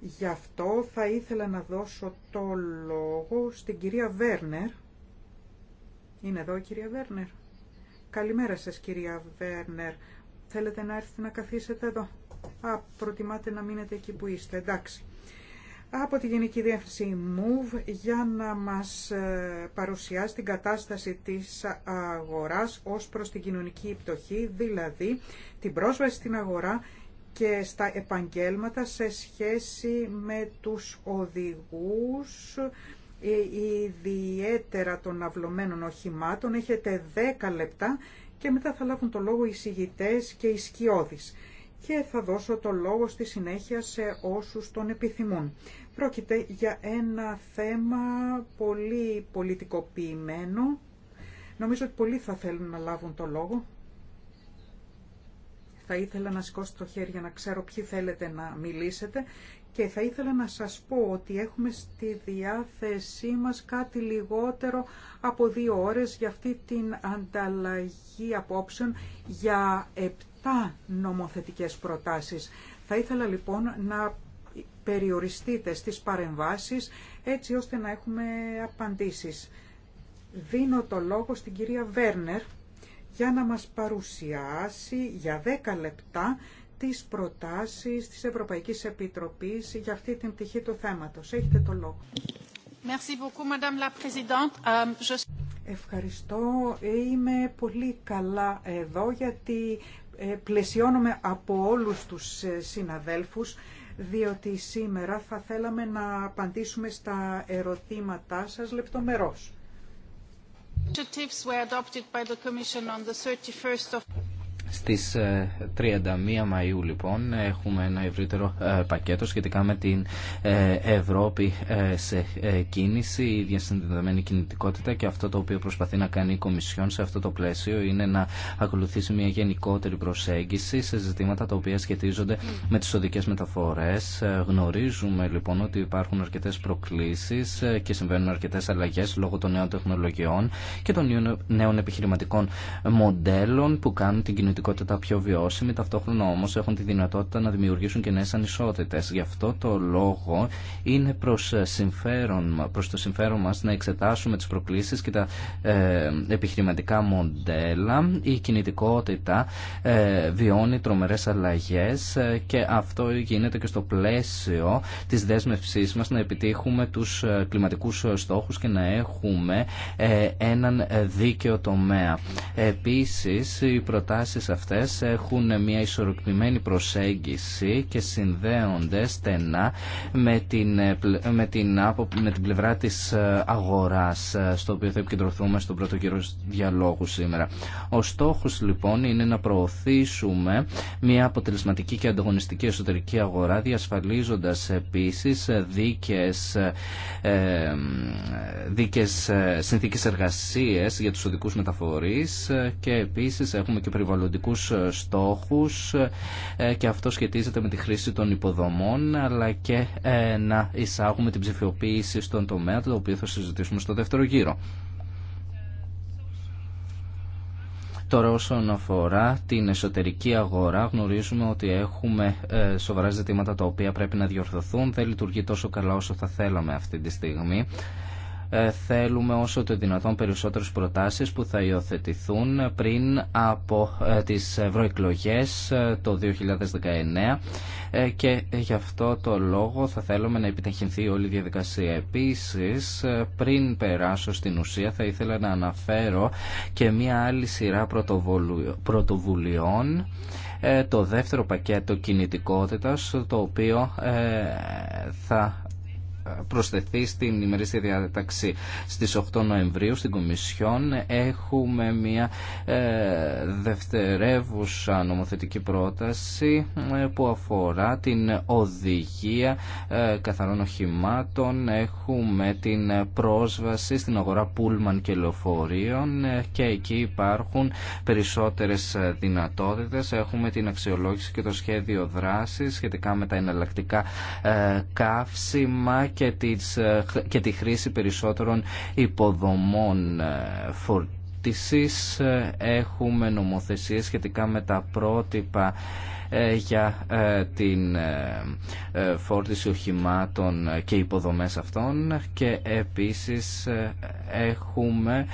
Γι' αυτό θα ήθελα να δώσω το λόγο στην κυρία Βέρνερ. Είναι εδώ η κυρία Βέρνερ. Καλημέρα σας κυρία Βέρνερ. Θέλετε να έρθετε να καθίσετε εδώ. Α, προτιμάτε να μείνετε εκεί που είστε. Εντάξει από τη Γενική Διεύθυνση MOVE για να μας ε, παρουσιάσει την κατάσταση της αγοράς ως προς την κοινωνική πτωχή, δηλαδή την πρόσβαση στην αγορά και στα επαγγέλματα σε σχέση με τους οδηγούς ε, ιδιαίτερα των αυλωμένων οχημάτων. Έχετε 10 λεπτά και μετά θα λάβουν το λόγο οι και οι σκιώδεις και θα δώσω το λόγο στη συνέχεια σε όσους τον επιθυμούν. Πρόκειται για ένα θέμα πολύ πολιτικοποιημένο. Νομίζω ότι πολλοί θα θέλουν να λάβουν το λόγο. Θα ήθελα να σηκώσω το χέρι για να ξέρω ποιοι θέλετε να μιλήσετε και θα ήθελα να σας πω ότι έχουμε στη διάθεσή μας κάτι λιγότερο από δύο ώρες για αυτή την ανταλλαγή απόψεων για τα νομοθετικές προτάσεις. Θα ήθελα λοιπόν να περιοριστείτε στις παρεμβάσεις έτσι ώστε να έχουμε απαντήσεις. Δίνω το λόγο στην κυρία Βέρνερ για να μας παρουσιάσει για 10 λεπτά τις προτάσεις της Ευρωπαϊκής Επιτροπής για αυτή την πτυχή του θέματος. Έχετε το λόγο. Euh, Ευχαριστώ. Είμαι πολύ καλά εδώ γιατί ε, πλαισιώνουμε από όλους τους ε, συναδέλφους, διότι σήμερα θα θέλαμε να απαντήσουμε στα ερωτήματά σας λεπτομερώς. Στις 31 ε, Μαΐου λοιπόν έχουμε ένα ευρύτερο ε, πακέτο σχετικά με την ε, Ευρώπη σε κίνηση, η διασυνδεδεμένη κινητικότητα και αυτό το οποίο προσπαθεί να κάνει η Κομισιόν σε αυτό το πλαίσιο είναι να ακολουθήσει μια γενικότερη προσέγγιση σε ζητήματα τα οποία σχετίζονται με τις οδικές μεταφορές. Γνωρίζουμε λοιπόν ότι υπάρχουν αρκετές προκλήσεις και συμβαίνουν αρκετές αλλαγές λόγω των νέων τεχνολογιών και των νέων επιχειρηματικών μοντέλων που κάνουν την κινητικότητα πιο βιώσιμη, ταυτόχρονα όμως έχουν τη δυνατότητα να δημιουργήσουν και νέε ανισότητε. Γι' αυτό το λόγο είναι προ ε, προς το συμφέρον μας να εξετάσουμε τις προκλήσεις και τα ε, επιχειρηματικά μοντέλα. Η κινητικότητα ε, βιώνει τρομερές αλλαγέ ε, και αυτό γίνεται και στο πλαίσιο της δέσμευσή μα να επιτύχουμε τους κλιματικούς στόχου και να έχουμε έναν δίκαιο τομέα. Επίσης, οι προτάσει αυτές έχουν μια ισορροπημένη προσέγγιση και συνδέονται στενά με την, με την, με την πλευρά της ε, αγοράς ε, στο οποίο θα επικεντρωθούμε στον πρώτο κύριο διαλόγου σήμερα. Ο στόχος λοιπόν είναι να προωθήσουμε μια αποτελεσματική και ανταγωνιστική εσωτερική αγορά διασφαλίζοντας επίσης ε, δίκες, δίκες συνθήκες εργασίες για τους οδικούς μεταφορείς και επίσης έχουμε και περιβαλλοντικό περιβαλλοντικούς ε, στόχους ε, και αυτό σχετίζεται με τη χρήση των υποδομών αλλά και ε, να εισάγουμε την ψηφιοποίηση στον τομέα το οποίο θα συζητήσουμε στο δεύτερο γύρο. Τώρα όσον αφορά την εσωτερική αγορά γνωρίζουμε ότι έχουμε σοβαρά ζητήματα τα οποία πρέπει να διορθωθούν. Δεν λειτουργεί τόσο καλά όσο θα θέλαμε αυτή τη στιγμή. Ε, θέλουμε όσο το δυνατόν περισσότερες προτάσεις που θα υιοθετηθούν πριν από ε, τις ευρωεκλογέ ε, το 2019 και γι' αυτό το λόγο θα θέλουμε να επιταχυνθεί όλη η διαδικασία. Επίσης, πριν περάσω στην ουσία θα ήθελα να αναφέρω και μία άλλη σειρά πρωτοβουλειών το δεύτερο πακέτο κινητικότητας το οποίο θα προσθεθεί στην ημερήσια διάταξη στις 8 Νοεμβρίου στην Κομισιόν. Έχουμε μια ε, δευτερεύουσα νομοθετική πρόταση ε, που αφορά την οδηγία ε, καθαρών οχημάτων. Έχουμε την πρόσβαση στην αγορά πούλμαν και λεωφορείων και εκεί υπάρχουν περισσότερες δυνατότητες. Έχουμε την αξιολόγηση και το σχέδιο δράσης σχετικά με τα εναλλακτικά καύσιμα ε, και, τη χρήση περισσότερων υποδομών ε, φορτισής. Ε, έχουμε νομοθεσίες σχετικά με τα πρότυπα για την φόρτιση οχημάτων και υποδομές αυτών και επίσης έχουμε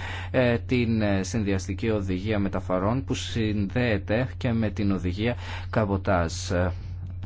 την συνδυαστική οδηγία μεταφορών που συνδέεται και με την οδηγία καμποτάζ.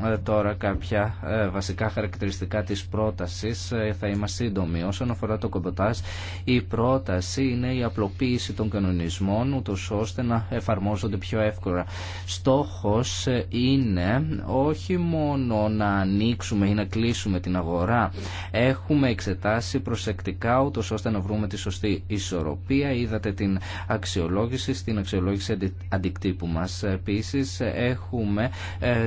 Ε, τώρα κάποια ε, βασικά χαρακτηριστικά της πρότασης ε, θα είμαστε σύντομοι. Όσον αφορά το κομποτάζ, η πρόταση είναι η απλοποίηση των κανονισμών ούτως ώστε να εφαρμόζονται πιο εύκολα. Στόχος είναι όχι μόνο να ανοίξουμε ή να κλείσουμε την αγορά. Έχουμε εξετάσει προσεκτικά ούτως ώστε να βρούμε τη σωστή ισορροπία. Είδατε την αξιολόγηση, στην αξιολόγηση αντικτύπου μας. Επίσης έχουμε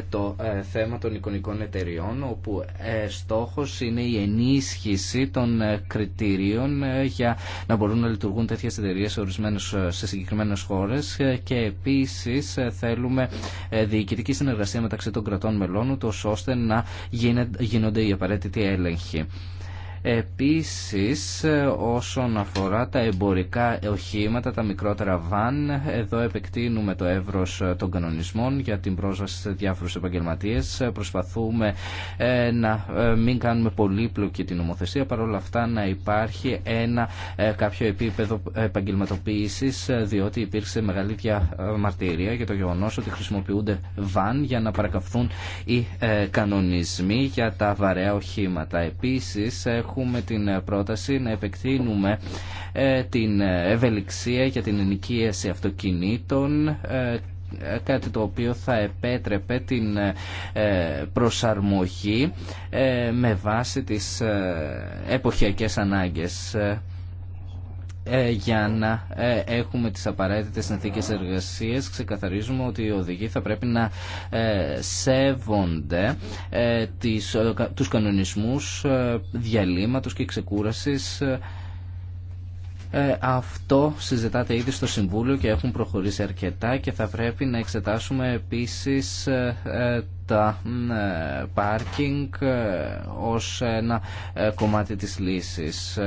το θέμα των εικονικών εταιριών όπου ε, στόχος είναι η ενίσχυση των ε, κριτηρίων ε, για να μπορούν να λειτουργούν τέτοιες εταιρείες σε συγκεκριμένες χώρες και επίσης θέλουμε διοικητική συνεργασία μεταξύ των κρατών μελών ούτως ώστε να γίνονται οι απαραίτητοι έλεγχοι. Επίσης, όσον αφορά τα εμπορικά οχήματα, τα μικρότερα βαν, εδώ επεκτείνουμε το εύρος των κανονισμών για την πρόσβαση σε διάφορους επαγγελματίες. Προσπαθούμε ε, να ε, μην κάνουμε πολύπλοκη την νομοθεσία, παρόλα αυτά να υπάρχει ένα ε, κάποιο επίπεδο επαγγελματοποίησης, διότι υπήρξε μεγάλη διαμαρτυρία για το γεγονός ότι χρησιμοποιούνται βαν για να παρακαυθούν οι κανονισμοί για τα βαρέα οχήματα. Επίσης, έχουμε την ε, πρόταση να επεκτείνουμε ε, την ε, ευελιξία για την ενοικίαση αυτοκινήτων κάτι το οποίο θα επέτρεπε την προσαρμογή με βάση τις εποχιακές ανάγκες. Ε, για να ε, έχουμε τις απαραίτητες συνθήκες εργασίας ξεκαθαρίζουμε ότι οι οδηγοί θα πρέπει να ε, σέβονται τις, τους κανονισμούς διαλύματος και ξεκούρασης αυτό συζητάται ήδη στο Συμβούλιο και έχουν προχωρήσει αρκετά και θα πρέπει να εξετάσουμε επίσης τα πάρκινγκ ως ένα κομμάτι της λύσης.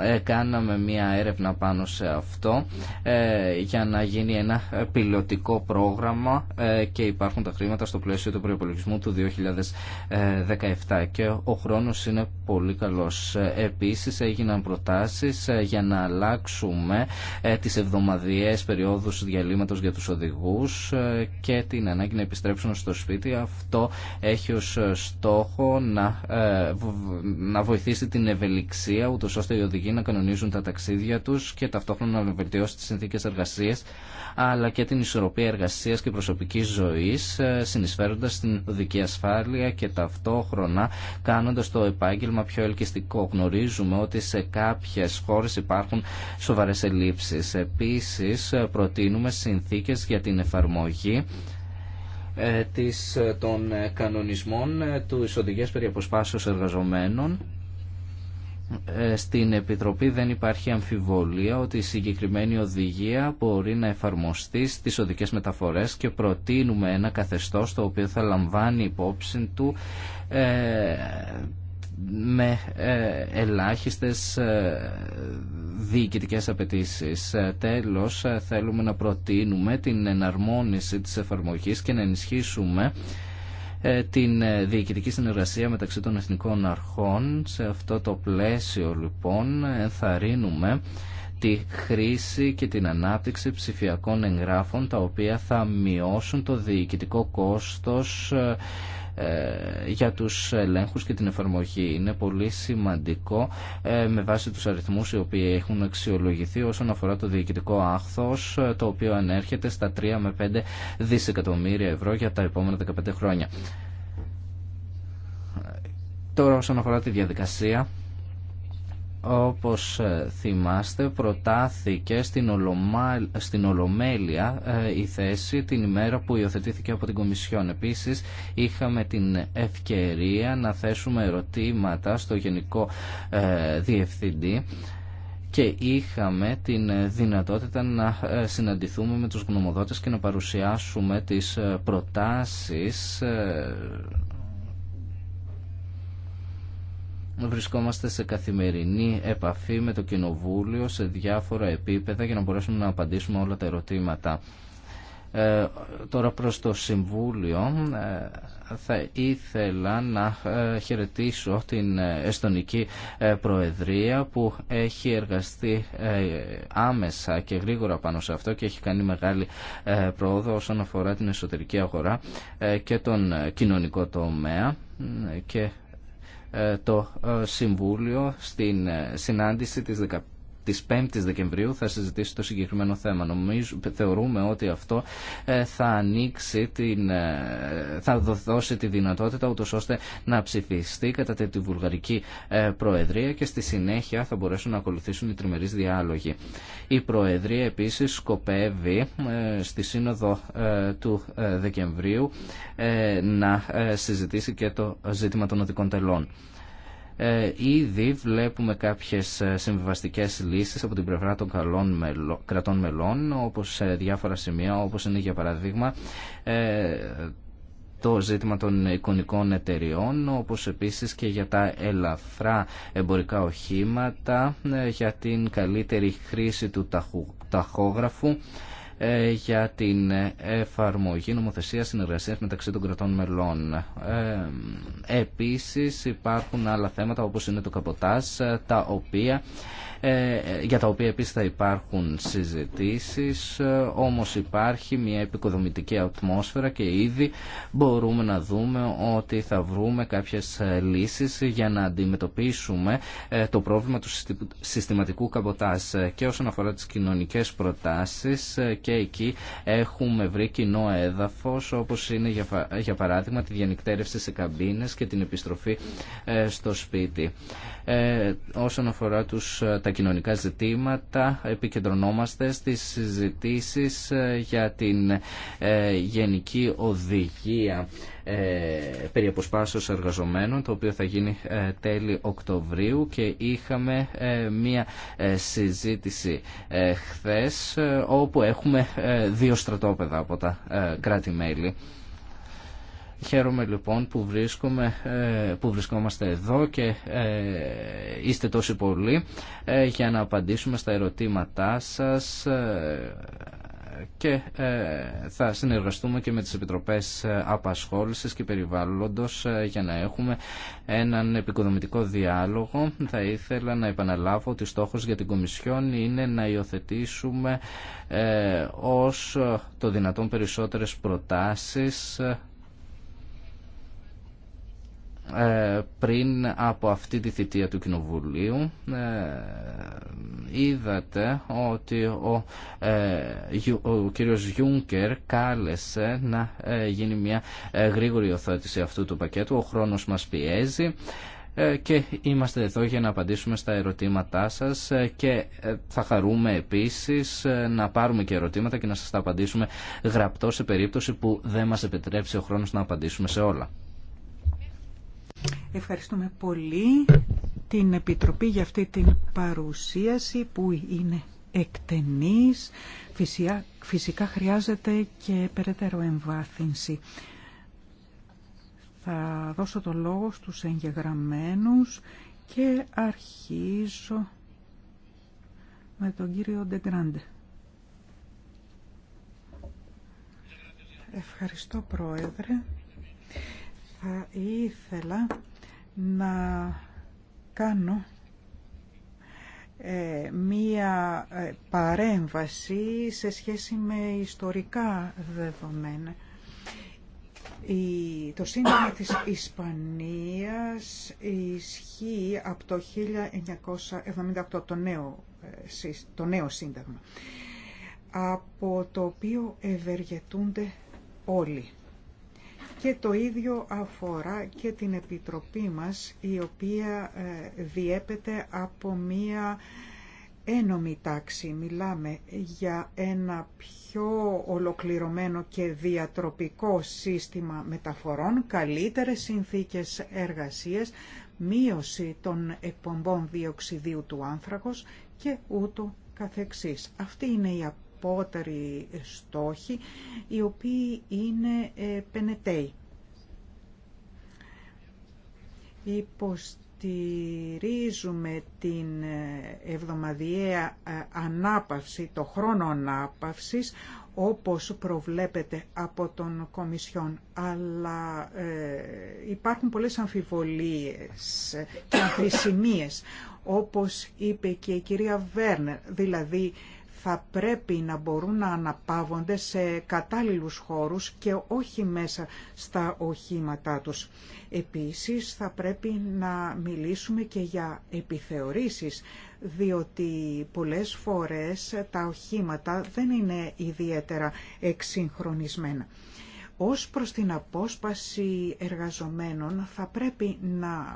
Ε, κάναμε μία έρευνα πάνω σε αυτό ε, για να γίνει ένα πιλωτικό πρόγραμμα ε, και υπάρχουν τα χρήματα στο πλαίσιο του προϋπολογισμού του 2017 και ο χρόνος είναι πολύ καλός. Επίσης έγιναν προτάσεις για να αλλάξουμε τις εβδομαδιαίες περιόδους διαλύματος για τους οδηγούς και την ανάγκη να επιστρέψουν στο σπίτι. Αυτό έχει ως στόχο να, να βοηθήσει την ευελιξία ούτως ώστε οι να κανονίζουν τα ταξίδια τους και ταυτόχρονα να βελτιώσει τι συνθήκε εργασία, αλλά και την ισορροπία εργασία και προσωπική ζωής ε, συνεισφέροντα την οδική ασφάλεια και ταυτόχρονα κάνοντας το επάγγελμα πιο ελκυστικό. Γνωρίζουμε ότι σε κάποιες χώρες υπάρχουν σοβαρές ελλείψεις. Επίσης ε, προτείνουμε συνθήκε για την εφαρμογή ε, των κανονισμών του οδηγίας περί αποσπάσεως εργαζομένων ε, στην Επιτροπή δεν υπάρχει αμφιβολία ότι η συγκεκριμένη οδηγία μπορεί να εφαρμοστεί στις οδικές μεταφορές και προτείνουμε ένα καθεστώς το οποίο θα λαμβάνει υπόψη του ε, με ε, ελάχιστες διοικητικές απαιτήσεις. Τέλος, θέλουμε να προτείνουμε την εναρμόνιση της εφαρμογής και να ενισχύσουμε ε, την ε, διοικητική συνεργασία μεταξύ των εθνικών αρχών. Σε αυτό το πλαίσιο λοιπόν ενθαρρύνουμε τη χρήση και την ανάπτυξη ψηφιακών εγγράφων τα οποία θα μειώσουν το διοικητικό κόστος ε, ε, για τους ελέγχους και την εφαρμογή. Είναι πολύ σημαντικό ε, με βάση τους αριθμούς οι οποίοι έχουν αξιολογηθεί όσον αφορά το διοικητικό άχθος ε, το οποίο ανέρχεται στα 3 με 5 δισεκατομμύρια ευρώ για τα επόμενα 15 χρόνια. Τώρα όσον αφορά τη διαδικασία όπως ε, θυμάστε προτάθηκε στην, στην Ολομέλεια ε, η θέση την ημέρα που υιοθετήθηκε από την Κομισιόν. Επίσης είχαμε την ευκαιρία να θέσουμε ερωτήματα στο Γενικό ε, Διευθυντή και είχαμε την δυνατότητα να συναντηθούμε με τους γνωμοδότες και να παρουσιάσουμε τις προτάσεις βρισκόμαστε σε καθημερινή επαφή με το Κοινοβούλιο σε διάφορα επίπεδα για να μπορέσουμε να απαντήσουμε όλα τα ερωτήματα. Ε, τώρα προς το Συμβούλιο ε, θα ήθελα να ε, χαιρετήσω την Εστονική Προεδρία που έχει εργαστεί άμεσα και γρήγορα πάνω σε αυτό και έχει κάνει μεγάλη πρόοδο όσον αφορά την εσωτερική αγορά και τον κοινωνικό τομέα και ε, το ε, Συμβούλιο στην ε, συνάντηση της Τη 5 η Δεκεμβρίου θα συζητήσει το συγκεκριμένο θέμα. Νομίζω, θεωρούμε ότι αυτό ε, θα ανοίξει την, ε, θα δώσει τη δυνατότητα ούτω ώστε να ψηφιστεί κατά τη Βουλγαρική ε, Προεδρία και στη συνέχεια θα μπορέσουν να ακολουθήσουν οι τριμερεί διάλογοι. Η Προεδρία επίσης σκοπεύει στη Σύνοδο του Δεκεμβρίου να συζητήσει και το ζήτημα των οδικών τελών. Ε, ήδη βλέπουμε κάποιες ε, συμβιβαστικές λύσεις από την πλευρά των καλών κρατών μελών όπως σε διάφορα σημεία όπως είναι για παραδείγμα ε, το ζήτημα των εικονικών εταιριών όπως επίσης και για τα ελαφρά εμπορικά οχήματα για την καλύτερη χρήση του ταχόγραφου ε, για την εφαρμογή νομοθεσία συνεργασία μεταξύ των κρατών μελών. Ε, επίσης υπάρχουν άλλα θέματα όπως είναι το καποτάζ, ε, τα οποία ε, για τα οποία επίσης θα υπάρχουν συζητήσεις ε, όμως υπάρχει μια επικοδομητική ατμόσφαιρα και ήδη μπορούμε να δούμε ότι θα βρούμε κάποιες ε, λύσεις για να αντιμετωπίσουμε το πρόβλημα του συστηματικού καμποτάζ και όσον αφορά τις κοινωνικές προτάσεις και εκεί έχουμε βρει κοινό έδαφος όπως είναι για παράδειγμα τη διανυκτέρευση σε καμπίνες και την επιστροφή στο σπίτι. Όσον αφορά τους, τα κοινωνικά ζητήματα επικεντρωνόμαστε στις συζητήσεις ε, για την ε, γενική οδηγία ε, περί αποσπάσεως εργαζομένων το οποίο θα γίνει τέλη Οκτωβρίου και είχαμε μία συζήτηση χθες όπου έχουμε δύο στρατόπεδα από τα κράτη-μέλη Χαίρομαι λοιπόν που, ε, που βρισκόμαστε εδώ και ε, είστε τόσοι πολλοί ε, για να απαντήσουμε στα ερωτήματά σας και θα συνεργαστούμε και με τις Επιτροπές Απασχόλησης και Περιβάλλοντος για να έχουμε έναν επικοδομητικό διάλογο. Θα ήθελα να επαναλάβω ότι στόχος για την Κομισιόν είναι να υιοθετήσουμε ως το δυνατόν περισσότερες προτάσεις ε, πριν από αυτή τη θητεία του Κοινοβουλίου ε, είδατε ότι ο, ε, ο κύριος Γιούνκερ κάλεσε να γίνει μια γρήγορη οθότηση αυτού του πακέτου. Ο χρόνος μας πιέζει και είμαστε εδώ για να απαντήσουμε στα ερωτήματά σας και θα χαρούμε επίσης να πάρουμε και ερωτήματα και να σας τα απαντήσουμε γραπτό σε περίπτωση που δεν μας επιτρέψει ο χρόνος να απαντήσουμε σε όλα. Ευχαριστούμε πολύ την Επιτροπή για αυτή την παρουσίαση που είναι εκτενής. Φυσικά χρειάζεται και περαιτέρω εμβάθυνση. Θα δώσω το λόγο στους εγγεγραμμένους και αρχίζω με τον κύριο Ντεγκράντε. Ευχαριστώ Πρόεδρε. Θα ήθελα να κάνω ε, μία ε, παρέμβαση σε σχέση με ιστορικά δεδομένα. Το σύνταγμα της Ισπανίας ισχύει από το 1978, το νέο, ε, το νέο σύνταγμα, από το οποίο ευεργετούνται όλοι. Και το ίδιο αφορά και την Επιτροπή μας, η οποία ε, διέπεται από μία ένομη τάξη. Μιλάμε για ένα πιο ολοκληρωμένο και διατροπικό σύστημα μεταφορών, καλύτερες συνθήκες εργασίες, μείωση των εκπομπών διοξιδίου του άνθρακος και ούτω καθεξής. Αυτή είναι η απότεροι στόχοι, οι οποίοι είναι ε, πενετέοι. Υποστηρίζουμε την ε, εβδομαδιαία ε, ανάπαυση, το χρόνο ανάπαυσης, όπως προβλέπεται από τον Κομισιόν, αλλά ε, υπάρχουν πολλές αμφιβολίες και αμφισημίες, όπως είπε και η κυρία Βέρνερ, δηλαδή θα πρέπει να μπορούν να αναπαύονται σε κατάλληλους χώρους και όχι μέσα στα οχήματά τους. Επίσης θα πρέπει να μιλήσουμε και για επιθεωρήσεις, διότι πολλές φορές τα οχήματα δεν είναι ιδιαίτερα εξυγχρονισμένα. Ως προς την απόσπαση εργαζομένων θα πρέπει να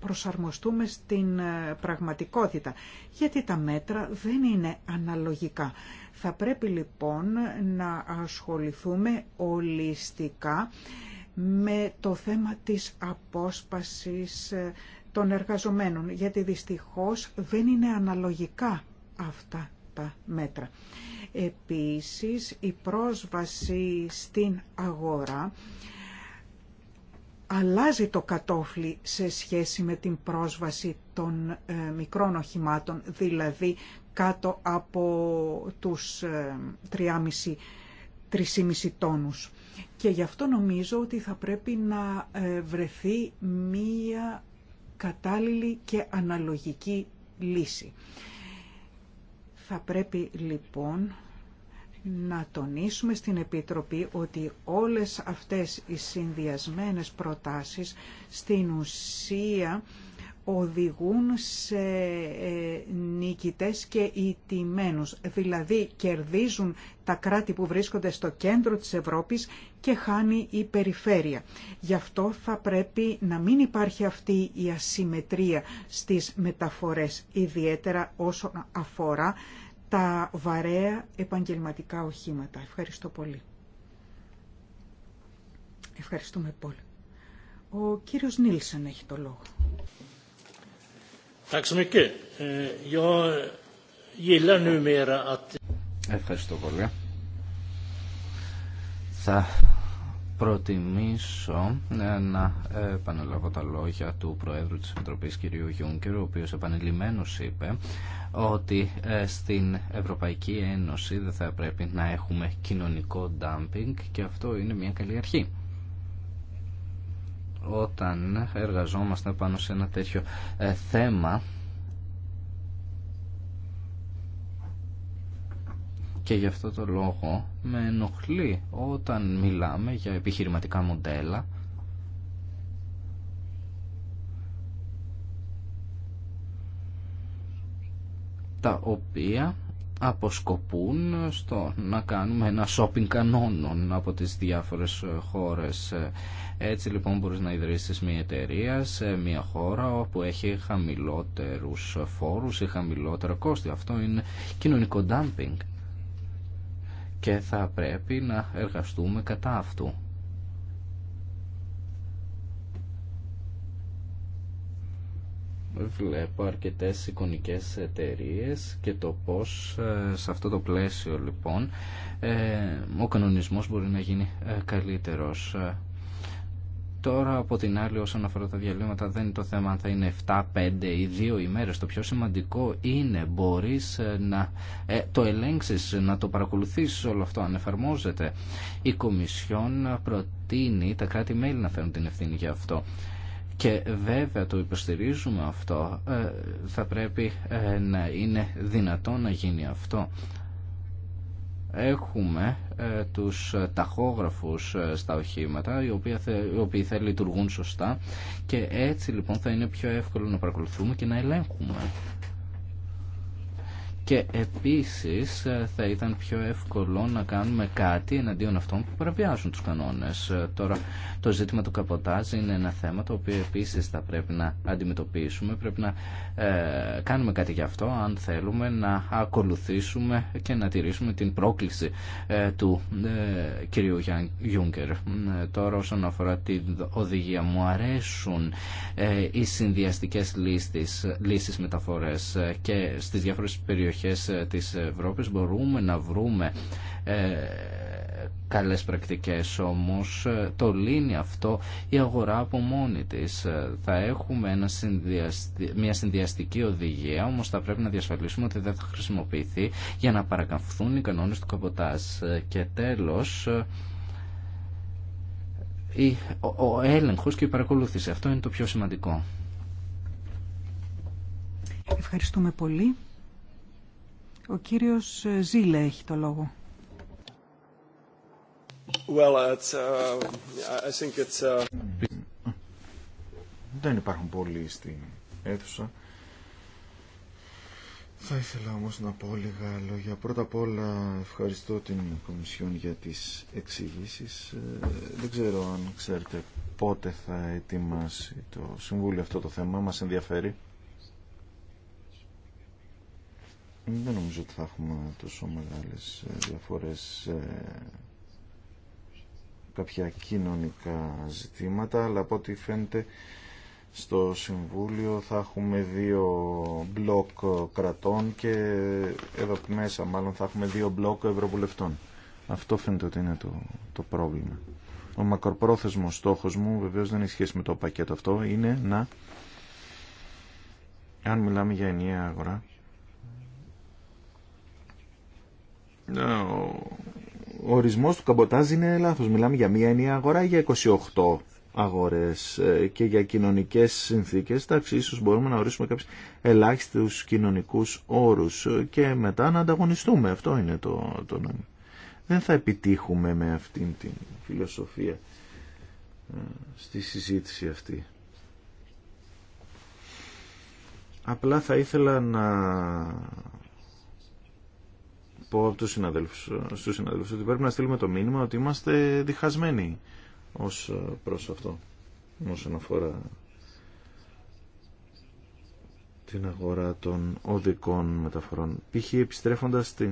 προσαρμοστούμε στην ε, πραγματικότητα, γιατί τα μέτρα δεν είναι αναλογικά. Θα πρέπει λοιπόν να ασχοληθούμε ολιστικά με το θέμα της απόσπασης ε, των εργαζομένων, γιατί δυστυχώς δεν είναι αναλογικά αυτά τα μέτρα. Επίσης, η πρόσβαση στην αγορά αλλάζει το κατόφλι σε σχέση με την πρόσβαση των ε, μικρών οχημάτων, δηλαδή κάτω από τους 3,5 ε, 3,5 τόνους. Και γι' αυτό νομίζω ότι θα πρέπει να ε, βρεθεί μία κατάλληλη και αναλογική λύση. Θα πρέπει λοιπόν να τονίσουμε στην Επιτροπή ότι όλες αυτές οι συνδυασμένες προτάσεις στην ουσία οδηγούν σε ε, νικητές και ιτημένους. Δηλαδή κερδίζουν τα κράτη που βρίσκονται στο κέντρο της Ευρώπης και χάνει η περιφέρεια. Γι' αυτό θα πρέπει να μην υπάρχει αυτή η ασυμμετρία στις μεταφορές, ιδιαίτερα όσον αφορά τα βαρέα επαγγελματικά οχήματα. Ευχαριστώ πολύ. Ευχαριστούμε πολύ. Ο κύριος Νίλσεν έχει το λόγο. Eh, Ευχαριστώ πολύ. Θα προτιμήσω ε, να ε, επαναλάβω τα λόγια του Προέδρου της Επιτροπής κ. Γιούνκερ, ο οποίος επανειλημμένως είπε ότι ε, στην Ευρωπαϊκή Ένωση δεν θα πρέπει να έχουμε κοινωνικό ντάμπινγκ και αυτό είναι μια καλή αρχή. Όταν εργαζόμαστε πάνω σε ένα τέτοιο θέμα Και γι' αυτό το λόγο με ενοχλεί όταν μιλάμε για επιχειρηματικά μοντέλα τα οποία αποσκοπούν στο να κάνουμε ένα shopping κανόνων από τις διάφορες χώρες. Έτσι λοιπόν μπορείς να ιδρύσεις μια εταιρεία σε μια χώρα όπου έχει χαμηλότερους φόρους ή χαμηλότερα κόστη. Αυτό είναι κοινωνικό dumping και θα πρέπει να εργαστούμε κατά αυτού. Βλέπω αρκετές εικονικές εταιρείε και το πώς ε, σε αυτό το πλαίσιο λοιπόν ε, ο κανονισμός μπορεί να γίνει ε, καλύτερος. Τώρα από την άλλη όσον αφορά τα διαλύματα δεν είναι το θέμα αν θα είναι 7, 5 ή 2 ημέρες. Το πιο σημαντικό είναι μπορείς ε, να ε, το ελέγξεις, να το παρακολουθήσεις όλο αυτό αν εφαρμόζεται. Η Κομισιόν προτείνει τα κράτη-μέλη να φέρουν την ευθύνη για αυτό. Και βέβαια το υποστηρίζουμε αυτό, ε, θα πρέπει να είναι δυνατό να γίνει αυτό έχουμε ε, τους ταχόγραφους ε, στα οχήματα οι οποίοι, οι οποίοι θα λειτουργούν σωστά και έτσι λοιπόν θα είναι πιο εύκολο να παρακολουθούμε και να ελέγχουμε και επίσης ε, θα ήταν πιο εύκολο να κάνουμε κάτι εναντίον αυτών που παραβιάζουν τους κανόνες. Ε, τώρα το ζήτημα του καποτάζ είναι ένα θέμα το οποίο επίσης θα πρέπει να αντιμετωπίσουμε, πρέπει να ε, κάνουμε κάτι γι' αυτό αν θέλουμε να ακολουθήσουμε και να τηρήσουμε την πρόκληση του ε, κυρίου Γιούγκερ. Τώρα όσον αφορά την οδηγία μου αρέσουν οι συνδυαστικές λύσεις, λύσεις μεταφορές και στις διάφορες περιοχές περιοχές ε, της Ευρώπης μπορούμε να βρούμε ε, καλές πρακτικές όμως ε, το λύνει αυτό η αγορά από μόνη της θα έχουμε ένα μια συνδυαστική οδηγία όμως θα πρέπει να διασφαλίσουμε ότι δεν θα χρησιμοποιηθεί για να παρακαμφθούν οι κανόνες του καποτάζ και τέλος η... ο έλεγχος και η παρακολούθηση αυτό είναι το πιο σημαντικό Ευχαριστούμε πολύ ο κύριος ε, Ζήλε έχει το λόγο. Well, uh, I think it's, uh, Δεν υπάρχουν πολλοί στην αίθουσα. Θα ήθελα όμως να πω λίγα λόγια. Πρώτα απ' όλα ευχαριστώ την Κομισιόν για τις εξηγήσει. Ε, δεν ξέρω αν ξέρετε πότε θα ετοιμάσει το Συμβούλιο αυτό το θέμα. Μας ενδιαφέρει. Δεν νομίζω ότι θα έχουμε τόσο μεγάλες ε, διαφορές ε, κάποια κοινωνικά ζητήματα, αλλά από ό,τι φαίνεται στο Συμβούλιο θα έχουμε δύο μπλοκ κρατών και εδώ μέσα μάλλον θα έχουμε δύο μπλοκ ευρωβουλευτών. Αυτό φαίνεται ότι είναι το, το πρόβλημα. Ο μακροπρόθεσμος στόχος μου βεβαίως δεν έχει σχέση με το πακέτο αυτό, είναι να αν μιλάμε για ενιαία αγορά ο ορισμός του καμποτάζ είναι λάθος. Μιλάμε για μία ενιαία αγορά ή για 28 αγορές ε, και για κοινωνικές συνθήκες. Εντάξει, ίσως μπορούμε να ορίσουμε κάποιου ελάχιστους κοινωνικούς όρους ε, και μετά να ανταγωνιστούμε. Αυτό είναι το, το Δεν θα επιτύχουμε με αυτήν την φιλοσοφία ε, στη συζήτηση αυτή. Απλά θα ήθελα να πω από τους συναδέλφους, στους συναδέλφους ότι πρέπει να στείλουμε το μήνυμα ότι είμαστε διχασμένοι ως ε, προς αυτό όσον αφορά την αγορά των οδικών μεταφορών. Π.χ. επιστρέφοντας στη, ε,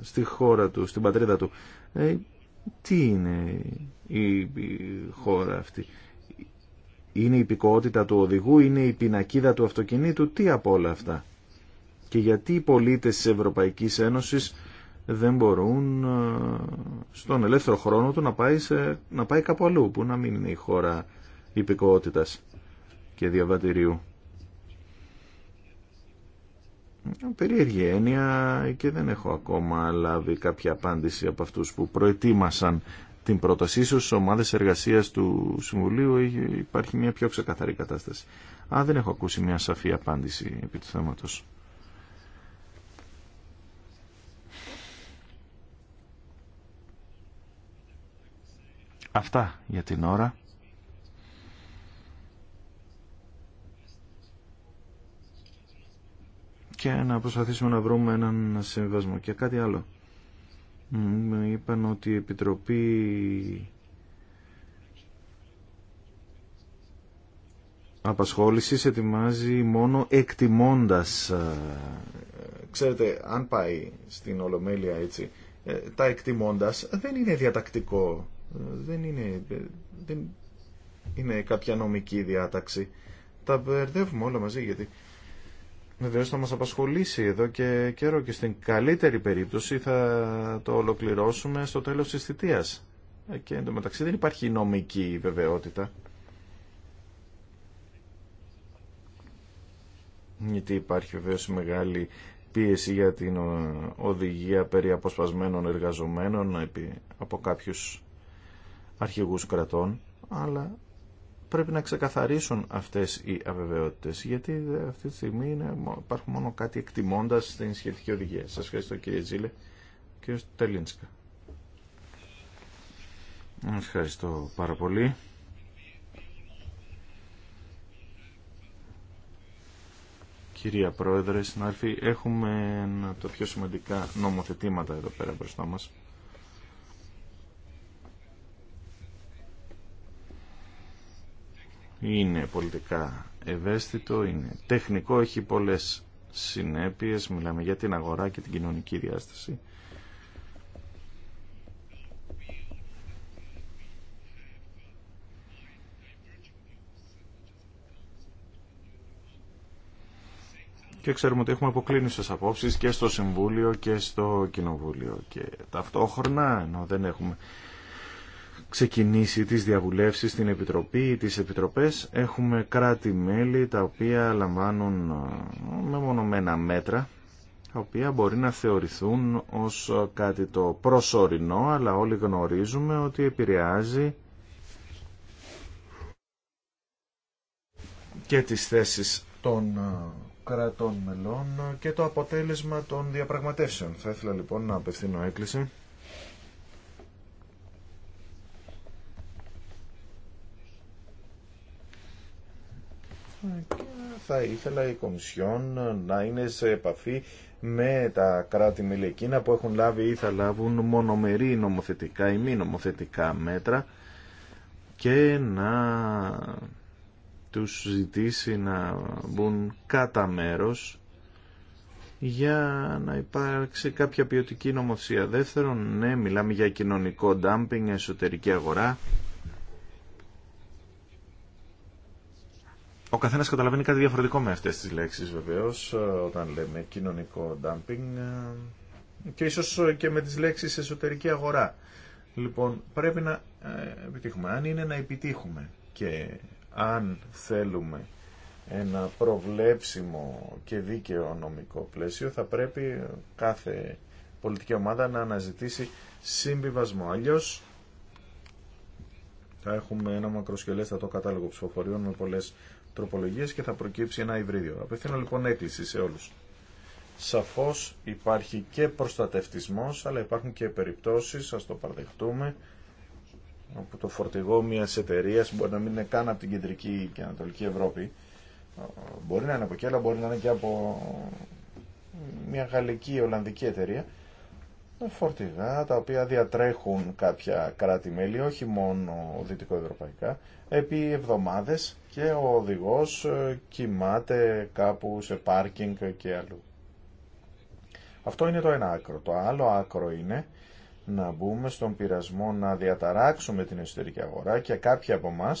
στη χώρα του, στην πατρίδα του. Ε, τι είναι η, η χώρα αυτή. Είναι η υπηκότητα του οδηγού, είναι η πινακίδα του αυτοκινήτου, τι από όλα αυτά και γιατί οι πολίτες της Ευρωπαϊκής Ένωσης δεν μπορούν ε, στον ελεύθερο χρόνο του να πάει, σε, να πάει κάπου αλλού που να μην είναι η χώρα υπηκότητας και διαβατηρίου. Περίεργη έννοια και δεν έχω ακόμα λάβει κάποια απάντηση από αυτούς που προετοίμασαν την πρόταση. σου στις ομάδες εργασίας του Συμβουλίου υπάρχει μια πιο ξεκαθαρή κατάσταση. Α, δεν έχω ακούσει μια σαφή απάντηση επί του θέματος. Αυτά για την ώρα. Και να προσπαθήσουμε να βρούμε έναν συμβασμό. Και κάτι άλλο. Μου είπαν ότι η Επιτροπή απασχόλησης ετοιμάζει μόνο εκτιμώντας. Ε, ξέρετε, αν πάει στην Ολομέλεια έτσι, ε, τα εκτιμώντας δεν είναι διατακτικό δεν είναι, δεν είναι κάποια νομική διάταξη. Τα μπερδεύουμε όλα μαζί γιατί βεβαίως θα μας απασχολήσει εδώ και καιρό και στην καλύτερη περίπτωση θα το ολοκληρώσουμε στο τέλος της θητείας. Ε, και μεταξύ δεν υπάρχει νομική βεβαιότητα. γιατί υπάρχει βεβαίω μεγάλη πίεση για την οδηγία περί αποσπασμένων εργαζομένων από κάποιους αρχηγούς κρατών, αλλά πρέπει να ξεκαθαρίσουν αυτές οι αβεβαιότητες, γιατί αυτή τη στιγμή είναι, υπάρχουν μόνο κάτι εκτιμώντας στην σχετική οδηγία. Σας ευχαριστώ κύριε Τζίλε. ο Τελίνσκα. Ευχαριστώ πάρα πολύ. Κυρία Πρόεδρε, συνάδελφοι, έχουμε ένα από τα πιο σημαντικά νομοθετήματα εδώ πέρα μπροστά μας. είναι πολιτικά ευαίσθητο, είναι τεχνικό, έχει πολλές συνέπειες, μιλάμε για την αγορά και την κοινωνική διάσταση. Και ξέρουμε ότι έχουμε αποκλίνουσες απόψεις και στο Συμβούλιο και στο Κοινοβούλιο. Και ταυτόχρονα, ενώ δεν έχουμε ξεκινήσει τις διαβουλεύσεις στην Επιτροπή ή τις Επιτροπές. Έχουμε κράτη-μέλη τα οποία λαμβάνουν ε, μεμονωμένα μέτρα, τα οποία μπορεί να θεωρηθούν ως κάτι το προσωρινό, αλλά όλοι γνωρίζουμε ότι επηρεάζει και τις θέσεις των ε, κρατών μελών και το αποτέλεσμα των διαπραγματεύσεων. Θα ήθελα λοιπόν να απευθύνω έκκληση θα ήθελα η Κομισιόν να είναι σε επαφή με τα κράτη-μέλη που έχουν λάβει ή θα λάβουν μονομερή νομοθετικά ή μη νομοθετικά μέτρα και να τους ζητήσει να μπουν κατά μέρος για να υπάρξει κάποια ποιοτική νομοθεσία. Δεύτερον, ναι, μιλάμε για κοινωνικό ντάμπινγκ, εσωτερική αγορά Ο καθένα καταλαβαίνει κάτι διαφορετικό με αυτέ τι λέξεις βεβαίω, ε, όταν λέμε κοινωνικό dumping ε, και ίσως και με τις λέξεις εσωτερική αγορά. Λοιπόν, πρέπει να ε, επιτύχουμε. Αν είναι να επιτύχουμε και αν θέλουμε ένα προβλέψιμο και δίκαιο νομικό πλαίσιο, θα πρέπει κάθε πολιτική ομάδα να αναζητήσει συμβιβασμό. Αλλιώ θα έχουμε ένα μακροσκελέστατο κατάλογο ψηφοφοριών με πολλές τροπολογίες και θα προκύψει ένα υβρίδιο. Απευθύνω λοιπόν έκκληση σε όλους. Σαφώς υπάρχει και προστατευτισμός, αλλά υπάρχουν και περιπτώσεις, ας το παραδεχτούμε, όπου το φορτηγό μια εταιρεία μπορεί να μην είναι καν από την κεντρική και ανατολική Ευρώπη, μπορεί να είναι από αλλά μπορεί να είναι και από μια γαλλική, ολλανδική εταιρεία, ε, φορτηγά τα οποία διατρέχουν κάποια κράτη-μέλη, όχι μόνο δυτικοευρωπαϊκά, επί εβδομάδες και ο οδηγός ε, κοιμάται κάπου σε πάρκινγκ και αλλού. Αυτό είναι το ένα άκρο. Το άλλο άκρο είναι να μπούμε στον πειρασμό να διαταράξουμε την εσωτερική αγορά και κάποιοι από εμά,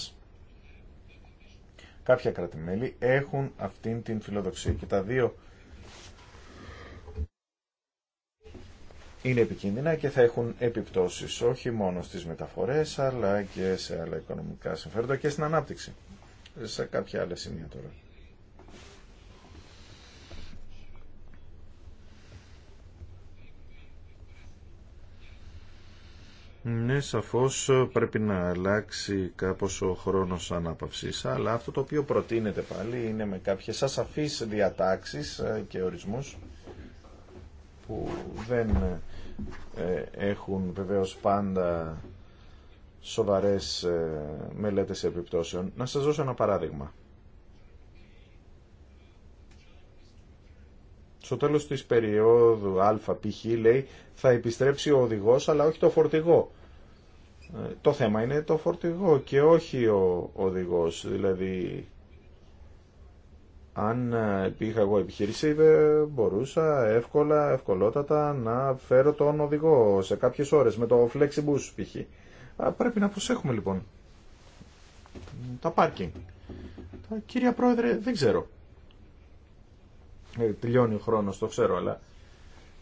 κάποια κράτη-μέλη, έχουν αυτήν την φιλοδοξία. Και τα δύο είναι επικίνδυνα και θα έχουν επιπτώσεις όχι μόνο στις μεταφορές αλλά και σε άλλα οικονομικά συμφέροντα και στην ανάπτυξη σε κάποια άλλα σημεία τώρα. Ναι, σαφώς ε, πρέπει να αλλάξει κάπως ο χρόνος ανάπαυσης, αλλά αυτό το οποίο προτείνεται πάλι είναι με κάποιες ασαφείς διατάξεις ε, και ορισμούς που δεν ε, ε, έχουν βεβαίως πάντα σοβαρές ε, μελέτες επιπτώσεων. Να σας δώσω ένα παράδειγμα. Στο τέλος της περίοδου α, λέει, θα επιστρέψει ο οδηγός αλλά όχι το φορτηγό. Ε, το θέμα είναι το φορτηγό και όχι ο οδηγός. Δηλαδή αν ε, υπήρχα εγώ επιχείρηση μπορούσα εύκολα, ευκολότατα να φέρω τον οδηγό σε κάποιες ώρες με το Flexibus π.χ. Πρέπει να προσέχουμε λοιπόν τα πάρκινγκ. Τα, κυρία Πρόεδρε δεν ξέρω. Ε, τελειώνει ο χρόνος, το ξέρω, αλλά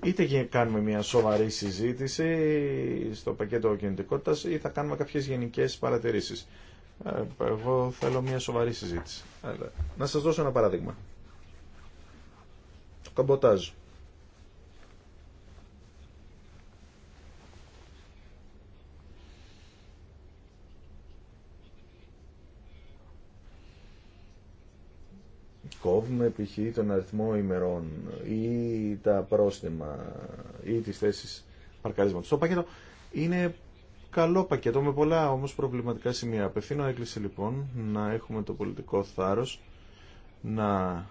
είτε κάνουμε μια σοβαρή συζήτηση στο πακέτο κινητικότητας ή θα κάνουμε κάποιες γενικές παρατηρήσεις. Ε, εγώ θέλω μια σοβαρή συζήτηση. να σας δώσω ένα παράδειγμα. Το καμποτάζ. Κόβουμε π.χ. τον αριθμό ημερών ή τα πρόστιμα ή τις θέσεις παρκαρίσματος. Το πακέτο είναι καλό πακέτο με πολλά όμως προβληματικά σημεία. Απευθύνω έκκληση λοιπόν να έχουμε το πολιτικό θάρρο να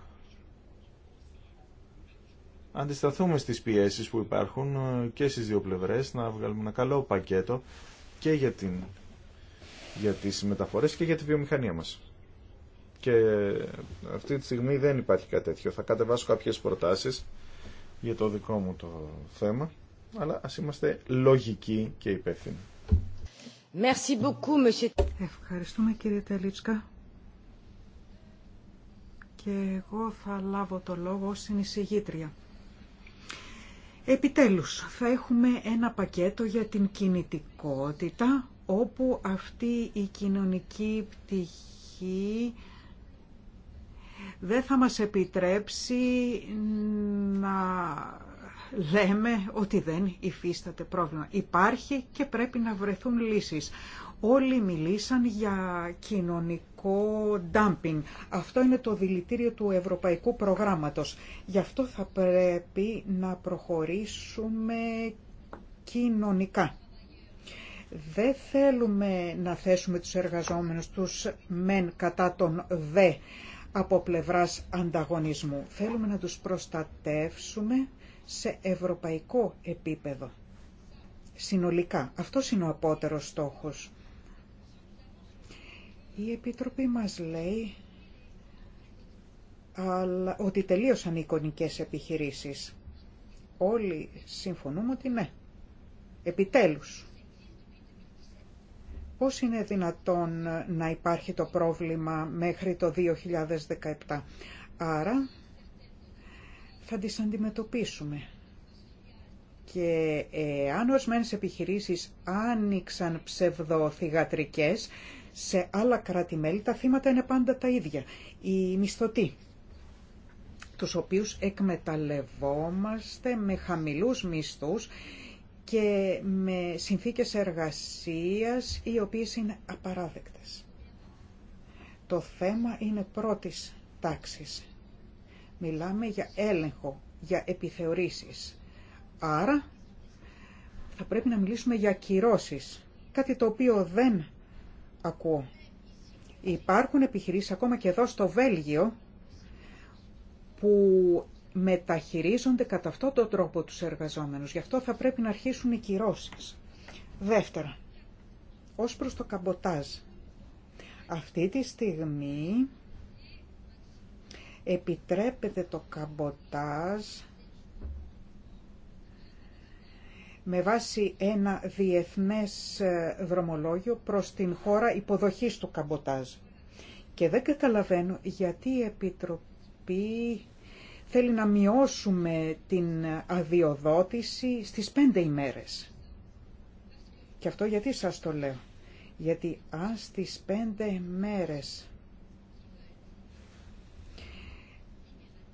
αντισταθούμε στις πιέσεις που υπάρχουν ε, και στις δύο πλευρές, να βγάλουμε ένα καλό πακέτο και για, την, για τις μεταφορές και για τη βιομηχανία μας. Και αυτή τη στιγμή δεν υπάρχει κάτι τέτοιο. Θα κατεβάσω κάποιες προτάσεις για το δικό μου το θέμα, αλλά ας είμαστε λογικοί και υπεύθυνοι. Ευχαριστούμε κύριε Τελίτσκα. Και εγώ θα λάβω το λόγο ως συνεισηγήτρια. Επιτέλους, θα έχουμε ένα πακέτο για την κινητικότητα, όπου αυτή η κοινωνική πτυχή δεν θα μας επιτρέψει να λέμε ότι δεν υφίσταται πρόβλημα. Υπάρχει και πρέπει να βρεθούν λύσεις. Όλοι μιλήσαν για κοινωνικό dumping. Αυτό είναι το δηλητήριο του ευρωπαϊκού προγράμματος. Γι' αυτό θα πρέπει να προχωρήσουμε κοινωνικά. Δεν θέλουμε να θέσουμε τους εργαζόμενους τους μεν κατά τον δε από πλευράς ανταγωνισμού. Θέλουμε να τους προστατεύσουμε σε ευρωπαϊκό επίπεδο. Συνολικά. Αυτό είναι ο απότερος στόχος. Η Επιτροπή μας λέει ότι τελείωσαν οι εικονικές επιχειρήσεις. Όλοι συμφωνούμε ότι ναι. Επιτέλους. Πώς είναι δυνατόν να υπάρχει το πρόβλημα μέχρι το 2017. Άρα θα τις αντιμετωπίσουμε. Και ε, αν ορισμένε επιχειρήσεις άνοιξαν ψευδοθυγατρικές, σε άλλα κράτη-μέλη τα θύματα είναι πάντα τα ίδια. Οι μισθωτοί, τους οποίους εκμεταλλευόμαστε με χαμηλούς μισθούς και με συνθήκες εργασίας οι οποίες είναι απαράδεκτες. Το θέμα είναι πρώτης τάξης Μιλάμε για έλεγχο, για επιθεωρήσεις. Άρα θα πρέπει να μιλήσουμε για κυρώσεις, κάτι το οποίο δεν ακούω. Υπάρχουν επιχειρήσεις ακόμα και εδώ στο Βέλγιο που μεταχειρίζονται κατά αυτόν τον τρόπο τους εργαζόμενους. Γι' αυτό θα πρέπει να αρχίσουν οι κυρώσεις. Δεύτερα, ως προς το καμποτάζ. Αυτή τη στιγμή επιτρέπεται το καμποτάζ με βάση ένα διεθνές ε, δρομολόγιο προς την χώρα υποδοχής του καμποτάζ. Και δεν καταλαβαίνω γιατί η Επιτροπή θέλει να μειώσουμε την αδειοδότηση στις πέντε ημέρες. Και αυτό γιατί σας το λέω. Γιατί αν στις πέντε μέρες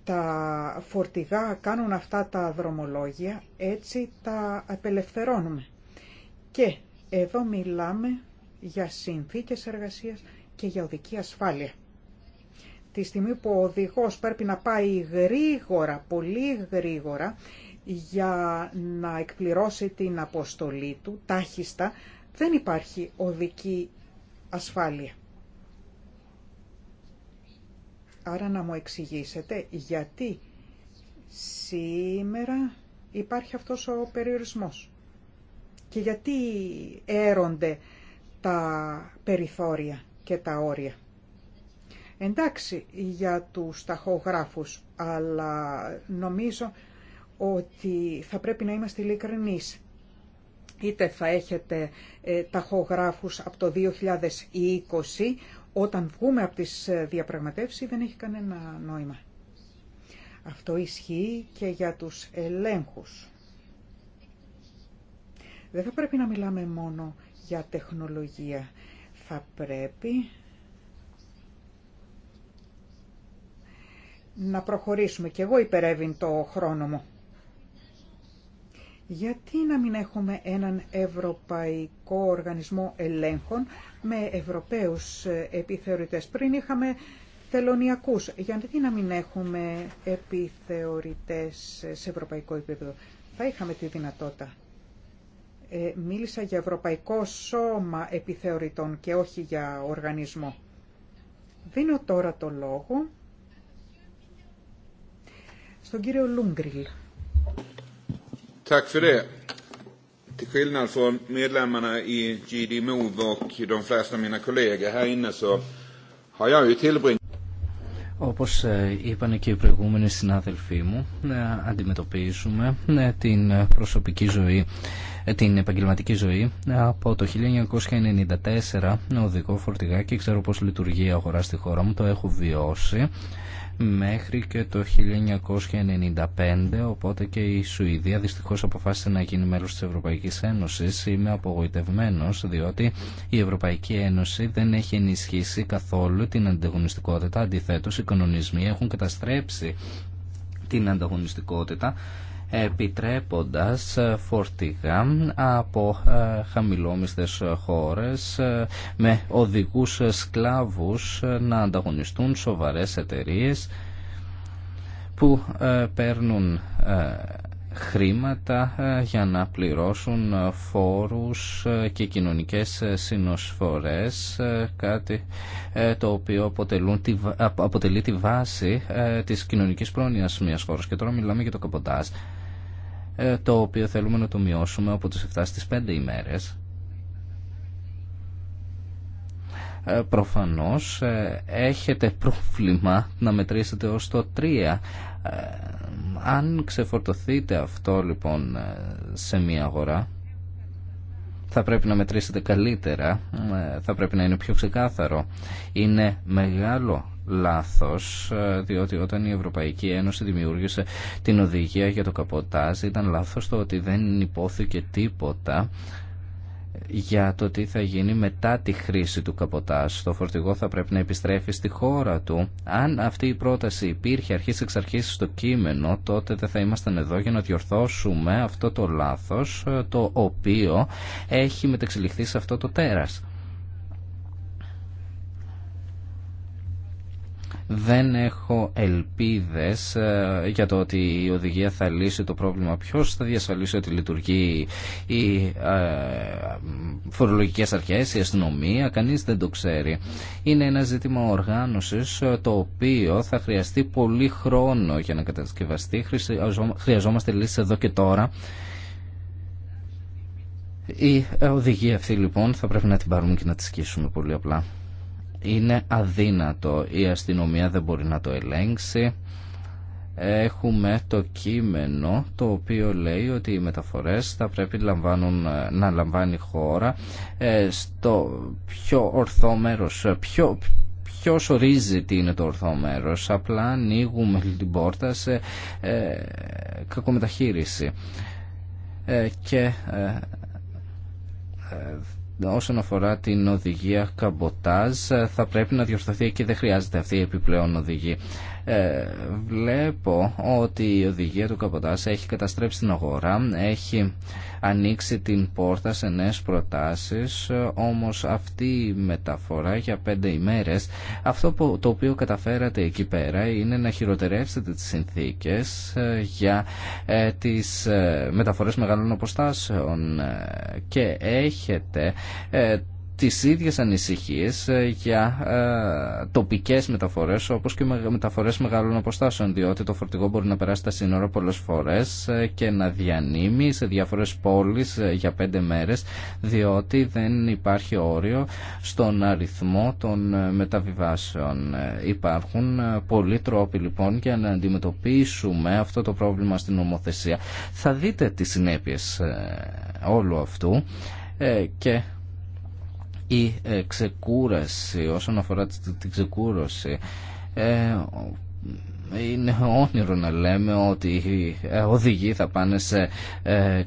τα φορτηγά κάνουν αυτά τα δρομολόγια, έτσι τα απελευθερώνουμε. Και εδώ μιλάμε για συνθήκες εργασίας και για οδική ασφάλεια. Τη στιγμή που ο οδηγός πρέπει να πάει γρήγορα, πολύ γρήγορα, για να εκπληρώσει την αποστολή του, τάχιστα, δεν υπάρχει οδική ασφάλεια. Άρα να μου εξηγήσετε γιατί σήμερα υπάρχει αυτός ο περιορισμός και γιατί έρονται τα περιθώρια και τα όρια. Εντάξει για τους ταχογράφους, αλλά νομίζω ότι θα πρέπει να είμαστε ειλικρινείς. Είτε θα έχετε ε, ταχογράφους από το 2020 όταν βγούμε από τις ε, διαπραγματεύσεις δεν έχει κανένα νόημα. Αυτό ισχύει και για τους ελέγχους. Δεν θα πρέπει να μιλάμε μόνο για τεχνολογία. Θα πρέπει να προχωρήσουμε. Και εγώ υπερεύει το χρόνο μου. Γιατί να μην έχουμε έναν ευρωπαϊκό οργανισμό ελέγχων με ευρωπαίους ε, επιθεωρητές. Πριν είχαμε τελωνιακούς. Γιατί να μην έχουμε επιθεωρητές ε, σε ευρωπαϊκό επίπεδο. Θα είχαμε τη δυνατότητα. Ε, μίλησα για ευρωπαϊκό σώμα επιθεωρητών και όχι για οργανισμό. Δίνω τώρα το λόγο στον κύριο Λούγκριλ. Tack för det. Till skillnad från medlemmarna i GD Move och de flesta av mina kollegor här inne så har jag ju tillbringat όπως ε, είπαν και οι προηγούμενοι συνάδελφοί μου, ε, αντιμετωπίζουμε ε, την προσωπική ζωή, την επαγγελματική ζωή από το 1994 οδηγό φορτηγά και ξέρω πώς λειτουργεί η αγορά στη χώρα μου, το έχω βιώσει μέχρι και το 1995 οπότε και η Σουηδία δυστυχώς αποφάσισε να γίνει μέλος της Ευρωπαϊκής Ένωσης είμαι απογοητευμένος διότι η Ευρωπαϊκή Ένωση δεν έχει ενισχύσει καθόλου την ανταγωνιστικότητα αντιθέτως οι κανονισμοί έχουν καταστρέψει την ανταγωνιστικότητα επιτρέποντας ε, φορτηγά από ε, χαμηλόμιστες χώρες ε, με οδηγούς σκλάβους να ανταγωνιστούν σοβαρές εταιρείες που παίρνουν χρήματα για να πληρώσουν φόρους και κοινωνικές συνοσφορές κάτι το οποίο αποτελεί τη βάση της κοινωνικής πρόνοιας μιας χώρας και τώρα μιλάμε για το καποτάζ ε, το οποίο θέλουμε να το μειώσουμε από τις 7 στις 5 ημέρες. Ε, προφανώς ε, έχετε πρόβλημα να μετρήσετε ως το 3. Αν ξεφορτωθείτε αυτό λοιπόν σε μία αγορά, θα πρέπει να μετρήσετε καλύτερα, θα πρέπει να είναι πιο ξεκάθαρο. Είναι μεγάλο λάθος ε, διότι όταν η Ευρωπαϊκή Ένωση δημιούργησε την οδηγία για το καποτάζ ήταν λάθος το ότι δεν υπόθηκε τίποτα για το τι θα γίνει μετά τη χρήση του καποτάζ. Το φορτηγό θα πρέπει να επιστρέφει στη χώρα του. Αν αυτή η πρόταση υπήρχε αρχή εξ αρχή στο κείμενο, τότε δεν θα ήμασταν εδώ για να διορθώσουμε αυτό το λάθο ε, το οποίο έχει μετεξελιχθεί σε αυτό το τέρας. Δεν έχω ελπίδες ε, για το ότι η οδηγία θα λύσει το πρόβλημα. Ποιος θα διασφαλίσει ότι λειτουργεί οι ε, φορολογικές αρχές, η αστυνομία, κανείς δεν το ξέρει. Είναι ένα ζήτημα οργάνωσης ε, το οποίο θα χρειαστεί πολύ χρόνο για να κατασκευαστεί. Χρειαζόμαστε λύσεις εδώ και τώρα. Η οδηγία αυτή λοιπόν θα πρέπει να την πάρουμε και να τη σκίσουμε πολύ απλά είναι αδύνατο. Η αστυνομία δεν μπορεί να το ελέγξει. Έχουμε το κείμενο το οποίο λέει ότι οι μεταφορές θα πρέπει λαμβάνουν, να λαμβάνει χώρα ε, στο πιο ορθό μέρος, πιο, ποιος ορίζει τι είναι το ορθό μέρος. Απλά ανοίγουμε την πόρτα σε ε, κακομεταχείριση. Ε, και όσον αφορά την οδηγία καμποτάζ θα πρέπει να διορθωθεί και δεν χρειάζεται αυτή η επιπλέον οδηγία. Ε, βλέπω ότι η οδηγία του καμποτάζ έχει καταστρέψει την αγορά, έχει ανοίξει την πόρτα σε νέες προτάσεις όμως αυτή η μεταφορά για πέντε ημέρες αυτό που, το οποίο καταφέρατε εκεί πέρα είναι να χειροτερεύσετε τις συνθήκες ε, για ε, τις ε, μεταφορές μεγάλων αποστάσεων ε, και έχετε τις ίδιες ανησυχίες ε, για ε, τοπικές μεταφορές όπως και μεταφορές μεγάλων αποστάσεων διότι το φορτηγό μπορεί να περάσει τα σύνορα πολλές φορές ε, και να διανύμει σε διάφορες πόλεις για πέντε μέρες διότι δεν υπάρχει όριο στον αριθμό των μεταβιβάσεων. Υπάρχουν πολλοί τρόποι λοιπόν για να αντιμετωπίσουμε αυτό το πρόβλημα στην νομοθεσία. Θα δείτε τις συνέπειες όλου αυτού και η ε, ξεκούραση όσον αφορά την ξεκούραση, ε, είναι όνειρο να λέμε ότι οι ε, οδηγοί θα πάνε σε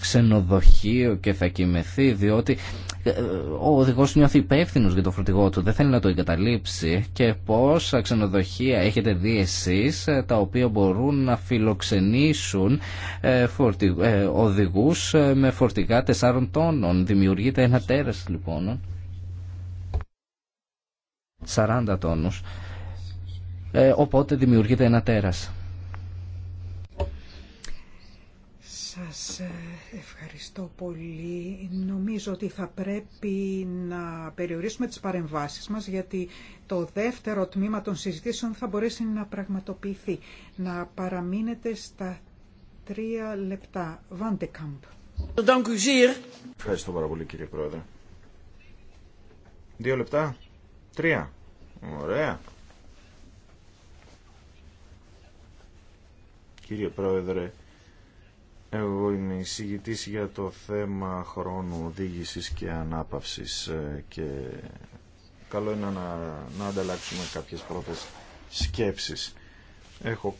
ξενοδοχείο και θα κοιμηθεί διότι ο οδηγό νιώθει υπεύθυνο για το φορτηγό του, δεν θέλει να το εγκαταλείψει και πόσα ξενοδοχεία έχετε δει εσεί τα οποία μπορούν να φιλοξενήσουν οδηγού με φορτηγά 4 τόνων. Δημιουργείται ένα τέρα λοιπόν. 40 τόνους. Ε, οπότε δημιουργείται ένα τέρας. Σας ε, ευχαριστώ πολύ. Νομίζω ότι θα πρέπει να περιορίσουμε τις παρεμβάσεις μας γιατί το δεύτερο τμήμα των συζητήσεων θα μπορέσει να πραγματοποιηθεί. Να παραμείνετε στα τρία λεπτά. Βάντεκαμπ. Ευχαριστώ πάρα πολύ κύριε Πρόεδρε. Δύο λεπτά. Τρία. Ωραία. Κύριε Πρόεδρε, εγώ είμαι εισηγητής για το θέμα χρόνου οδήγησης και ανάπαυσης ε, και καλό είναι να, να ανταλλάξουμε κάποιες πρώτες σκέψεις. Έχω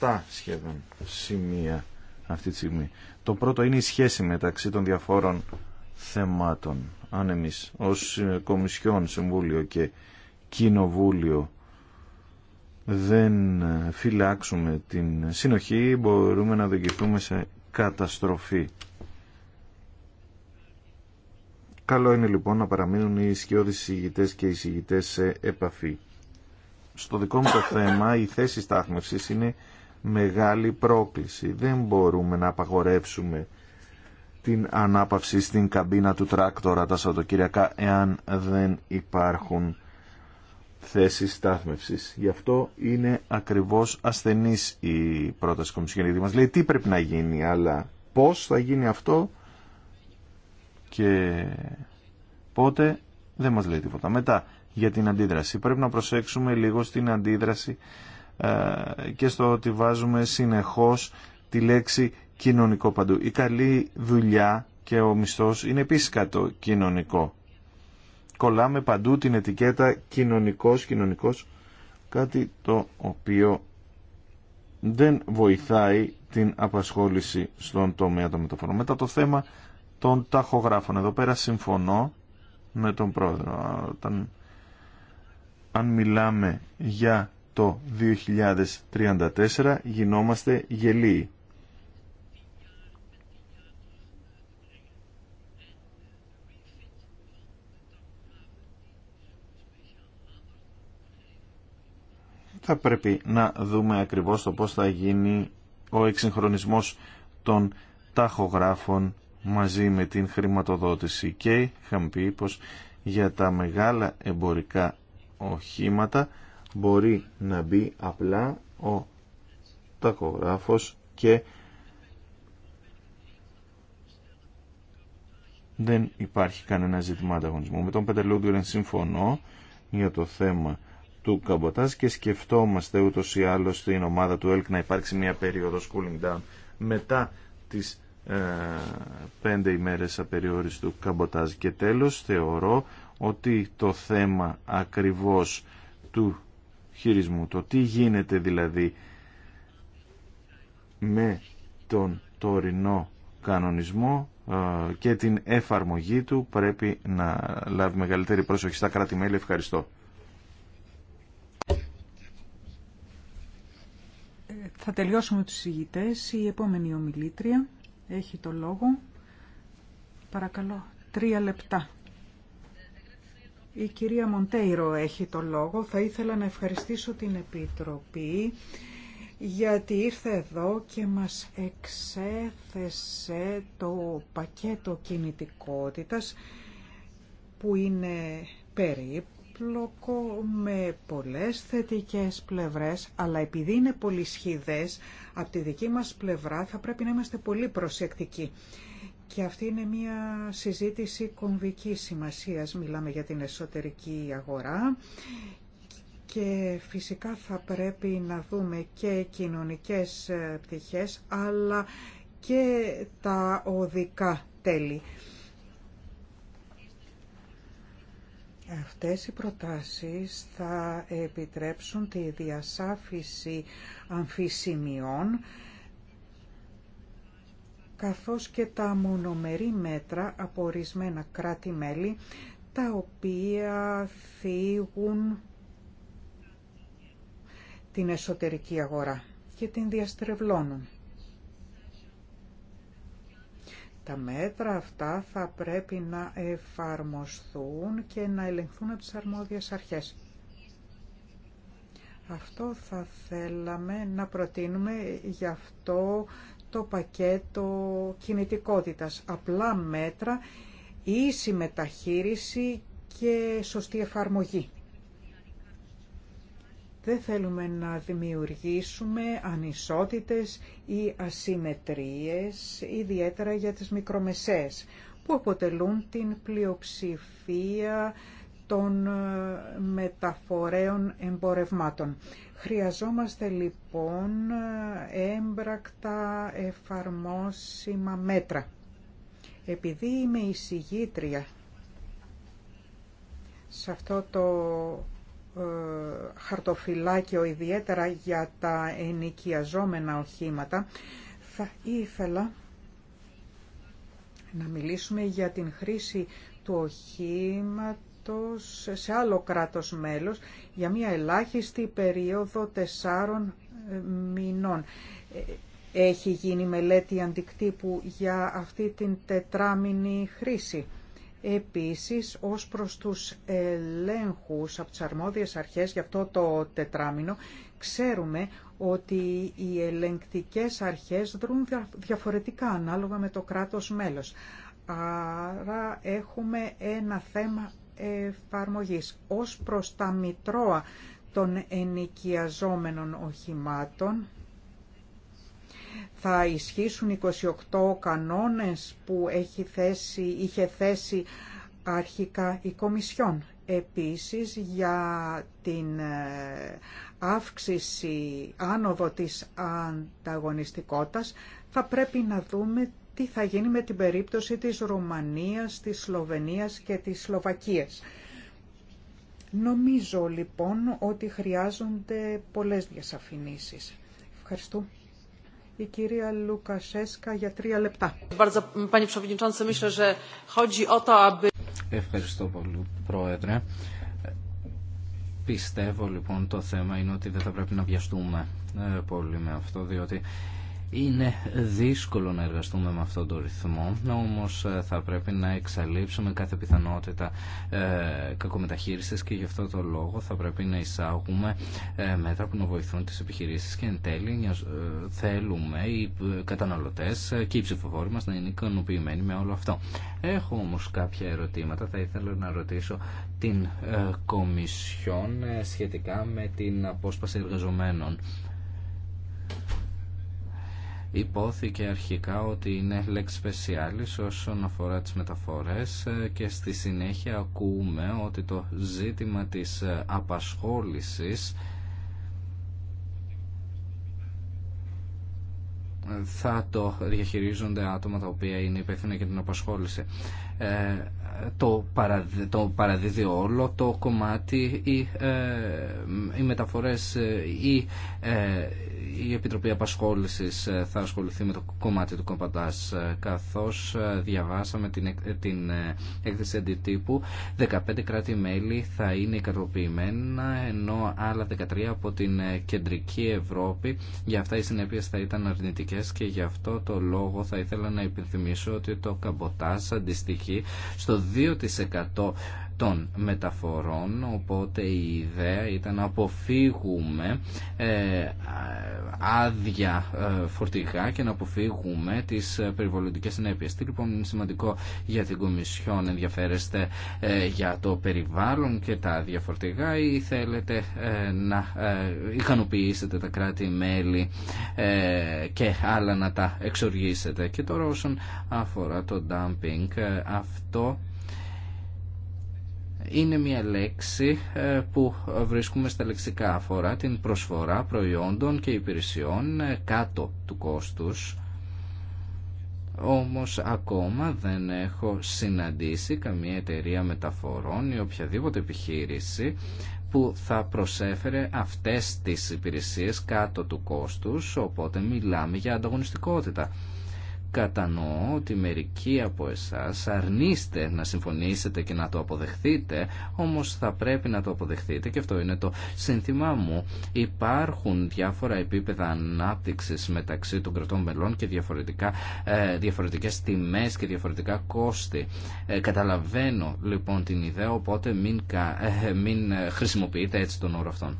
7 σχεδόν σημεία αυτή τη στιγμή. Το πρώτο είναι η σχέση μεταξύ των διαφόρων θεμάτων αν εμείς ως ε, Κομισιόν, Συμβούλιο και Κοινοβούλιο δεν ε, φυλάξουμε την συνοχή μπορούμε να οδηγηθούμε σε καταστροφή. Καλό είναι λοιπόν να παραμείνουν οι ισχυώδεις συγητές και οι συγητές σε επαφή. Στο δικό μου το θέμα η θέση στάθμευσης είναι μεγάλη πρόκληση. Δεν μπορούμε να απαγορεύσουμε την ανάπαυση στην καμπίνα του τράκτορα τα Σαββατοκυριακά εάν δεν υπάρχουν θέσεις στάθμευσης. Γι' αυτό είναι ακριβώς ασθενής η πρόταση Κομισιόν μας λέει τι πρέπει να γίνει αλλά πώς θα γίνει αυτό και πότε δεν μας λέει τίποτα. Μετά για την αντίδραση. Πρέπει να προσέξουμε λίγο στην αντίδραση ε, και στο ότι βάζουμε συνεχώς τη λέξη κοινωνικό παντού. Η καλή δουλειά και ο μισθός είναι επίσης κάτω κοινωνικό. Κολλάμε παντού την ετικέτα κοινωνικός, κοινωνικός, κάτι το οποίο δεν βοηθάει την απασχόληση στον τομέα των μεταφορών. Μετά το θέμα των ταχογράφων. Εδώ πέρα συμφωνώ με τον πρόεδρο. αν μιλάμε για το 2034 γινόμαστε γελοί. θα πρέπει να δούμε ακριβώς το πώς θα γίνει ο εξυγχρονισμός των ταχογράφων μαζί με την χρηματοδότηση και είχαμε πει πως για τα μεγάλα εμπορικά οχήματα μπορεί να μπει απλά ο ταχογράφος και δεν υπάρχει κανένα ζήτημα ανταγωνισμού. Με τον Πεντελούντουρεν συμφωνώ για το θέμα του Καμποτάζ και σκεφτόμαστε ούτως ή άλλω στην ομάδα του ΕΛΚ να υπάρξει μια περίοδος cooling down μετά τις ε, πέντε ημέρες απεριόριστου Καμποτάζ. Και τέλος θεωρώ ότι το θέμα ακριβώς του χειρισμού, το τι γίνεται δηλαδή με τον τωρινό κανονισμό ε, και την εφαρμογή του πρέπει να λάβει μεγαλύτερη πρόσοχη στα κράτη-μέλη. Ευχαριστώ. Θα τελειώσουμε τους συγητές. Η επόμενη ομιλήτρια έχει το λόγο. Παρακαλώ, τρία λεπτά. Η κυρία Μοντέιρο έχει το λόγο. Θα ήθελα να ευχαριστήσω την Επιτροπή γιατί ήρθε εδώ και μας εξέθεσε το πακέτο κινητικότητας που είναι περίπου περίπλοκο με πολλές θετικές πλευρές, αλλά επειδή είναι πολυσχηδές, από τη δική μας πλευρά θα πρέπει να είμαστε πολύ προσεκτικοί. Και αυτή είναι μια συζήτηση κομβική σημασίας. Μιλάμε για την εσωτερική αγορά και φυσικά θα πρέπει να δούμε και κοινωνικές ε, πτυχές, αλλά και τα οδικά τέλη. Αυτές οι προτάσεις θα επιτρέψουν τη διασάφιση αμφισημιών καθώς και τα μονομερή μέτρα από ορισμένα κράτη-μέλη τα οποία θίγουν την εσωτερική αγορά και την διαστρεβλώνουν. Τα μέτρα αυτά θα πρέπει να εφαρμοστούν και να ελεγχθούν από τις αρμόδιες αρχές. Αυτό θα θέλαμε να προτείνουμε γι' αυτό το πακέτο κινητικότητας. Απλά μέτρα, ίση μεταχείριση και σωστή εφαρμογή. Δεν θέλουμε να δημιουργήσουμε ανισότητες ή ασυμμετρίες, ιδιαίτερα για τις μικρομεσες που αποτελούν την πλειοψηφία των ε, μεταφορέων εμπορευμάτων. Χρειαζόμαστε λοιπόν έμπρακτα εφαρμόσιμα μέτρα. Επειδή είμαι εισηγήτρια σε αυτό το ε, χαρτοφυλάκιο ιδιαίτερα για τα ενοικιαζόμενα οχήματα, θα ήθελα να μιλήσουμε για την χρήση του οχήματος σε άλλο κράτος μέλος για μια ελάχιστη περίοδο τεσσάρων ε, μηνών. Ε, έχει γίνει μελέτη αντικτύπου για αυτή την τετράμινη χρήση. Επίσης, ως προς τους ελέγχους από τις αρμόδιες αρχές για αυτό το τετράμινο, ξέρουμε ότι οι ελεγκτικές αρχές δρούν διαφορετικά ανάλογα με το κράτος μέλος. Άρα έχουμε ένα θέμα εφαρμογής. Ως προς τα μητρώα των ενοικιαζόμενων οχημάτων, θα ισχύσουν 28 κανόνες που έχει θέσει, είχε θέσει αρχικά η Κομισιόν. Επίσης για την ε, αύξηση άνοδο της ανταγωνιστικότητας θα πρέπει να δούμε τι θα γίνει με την περίπτωση της Ρουμανίας, της Σλοβενίας και της Σλοβακίας. Νομίζω λοιπόν ότι χρειάζονται πολλές διασαφηνίσεις. Ευχαριστώ η κυρία Λουκασέσκα για τρία λεπτά. Ευχαριστώ πολύ, Πρόεδρε. Πιστεύω λοιπόν το θέμα είναι ότι δεν θα πρέπει να βιαστούμε ε, πολύ με αυτό, διότι είναι δύσκολο να εργαστούμε με αυτόν τον ρυθμό, όμως ε, θα πρέπει να εξαλείψουμε κάθε πιθανότητα ε, κακομεταχείρισης και γι' αυτό το λόγο θα πρέπει να εισάγουμε ε, μέτρα που να βοηθούν τις επιχειρήσεις και εν τέλει θέλουμε οι καταναλωτές και οι ψηφοφόροι μας να είναι ικανοποιημένοι με όλο αυτό. Έχω όμως κάποια ερωτήματα, θα ήθελα να ρωτήσω την Κομισιόν σχετικά με την απόσπαση εργαζομένων υπόθηκε αρχικά ότι είναι lex specialis όσον αφορά τις μεταφορές και στη συνέχεια ακούμε ότι το ζήτημα της απασχόλησης θα το διαχειρίζονται άτομα τα οποία είναι υπεύθυνα για την απασχόληση. Ε, το, παραδι, το παραδίδει όλο το κομμάτι οι, ε, οι μεταφορές ή ε, ε, η Επιτροπή Απασχόλησης ε, θα ασχοληθεί με το κομμάτι του κομπαντάζ καθώς διαβάσαμε την, την έκθεση αντιτύπου 15 κράτη-μέλη θα είναι ικανοποιημένα ενώ άλλα 13 από την κεντρική Ευρώπη για αυτά οι συνέπειες θα ήταν αρνητικές και γι' αυτό το λόγο θα ήθελα να υπενθυμίσω ότι το Καμποτάς αντιστοιχεί στο 2% των μεταφορών οπότε η ιδέα ήταν να αποφύγουμε ε, άδεια ε, φορτηγά και να αποφύγουμε τις ε, περιβαλλοντικές συνέπειες. Τι λοιπόν είναι σημαντικό για την Κομισιόν ενδιαφέρεστε ε, για το περιβάλλον και τα άδεια φορτηγά ή θέλετε να ικανοποιήσετε τα κράτη-μέλη και άλλα να τα εξοργήσετε. Και τώρα όσον αφορά το dumping αυτό είναι μια λέξη ε, που βρίσκουμε στα λεξικά αφορά την προσφορά προϊόντων και υπηρεσιών ε, κάτω του κόστους όμως ακόμα δεν έχω συναντήσει καμία εταιρεία μεταφορών ή οποιαδήποτε επιχείρηση που θα προσέφερε αυτές τις υπηρεσίες κάτω του κόστους, οπότε μιλάμε για ανταγωνιστικότητα. Κατανοώ ότι μερικοί από εσάς αρνείστε να συμφωνήσετε και να το αποδεχθείτε, όμως θα πρέπει να το αποδεχθείτε και αυτό είναι το σύνθημά μου. Υπάρχουν διάφορα επίπεδα ανάπτυξης μεταξύ των κρατών μελών και διαφορετικά, ε, διαφορετικές τιμές και διαφορετικά κόστη. Ε, καταλαβαίνω λοιπόν την ιδέα, οπότε μην, ε, ε, μην χρησιμοποιείτε έτσι τον όρο αυτόν.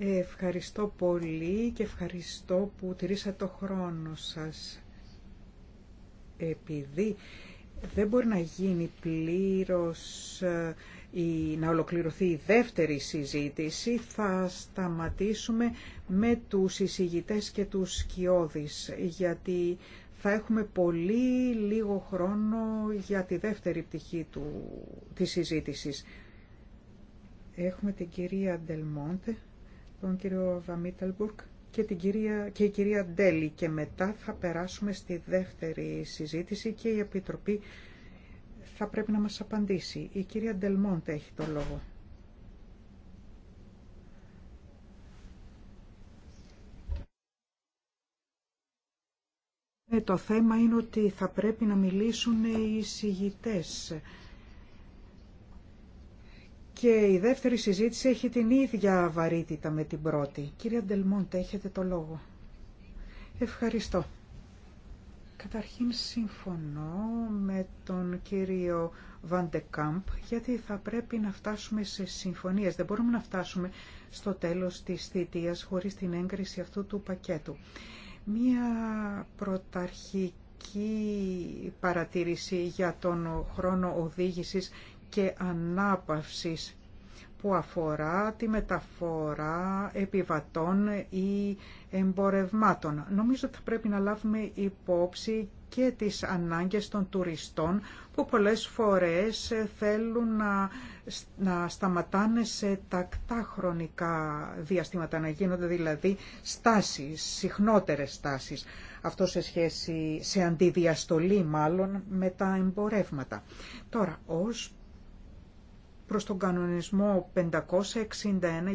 Ευχαριστώ πολύ και ευχαριστώ που τηρήσατε το χρόνο σας. Επειδή δεν μπορεί να γίνει πλήρως ή ε, να ολοκληρωθεί η δεύτερη συζήτηση, θα σταματήσουμε με τους εισηγητές και τους σκιώδεις, γιατί θα έχουμε πολύ λίγο χρόνο για τη δεύτερη πτυχή του, της συζήτησης. Έχουμε την κυρία Ντελμόντε τον κύριο Βαμίτελμπουργκ και, την κυρία, και η κυρία Ντέλη και μετά θα περάσουμε στη δεύτερη συζήτηση και η Επιτροπή θα πρέπει να μας απαντήσει. Η κυρία Ντελμόντε έχει το λόγο. Ε, το θέμα είναι ότι θα πρέπει να μιλήσουν οι συγητές και η δεύτερη συζήτηση έχει την ίδια βαρύτητα με την πρώτη. Κύριε Αντελμόντε, έχετε το λόγο. Ευχαριστώ. Καταρχήν συμφωνώ με τον κύριο Βαντεκάμπ γιατί θα πρέπει να φτάσουμε σε συμφωνίες. Δεν μπορούμε να φτάσουμε στο τέλος της θητείας χωρίς την έγκριση αυτού του πακέτου. Μία πρωταρχική παρατήρηση για τον χρόνο οδήγησης και ανάπαυσης που αφορά τη μεταφορά επιβατών ή εμπορευμάτων. Νομίζω ότι θα πρέπει να λάβουμε υπόψη και τις ανάγκες των τουριστών που πολλές φορές θέλουν να, να σταματάνε σε τακτά χρονικά διαστήματα, να γίνονται δηλαδή στάσεις, συχνότερες στάσεις. Αυτό σε σχέση, σε αντιδιαστολή μάλλον με τα εμπορεύματα. Τώρα, ως Προς τον κανονισμό 561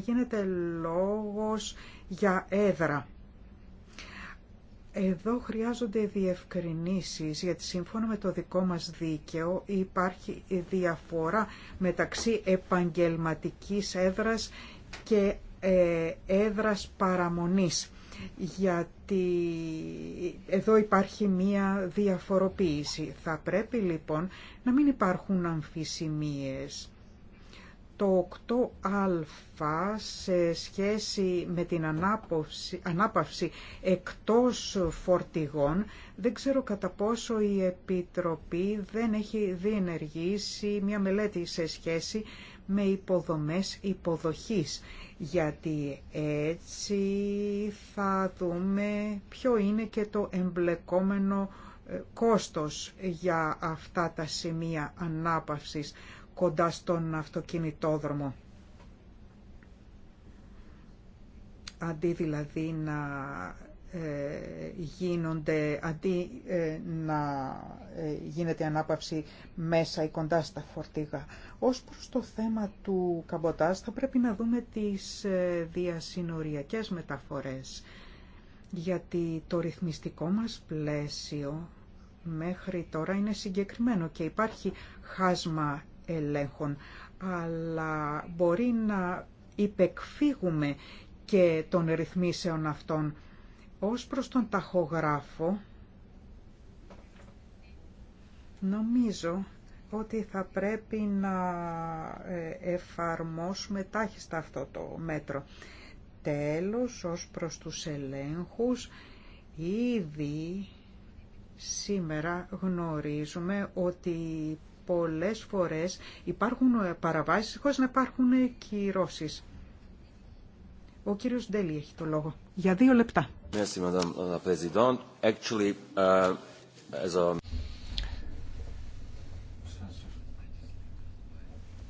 γίνεται λόγος για έδρα. Εδώ χρειάζονται διευκρινήσεις, γιατί σύμφωνα με το δικό μας δίκαιο υπάρχει διαφορά μεταξύ επαγγελματικής έδρας και ε, έδρας παραμονής. Γιατί εδώ υπάρχει μία διαφοροποίηση. Θα πρέπει λοιπόν να μην υπάρχουν αμφισημίες το 8α σε σχέση με την ανάπαυση, ανάπαυση εκτός φορτηγών, δεν ξέρω κατά πόσο η Επιτροπή δεν έχει διενεργήσει μια μελέτη σε σχέση με υποδομές υποδοχής, γιατί έτσι θα δούμε ποιο είναι και το εμπλεκόμενο ε, κόστος για αυτά τα σημεία ανάπαυσης κοντά στον αυτοκινητόδρομο. Αντί δηλαδή να ε, γίνονται, αντί ε, να ε, γίνεται ανάπαυση μέσα ή κοντά στα φορτίγα. Ως προς το θέμα του καμποτάς θα πρέπει να δούμε τις διασυνοριακές μεταφορές, γιατί το ρυθμιστικό μας πλαίσιο μέχρι τώρα είναι συγκεκριμένο και υπάρχει χάσμα αλλά μπορεί να υπεκφύγουμε και των ρυθμίσεων αυτών. Ως προς τον ταχογράφο, νομίζω ότι θα πρέπει να ε, εφαρμόσουμε τάχιστα αυτό το μέτρο. Τέλος, ως προς τους ελέγχους, ήδη σήμερα γνωρίζουμε ότι πολλές φορές υπάρχουν ε, παραβάσεις χωρίς να υπάρχουν ε, κυρώσει. Ο κύριος Ντέλη έχει το λόγο. Για δύο λεπτά. Uh,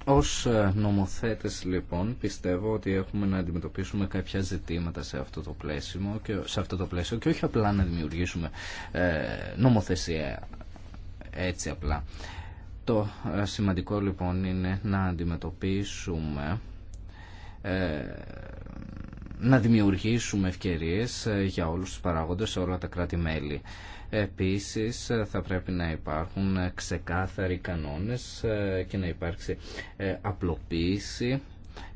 Ως ε, νομοθέτες λοιπόν πιστεύω ότι έχουμε να αντιμετωπίσουμε κάποια ζητήματα σε αυτό το πλαίσιο και, σε αυτό το πλαίσιο, και όχι απλά να δημιουργήσουμε ε, νομοθεσία έτσι απλά. Το ε, σημαντικό λοιπόν είναι να αντιμετωπίσουμε ε, να δημιουργήσουμε ευκαιρίες ε, για όλους τους παράγοντες σε όλα τα κράτη-μέλη. Επίσης θα πρέπει να υπάρχουν ξεκάθαροι κανόνες και να υπάρξει απλοποίηση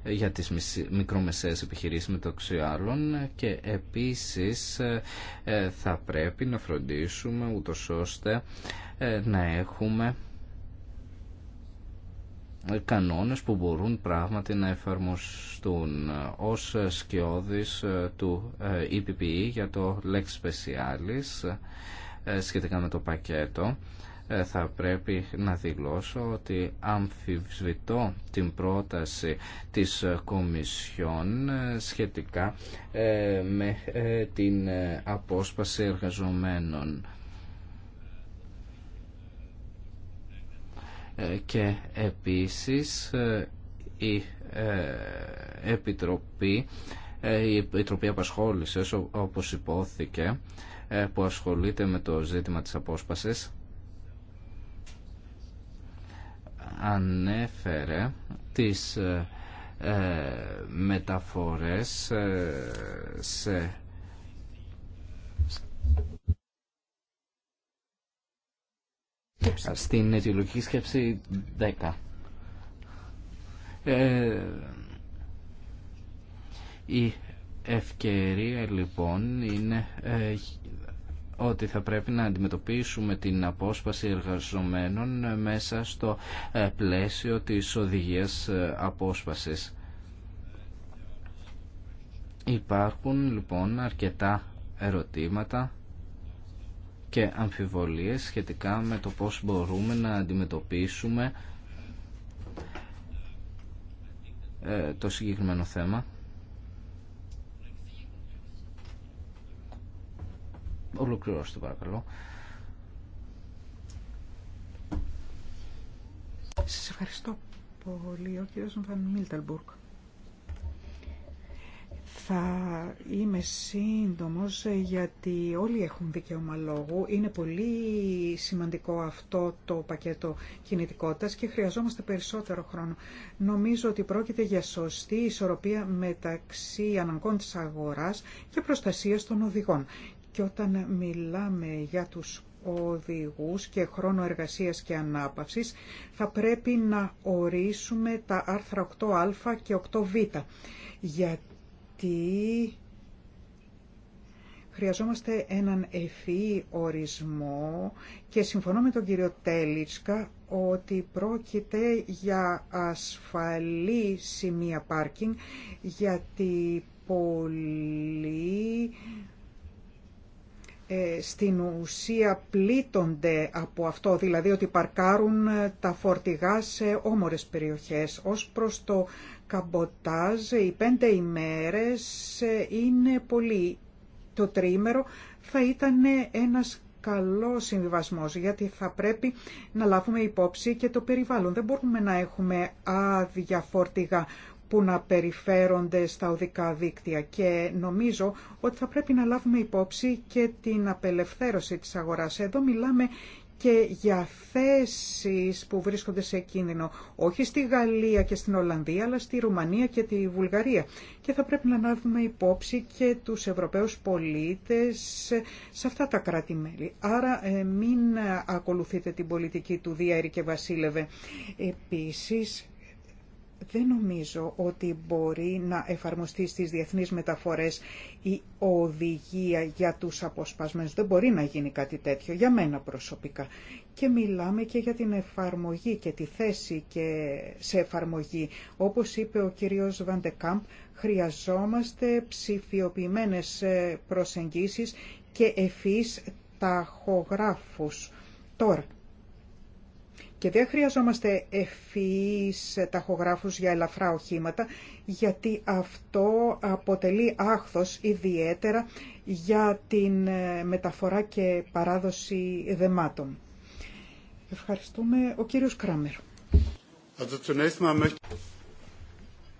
για τις μικρομεσαίες επιχειρήσεις μεταξύ άλλων και επίσης θα πρέπει να φροντίσουμε ούτως ώστε να έχουμε κανόνες που μπορούν πράγματι να εφαρμοστούν ως σκιώδης ε, του EPPE ε, για το Lex Specialis ε, σχετικά με το πακέτο θα πρέπει να δηλώσω ότι αμφισβητώ την πρόταση της Κομισιόν σχετικά με την απόσπαση εργαζομένων και επίσης ε, η ε, Επιτροπή ε, η Επιτροπή Απασχόλησης όπως υπόθηκε που ασχολείται με το ζήτημα της απόσπασης ανέφερε τις μεταφορές σε Στην αιτιολογική σκέψη 10. Ε, η ευκαιρία λοιπόν είναι ε, ότι θα πρέπει να αντιμετωπίσουμε την απόσπαση εργαζομένων ε, μέσα στο πλαίσιο της οδηγίας απόσπασης. Υπάρχουν λοιπόν αρκετά ερωτήματα και αμφιβολίες σχετικά με το πώς μπορούμε να αντιμετωπίσουμε ε, το συγκεκριμένο θέμα. Ολοκληρώστε παρακαλώ. Σας ευχαριστώ πολύ. Ο κύριος Βαν θα είμαι σύντομος γιατί όλοι έχουν δικαίωμα λόγου. Είναι πολύ σημαντικό αυτό το πακέτο κινητικότητας και χρειαζόμαστε περισσότερο χρόνο. Νομίζω ότι πρόκειται για σωστή ισορροπία μεταξύ αναγκών της αγοράς και προστασίας των οδηγών. Και όταν μιλάμε για τους οδηγούς και χρόνο εργασίας και ανάπαυσης, θα πρέπει να ορίσουμε τα άρθρα 8α και 8β, γιατί γιατί χρειαζόμαστε έναν ευφύ ορισμό και συμφωνώ με τον κύριο Τέλιτσκα ότι πρόκειται για ασφαλή σημεία πάρκινγκ γιατί πολλοί ε, στην ουσία πλήττονται από αυτό, δηλαδή ότι παρκάρουν ε, τα φορτηγά σε όμορες περιοχές ως προς το καμποτάζ οι πέντε ημέρες ε, είναι πολύ. Το τρίμερο θα ήταν ένας καλός συμβιβασμός γιατί θα πρέπει να λάβουμε υπόψη και το περιβάλλον. Δεν μπορούμε να έχουμε άδεια φορτηγά που να περιφέρονται στα οδικά δίκτυα και νομίζω ότι θα πρέπει να λάβουμε υπόψη και την απελευθέρωση της αγοράς. Εδώ μιλάμε και για θέσεις που βρίσκονται σε κίνδυνο, όχι στη Γαλλία και στην Ολλανδία, αλλά στη Ρουμανία και τη Βουλγαρία. Και θα πρέπει να λάβουμε υπόψη και τους Ευρωπαίους πολίτες σε αυτά τα κράτη-μέλη. Άρα ε, μην ακολουθείτε την πολιτική του Διέρη και Βασίλευε. Επίσης, δεν νομίζω ότι μπορεί να εφαρμοστεί στις διεθνείς μεταφορές η οδηγία για τους αποσπασμένους. Δεν μπορεί να γίνει κάτι τέτοιο, για μένα προσωπικά. Και μιλάμε και για την εφαρμογή και τη θέση και σε εφαρμογή. Όπως είπε ο κύριος Βαντεκάμπ, χρειαζόμαστε ψηφιοποιημένες ε, προσεγγίσεις και ευφύς ταχογράφους. Τώρα, και δεν χρειαζόμαστε ευφυείς ταχογράφους για ελαφρά οχήματα, γιατί αυτό αποτελεί άχθος ιδιαίτερα για την ε, μεταφορά και παράδοση δεμάτων. Ευχαριστούμε. Ο κύριος Κράμερ.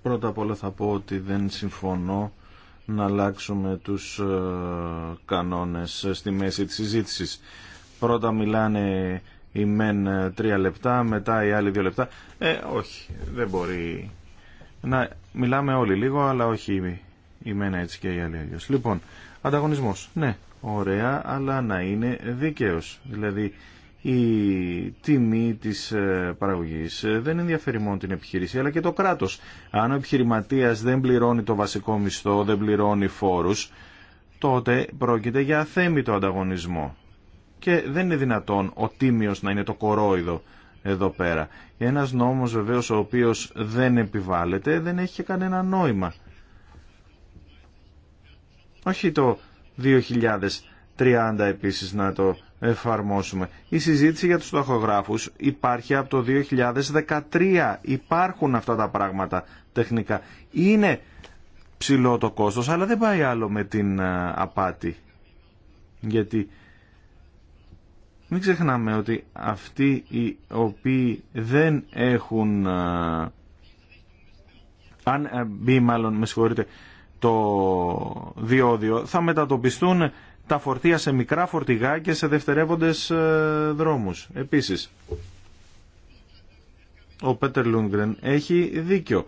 Πρώτα απ' όλα θα πω ότι δεν συμφωνώ να αλλάξουμε τους ε, κανόνες ε, στη μέση της συζήτησης. Πρώτα μιλάνε η μεν ε, τρία λεπτά, μετά οι άλλοι δύο λεπτά. Ε, όχι, δεν μπορεί να μιλάμε όλοι λίγο, αλλά όχι η μεν έτσι και οι άλλοι αλλιώ. Λοιπόν, ανταγωνισμός, ναι, ωραία, αλλά να είναι δίκαιος. Δηλαδή, η τιμή της ε, παραγωγής ε, δεν ενδιαφέρει μόνο την επιχείρηση, αλλά και το κράτος. Αν ο επιχειρηματίας δεν πληρώνει το βασικό μισθό, δεν πληρώνει φόρου, τότε πρόκειται για αθέμητο ανταγωνισμό και δεν είναι δυνατόν ο τίμιος να είναι το κορόιδο εδώ πέρα. Ένας νόμος βεβαίως ο οποίος δεν επιβάλλεται δεν έχει κανένα νόημα. Όχι το 2030 επίσης να το εφαρμόσουμε. Η συζήτηση για τους τοχογράφους υπάρχει από το 2013. Υπάρχουν αυτά τα πράγματα τεχνικά. Είναι ψηλό το κόστος αλλά δεν πάει άλλο με την ε, απάτη. Γιατί μην ξεχνάμε ότι αυτοί οι οποίοι δεν έχουν αν μπει μάλλον με συγχωρείτε το διόδιο θα μετατοπιστούν τα φορτία σε μικρά φορτηγά και σε δευτερεύοντες δρόμους. Επίσης, ο Πέτερ Λούγκρεν έχει δίκιο.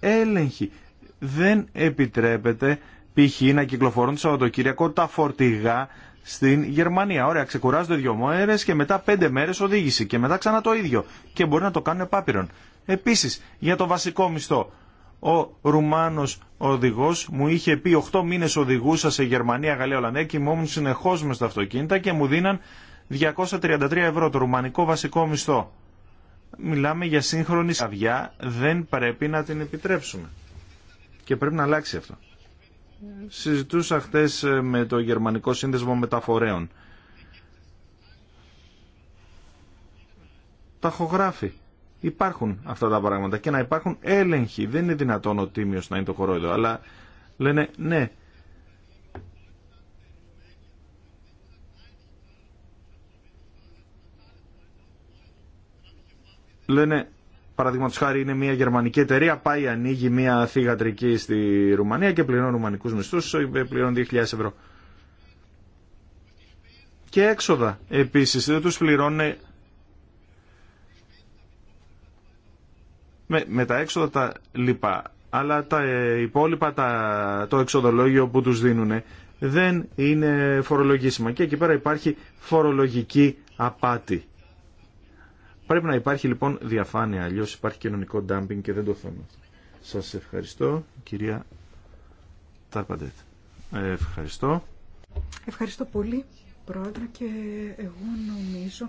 Έλεγχη. Δεν επιτρέπεται π.χ. να κυκλοφορούν το Σαββατοκύριακο τα φορτηγά στην Γερμανία. Ωραία, ξεκουράζονται δύο μέρε και μετά πέντε μέρε οδήγηση και μετά ξανά το ίδιο. Και μπορεί να το κάνουν επάπειρον. Επίση, για το βασικό μισθό. Ο Ρουμάνο οδηγό μου είχε πει 8 μήνε οδηγούσα σε Γερμανία, Γαλλία, Ολλανδία και ήμουν συνεχώ με στα αυτοκίνητα και μου δίναν 233 ευρώ το ρουμανικό βασικό μισθό. Μιλάμε για σύγχρονη σαβιά, δεν πρέπει να την επιτρέψουμε. Και πρέπει να αλλάξει αυτό συζητούσα χτες ε, με το Γερμανικό Σύνδεσμο Μεταφορέων. Ταχογράφη. Υπάρχουν αυτά τα πράγματα και να υπάρχουν έλεγχοι. Δεν είναι δυνατόν ο Τίμιος να είναι το χορόιδο, αλλά λένε ναι. Λένε παραδείγματο χάρη είναι μια γερμανική εταιρεία, πάει ανοίγει μια θηγατρική στη Ρουμανία και πληρώνει ρουμανικούς μισθού, ε, πληρώνει 2.000 ευρώ. Και έξοδα επίση, δεν του πληρώνει με, τα έξοδα τα λοιπά, αλλά τα ε, υπόλοιπα τα, το εξοδολόγιο που τους δίνουν δεν είναι φορολογήσιμα. Και εκεί πέρα υπάρχει φορολογική απάτη. Πρέπει να υπάρχει λοιπόν διαφάνεια, αλλιώ υπάρχει κοινωνικό ντάμπινγκ και δεν το θέλω. Σας ευχαριστώ, κυρία Τάρπαντετ. Ευχαριστώ. Ευχαριστώ πολύ, Πρόεδρε, και εγώ νομίζω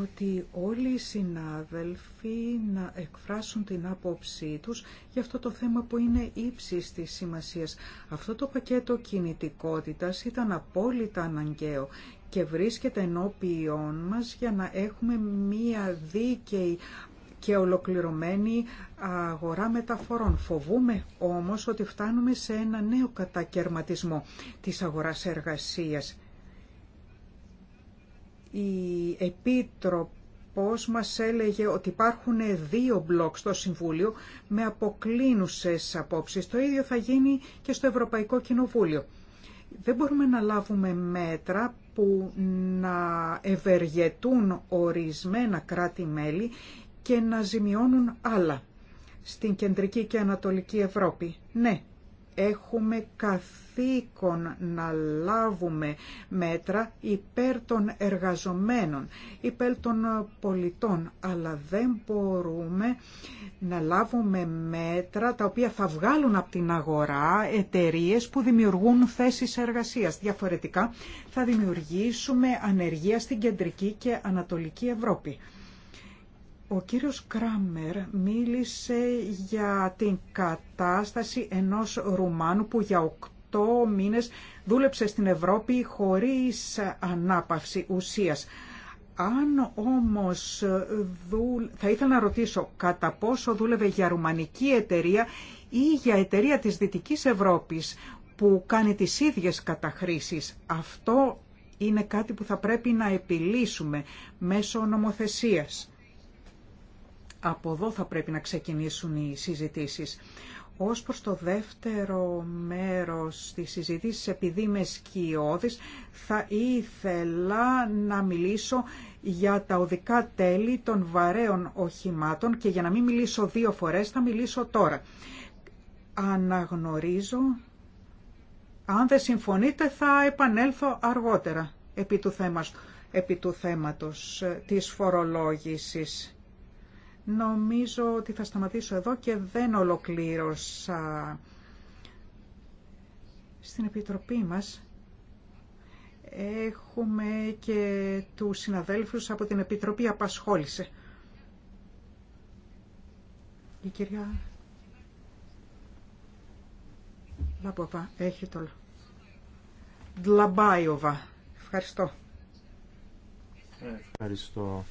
ότι όλοι οι συνάδελφοι να εκφράσουν την άποψή τους για αυτό το θέμα που είναι ύψης της σημασίας. Αυτό το πακέτο κινητικότητας ήταν απόλυτα αναγκαίο και βρίσκεται ενώπιον μας για να έχουμε μία δίκαιη και ολοκληρωμένη αγορά μεταφορών. Φοβούμε όμως ότι φτάνουμε σε ένα νέο κατακαιρματισμό της αγοράς εργασίας. Η Επίτροπος μας έλεγε ότι υπάρχουν δύο μπλοκ στο Συμβούλιο με αποκλίνουσες απόψεις. Το ίδιο θα γίνει και στο Ευρωπαϊκό Κοινοβούλιο. Δεν μπορούμε να λάβουμε μέτρα που να ευεργετούν ορισμένα κράτη-μέλη και να ζημιώνουν άλλα στην Κεντρική και Ανατολική Ευρώπη. Ναι, έχουμε καθήκον να λάβουμε μέτρα υπέρ των εργαζομένων, υπέρ των πολιτών, αλλά δεν μπορούμε να λάβουμε μέτρα τα οποία θα βγάλουν από την αγορά εταιρείες που δημιουργούν θέσεις εργασίας. Διαφορετικά θα δημιουργήσουμε ανεργία στην κεντρική και ανατολική Ευρώπη. Ο κύριος Κράμερ μίλησε για την κατάσταση ενός Ρουμάνου που για οκτώ μήνες δούλεψε στην Ευρώπη χωρίς ανάπαυση ουσίας. Αν όμως δου... θα ήθελα να ρωτήσω κατά πόσο δούλευε για ρουμανική εταιρεία ή για εταιρεία της Δυτικής Ευρώπης που κάνει τις ίδιες καταχρήσεις. Αυτό είναι κάτι που θα πρέπει να επιλύσουμε μέσω νομοθεσίας. Από εδώ θα πρέπει να ξεκινήσουν οι συζητήσεις. Ως προς το δεύτερο μέρος της συζήτησης, επειδή είμαι σκιώδης, θα ήθελα να μιλήσω για τα οδικά τέλη των βαρέων οχημάτων και για να μην μιλήσω δύο φορές θα μιλήσω τώρα. Αναγνωρίζω, αν δεν συμφωνείτε θα επανέλθω αργότερα επί του θέματος, επί του θέματος ε, της φορολόγησης Νομίζω ότι θα σταματήσω εδώ και δεν ολοκλήρωσα στην Επιτροπή μας. Έχουμε και του συναδέλφους από την Επιτροπή Απασχόλησε. Η κυρία Λαμποβά έχει το Δλαμπάιοβα. Ευχαριστώ. Ευχαριστώ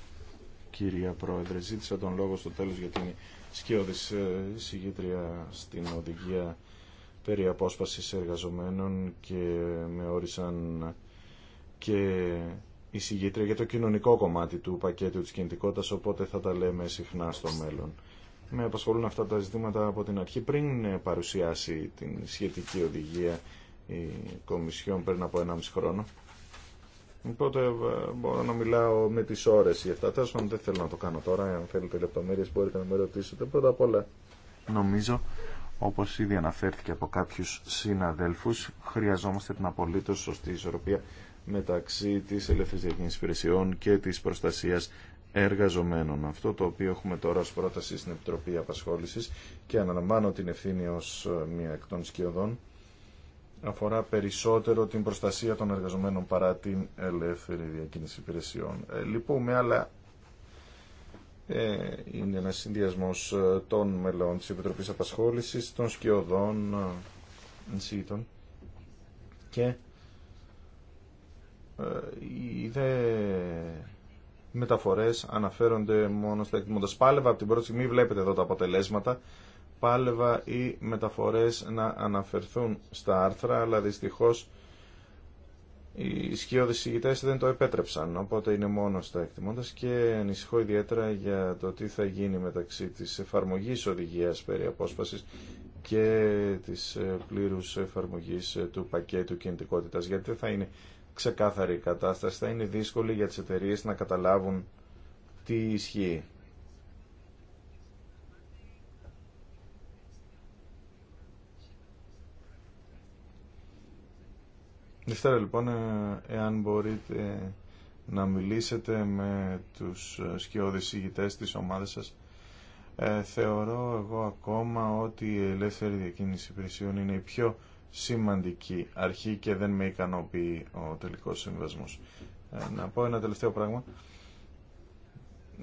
κυρία Πρόεδρε. Ζήτησα τον λόγο στο τέλος για την σκιώδη ε, συγγήτρια στην οδηγία περί απόσπασης εργαζομένων και με όρισαν και η συγγήτρια για το κοινωνικό κομμάτι του πακέτου της κινητικότητας, οπότε θα τα λέμε συχνά στο μέλλον. Με απασχολούν αυτά τα ζητήματα από την αρχή πριν παρουσιάσει την σχετική οδηγία η Κομισιόν πριν από 1,5 χρόνο. Οπότε ε, μπορώ να μιλάω με τι ώρε για αυτά. πάντων, δεν θέλω να το κάνω τώρα. Αν θέλετε λεπτομέρειε, μπορείτε να με ρωτήσετε. Πρώτα απ' όλα νομίζω όπω ήδη αναφέρθηκε από κάποιου συναδέλφου. χρειαζόμαστε την απολύτω σωστή ισορροπία μεταξύ τη ελεύθερη διακίνηση υπηρεσιών και τη προστασία εργαζομένων. Αυτό το οποίο έχουμε τώρα ως πρόταση στην Επιτροπή Απασχόλησης και αναλαμβάνω την ευθύνη ως ε, μία εκ των σκιωδών αφορά περισσότερο την προστασία των εργαζομένων παρά την ελεύθερη διακίνηση υπηρεσιών. Ε, λυπούμε, αλλά ε, είναι ένας συνδυασμός ε, των μελών της Επιτροπής Απασχόλησης, των σκιωδών ενσύτων και οι δε μεταφορές αναφέρονται μόνο στα εκτιμώντας. Πάλευα από την πρώτη στιγμή, βλέπετε εδώ τα αποτελέσματα, πάλευα ή μεταφορές να αναφερθούν στα άρθρα, αλλά δυστυχώς οι σκιώδεις ηγητές δεν το επέτρεψαν, οπότε είναι μόνο στα εκτιμώντας και ανησυχώ ιδιαίτερα για το τι θα γίνει μεταξύ της εφαρμογής οδηγίας περί απόσπασης και της ε, πλήρους εφαρμογής ε, του πακέτου κινητικότητας, γιατί δεν θα είναι ξεκάθαρη η κατάσταση, θα είναι δύσκολη για τις εταιρείε να καταλάβουν τι ισχύει. Δευτέρα λοιπόν, ε, εάν μπορείτε να μιλήσετε με τους ε, σκιώδεις ηγητές της ομάδας σας, ε, θεωρώ εγώ ακόμα ότι η ελεύθερη διακίνηση υπηρεσιών είναι η πιο σημαντική αρχή και δεν με ικανοποιεί ο τελικός συμβασμός. να πω ένα τελευταίο πράγμα.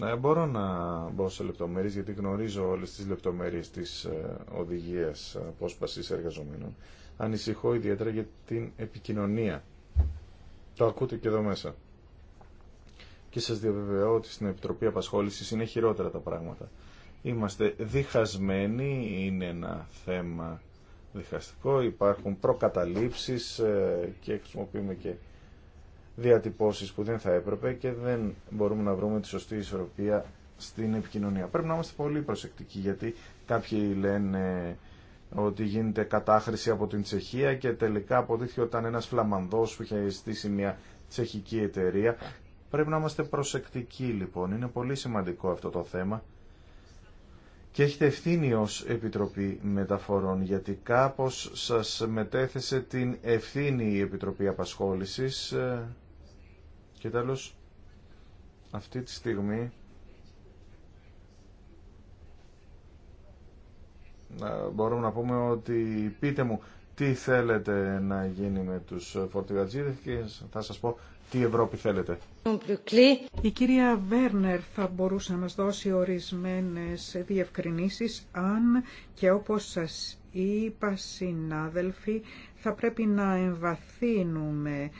Ε, μπορώ να μπω σε λεπτομέρειες γιατί γνωρίζω όλες τις λεπτομέρειες της οδηγίας απόσπασης εργαζομένων ανησυχώ ιδιαίτερα για την επικοινωνία. Το ακούτε και εδώ μέσα. Και σας διαβεβαιώ ότι στην Επιτροπή Απασχόλησης είναι χειρότερα τα πράγματα. Είμαστε διχασμένοι, είναι ένα θέμα διχαστικό, υπάρχουν προκαταλήψεις ε, και χρησιμοποιούμε και διατυπώσεις που δεν θα έπρεπε και δεν μπορούμε να βρούμε τη σωστή ισορροπία στην επικοινωνία. Πρέπει να είμαστε πολύ προσεκτικοί γιατί κάποιοι λένε ότι γίνεται κατάχρηση από την Τσεχία και τελικά αποδείχθηκε ότι ήταν ένας Φλαμανδός που είχε στήσει μια τσεχική εταιρεία. Πρέπει να είμαστε προσεκτικοί λοιπόν. Είναι πολύ σημαντικό αυτό το θέμα. Και έχετε ευθύνη ως Επιτροπή Μεταφορών, γιατί κάπως σας μετέθεσε την ευθύνη η Επιτροπή Απασχόλησης. Ε, και τέλος, αυτή τη στιγμή μπορούμε να πούμε ότι πείτε μου τι θέλετε να γίνει με τους φορτηγατζίδες και θα σας πω τι Ευρώπη θέλετε. Η κυρία Βέρνερ θα μπορούσε να μας δώσει ορισμένες διευκρινήσεις αν και όπως σας είπα συνάδελφοι θα πρέπει να εμβαθύνουμε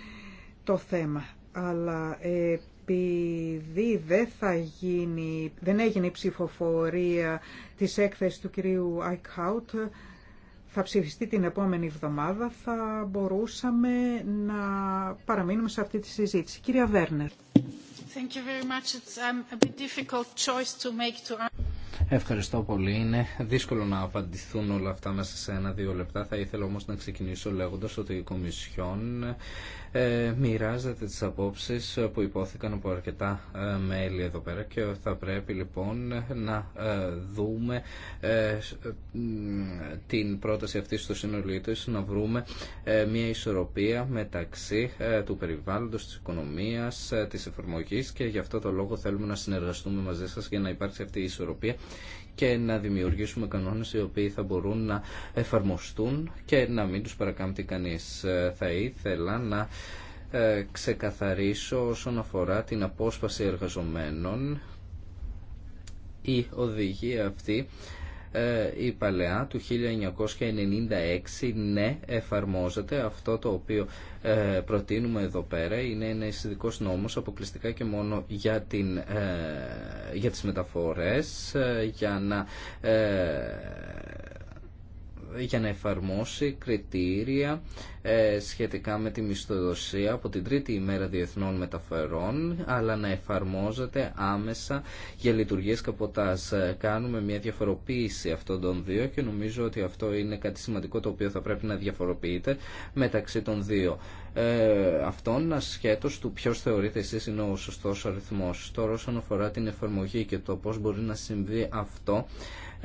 το θέμα αλλά ε, επειδή δεν, θα γίνει, δεν έγινε η ψηφοφορία της έκθεσης του κυρίου Αϊκχάουτ, θα ψηφιστεί την επόμενη εβδομάδα, θα μπορούσαμε να παραμείνουμε σε αυτή τη συζήτηση. Κυρία Βέρνερ. Thank you very much. It's um, a bit Ευχαριστώ πολύ. Είναι δύσκολο να απαντηθούν όλα αυτά μέσα σε ένα-δύο λεπτά. Θα ήθελα όμως να ξεκινήσω λέγοντας ότι η Κομισιόν ε, μοιράζεται τις απόψεις που υπόθηκαν από αρκετά ε, μέλη εδώ πέρα και θα πρέπει λοιπόν να ε, δούμε ε, την πρόταση αυτή στο σύνολό της, να βρούμε μια ισορροπία μεταξύ του περιβάλλοντος, της οικονομίας, της εφαρμογής και γι' αυτό το λόγο θέλουμε να συνεργαστούμε μαζί σας για να υπάρξει αυτή η ισορροπία και να δημιουργήσουμε κανόνες οι οποίοι θα μπορούν να εφαρμοστούν και να μην τους παρακάμπτει κανείς. Ε, θα ήθελα να ε, ξεκαθαρίσω όσον αφορά την απόσπαση εργαζομένων η οδηγία αυτή ε, η παλαιά του 1996 ναι εφαρμόζεται αυτό το οποίο ε, προτείνουμε εδώ πέρα είναι ένα ειδικό νόμος αποκλειστικά και μόνο για, την, ε, για τις μεταφορές για να για να εφαρμόσει κριτήρια ε, σχετικά με τη μισθοδοσία από την τρίτη ημέρα διεθνών μεταφορών αλλά να εφαρμόζεται άμεσα για λειτουργίες καποτάς. Ε, κάνουμε μια διαφοροποίηση αυτών των δύο και νομίζω ότι αυτό είναι κάτι σημαντικό το οποίο θα πρέπει να διαφοροποιείται μεταξύ των δύο ε, αυτών ασχέτως του ποιος θεωρείται εσείς είναι ο σωστός αριθμός. Τώρα όσον αφορά την εφαρμογή και το πώς μπορεί να συμβεί αυτό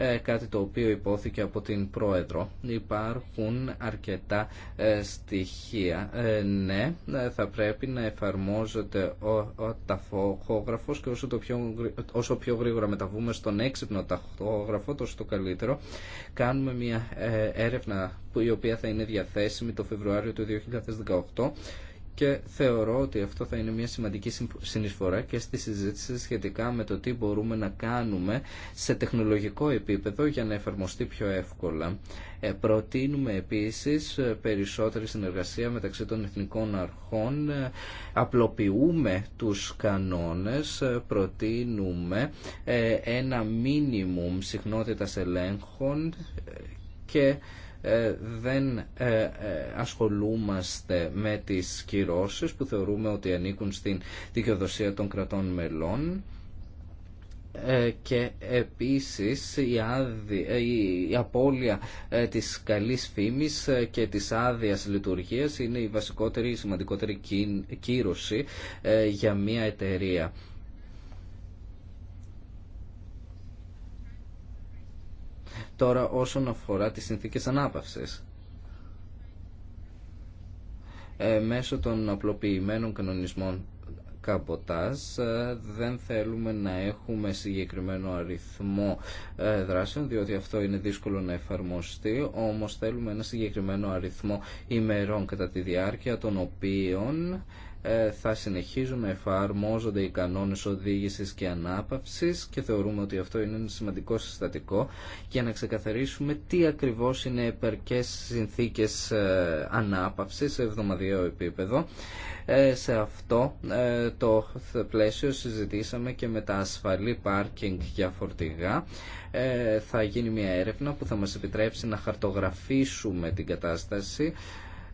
ε, κάτι το οποίο υπόθηκε από την Πρόεδρο. Υπάρχουν αρκετά ε, στοιχεία. Ε, ναι, θα πρέπει να εφαρμόζεται ο ταχόγραφος και όσο, πιο, όσο πιο γρήγορα μεταβούμε στον έξυπνο ταχόγραφο, τόσο το καλύτερο. Κάνουμε μια έρευνα η οποία θα είναι διαθέσιμη το Φεβρουάριο του 2018 και θεωρώ ότι αυτό θα είναι μια σημαντική συνεισφορά και στη συζήτηση σχετικά με το τι μπορούμε να κάνουμε σε τεχνολογικό επίπεδο για να εφαρμοστεί πιο εύκολα. Ε, προτείνουμε επίσης ε, περισσότερη συνεργασία μεταξύ των εθνικών αρχών, ε, απλοποιούμε τους κανόνες, προτείνουμε ένα μίνιμουμ συχνότητας ελέγχων και ε, δεν ε, ε, ασχολούμαστε με τις κυρώσεις που θεωρούμε ότι ανήκουν στην δικαιοδοσία των κρατών μελών και επίσης η, η απώλεια της καλής φήμης και της άδειας λειτουργίας είναι η βασικότερη, η σημαντικότερη κύρωση για μια εταιρεία. Τώρα όσον αφορά τις συνθήκες ανάπαυσης. Ε, μέσω των απλοποιημένων κανονισμών καμποτάζ ε, δεν θέλουμε να έχουμε συγκεκριμένο αριθμό ε, δράσεων διότι αυτό είναι δύσκολο να εφαρμοστεί όμως θέλουμε ένα συγκεκριμένο αριθμό ημερών κατά τη διάρκεια των οποίων ε, θα συνεχίζουμε, να εφαρμόζονται οι κανόνες οδήγησης και ανάπαυσης και θεωρούμε ότι αυτό είναι ένα σημαντικό συστατικό για να ξεκαθαρίσουμε τι ακριβώς είναι επαρκές συνθήκες ε, ανάπαυσης σε εβδομαδιαίο επίπεδο. Ε, σε αυτό το πλαίσιο συζητήσαμε και με τα ασφαλή πάρκινγκ για φορτηγά. Θα γίνει μια έρευνα που θα μας επιτρέψει να χαρτογραφήσουμε την κατάσταση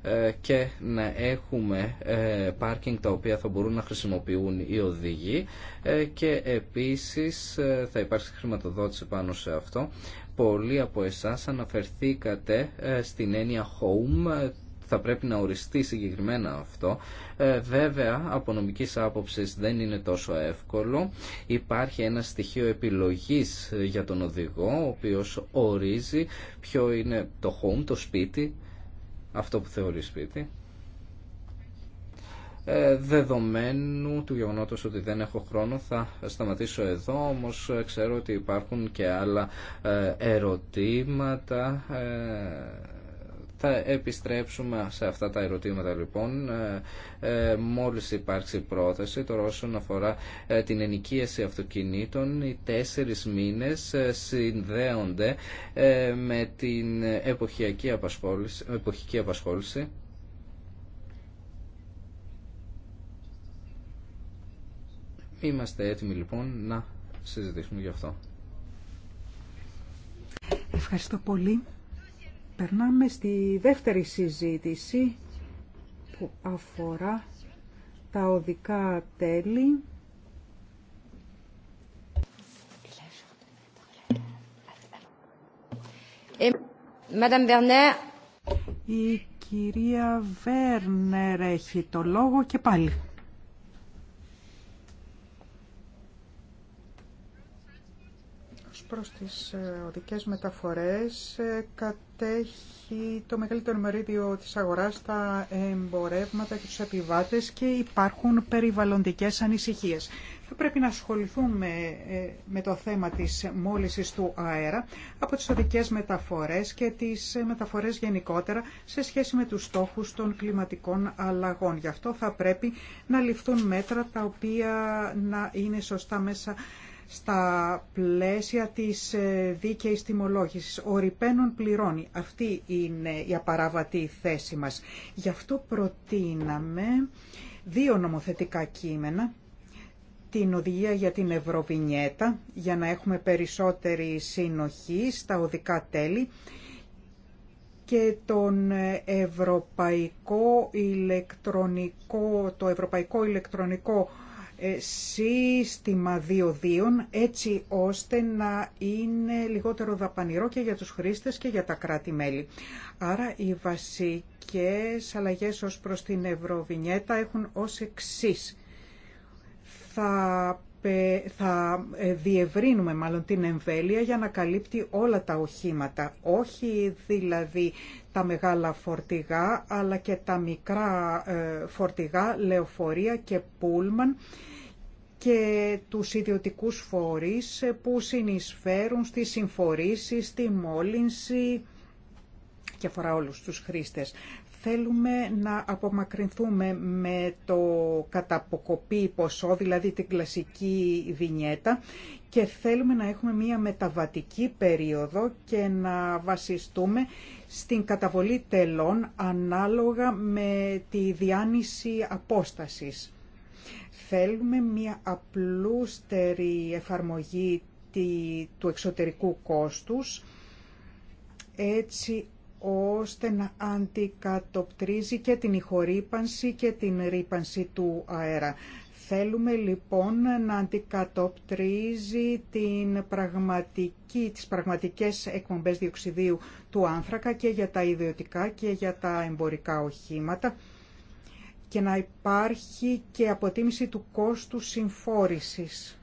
ε, και να έχουμε ε, πάρκινγκ τα οποία θα μπορούν να χρησιμοποιούν οι οδηγοί ε, και επίσης θα υπάρξει χρηματοδότηση πάνω σε αυτό. Πολλοί από εσάς αναφερθήκατε στην έννοια home θα πρέπει να οριστεί συγκεκριμένα αυτό. βέβαια, από νομικής άποψης δεν είναι τόσο εύκολο. Υπάρχει ένα στοιχείο επιλογής για τον οδηγό, ο οποίος ορίζει ποιο είναι το home, το σπίτι αυτό που θεωρεί σπίτι ε, δεδομένου του γεγονότος ότι δεν έχω χρόνο θα σταματήσω εδώ όμως ξέρω ότι υπάρχουν και άλλα ε, ερωτήματα ε, θα επιστρέψουμε σε αυτά τα ερωτήματα λοιπόν ε, ε, μόλις υπάρξει πρόθεση τώρα όσον αφορά ε, την ενοικίαση αυτοκινήτων οι τέσσερις μήνες συνδέονται με την εποχιακή απασχόληση, εποχική απασχόληση Είμαστε έτοιμοι λοιπόν να συζητήσουμε γι' αυτό. Ευχαριστώ πολύ. Περνάμε στη δεύτερη συζήτηση που αφορά τα οδικά τέλη. Ε, Η κυρία Βέρνερ έχει το λόγο και πάλι. προς τις ε, οδικές μεταφορές ε, κατέχει το μεγαλύτερο μερίδιο της αγοράς τα εμπορεύματα και τους επιβάτες και υπάρχουν περιβαλλοντικές ανησυχίες. Θα πρέπει να ασχοληθούμε ε, με το θέμα της μόλυσης του αέρα από τις οδικές μεταφορές και τις μεταφορές γενικότερα σε σχέση με τους στόχους των κλιματικών αλλαγών. Γι' αυτό θα πρέπει να ληφθούν μέτρα τα οποία να είναι σωστά μέσα στα πλαίσια της ε, δίκαιης τιμολόγησης. Ο πληρώνει. Αυτή είναι η απαράβατη θέση μας. Γι' αυτό προτείναμε δύο νομοθετικά κείμενα την οδηγία για την Ευρωβινιέτα για να έχουμε περισσότερη συνοχή στα οδικά τέλη και τον ευρωπαϊκό ηλεκτρονικό, το ευρωπαϊκό ηλεκτρονικό ε, σύστημα διοδίων έτσι ώστε να είναι λιγότερο δαπανηρό και για τους χρήστες και για τα κράτη-μέλη. Άρα οι βασικές αλλαγές ως προς την Ευρωβινιέτα έχουν ως εξής. Θα θα ε, διευρύνουμε μάλλον την εμβέλεια για να καλύπτει όλα τα οχήματα. Όχι δηλαδή τα μεγάλα φορτηγά, αλλά και τα μικρά ε, φορτηγά, λεωφορεία και πούλμαν και τους ιδιωτικούς φορείς που συνεισφέρουν στη συμφορήσεις, στη μόλυνση και αφορά όλους τους χρήστες θέλουμε να απομακρυνθούμε με το καταποκοπή ποσό, δηλαδή την κλασική βινιέτα και θέλουμε να έχουμε μία μεταβατική περίοδο και να βασιστούμε στην καταβολή τελών ανάλογα με τη διάνυση απόστασης. Θέλουμε μία απλούστερη εφαρμογή του εξωτερικού κόστους έτσι ώστε να αντικατοπτρίζει και την ηχορύπανση και την ρύπανση του αέρα. Θέλουμε λοιπόν να αντικατοπτρίζει την πραγματική, τις πραγματικές εκπομπές διοξιδίου του άνθρακα και για τα ιδιωτικά και για τα εμπορικά οχήματα και να υπάρχει και αποτίμηση του κόστου συμφόρησης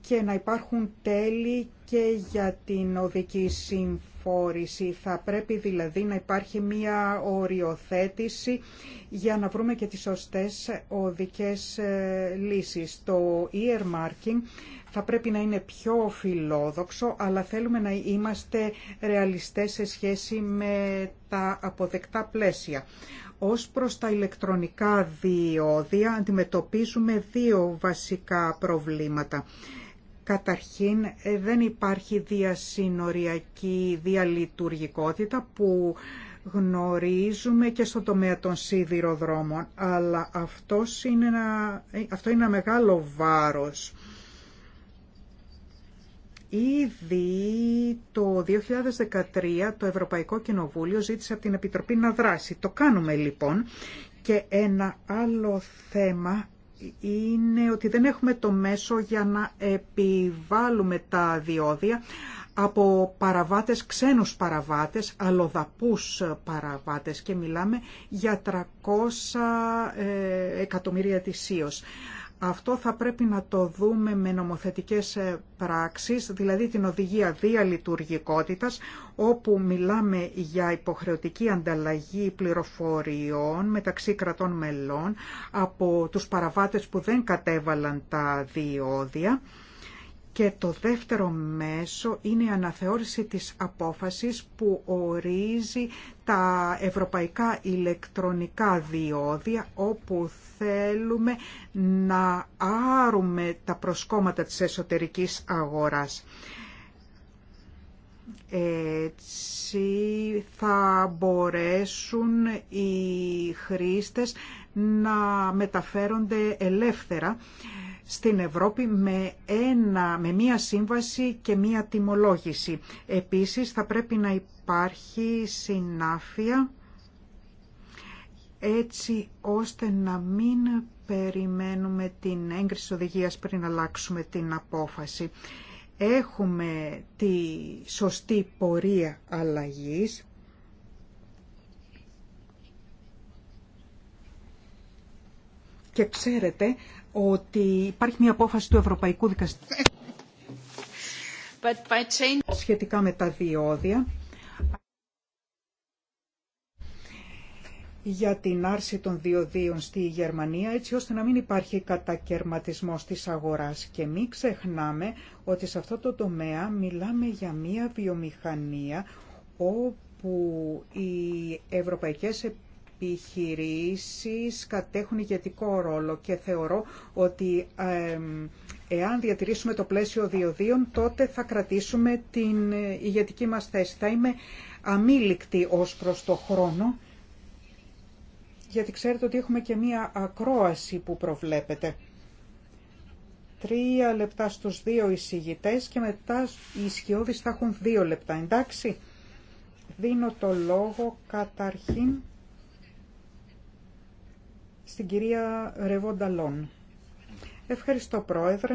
και να υπάρχουν τέλη και για την οδική συμφόρηση. Θα πρέπει δηλαδή να υπάρχει μία οριοθέτηση για να βρούμε και τις σωστές οδικές ε, λύσεις. Το earmarking θα πρέπει να είναι πιο φιλόδοξο, αλλά θέλουμε να είμαστε ρεαλιστές σε σχέση με τα αποδεκτά πλαίσια. Ως προς τα ηλεκτρονικά διόδια αντιμετωπίζουμε δύο βασικά προβλήματα. Καταρχήν ε, δεν υπάρχει διασυνοριακή διαλειτουργικότητα που γνωρίζουμε και στο τομέα των σιδηροδρόμων, αλλά αυτός είναι ε, αυτό είναι ένα μεγάλο βάρος. Ήδη το 2013 το Ευρωπαϊκό Κοινοβούλιο ζήτησε από την Επιτροπή να δράσει. Το κάνουμε λοιπόν και ένα άλλο θέμα είναι ότι δεν έχουμε το μέσο για να επιβάλλουμε τα διόδια από παραβάτες, ξένους παραβάτες, αλλοδαπούς παραβάτες και μιλάμε για 300 ε, εκατομμύρια ετησίως. Αυτό θα πρέπει να το δούμε με νομοθετικές ε, πράξεις, δηλαδή την οδηγία διαλειτουργικότητας, όπου μιλάμε για υποχρεωτική ανταλλαγή πληροφοριών μεταξύ κρατών μελών από τους παραβάτες που δεν κατέβαλαν τα διόδια και το δεύτερο μέσο είναι η αναθεώρηση της απόφασης που ορίζει τα ευρωπαϊκά ηλεκτρονικά διόδια όπου θέλουμε να άρουμε τα προσκόμματα της εσωτερικής αγοράς. Έτσι θα μπορέσουν οι χρήστες να μεταφέρονται ελεύθερα στην Ευρώπη με, ένα, με μία σύμβαση και μία τιμολόγηση. Επίσης θα πρέπει να υπάρχει συνάφεια έτσι ώστε να μην περιμένουμε την έγκριση οδηγίας πριν αλλάξουμε την απόφαση. Έχουμε τη σωστή πορεία αλλαγής, Και ξέρετε ότι υπάρχει μια απόφαση του Ευρωπαϊκού Δικαστηρίου σχετικά με τα διόδια για την άρση των διοδίων στη Γερμανία έτσι ώστε να μην υπάρχει κατακαιρματισμός της αγοράς και μην ξεχνάμε ότι σε αυτό το τομέα μιλάμε για μια βιομηχανία όπου οι ευρωπαϊκές επιχειρήσεις κατέχουν ηγετικό ρόλο και θεωρώ ότι εάν διατηρήσουμε το πλαίσιο διοδίων τότε θα κρατήσουμε την ε, ηγετική μας θέση. Θα είμαι αμήλικτη ως προς το χρόνο γιατί ξέρετε ότι έχουμε και μία ακρόαση που προβλέπετε. Τρία λεπτά στους δύο εισηγητές και μετά οι ισχυώδεις θα έχουν δύο λεπτά, εντάξει. Δίνω το λόγο καταρχήν στην κυρία Ρεβονταλόν. Ευχαριστώ Πρόεδρε.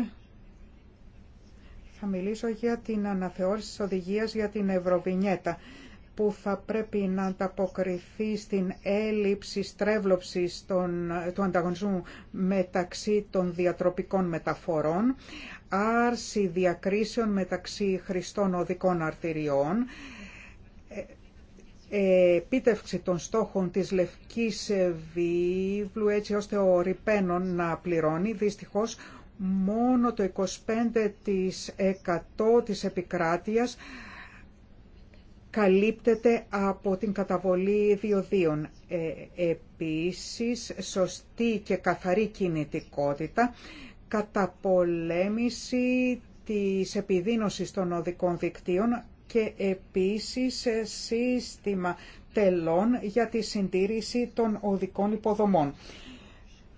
Θα μιλήσω για την αναθεώρηση της οδηγίας για την Ευρωβινιέτα που θα πρέπει να ανταποκριθεί στην έλλειψη στρέβλωψης των, του ανταγωνισμού μεταξύ των διατροπικών μεταφορών, άρση διακρίσεων μεταξύ χρηστών οδικών αρτηριών, επίτευξη των στόχων της Λευκής Βίβλου έτσι ώστε ο Ριπένον να πληρώνει. Δυστυχώς μόνο το 25% της επικράτειας καλύπτεται από την καταβολή διοδίων. Ε, επίσης, σωστή και καθαρή κινητικότητα, καταπολέμηση της επιδίνωσης των οδικών δικτύων και επίσης σύστημα τελών για τη συντήρηση των οδικών υποδομών.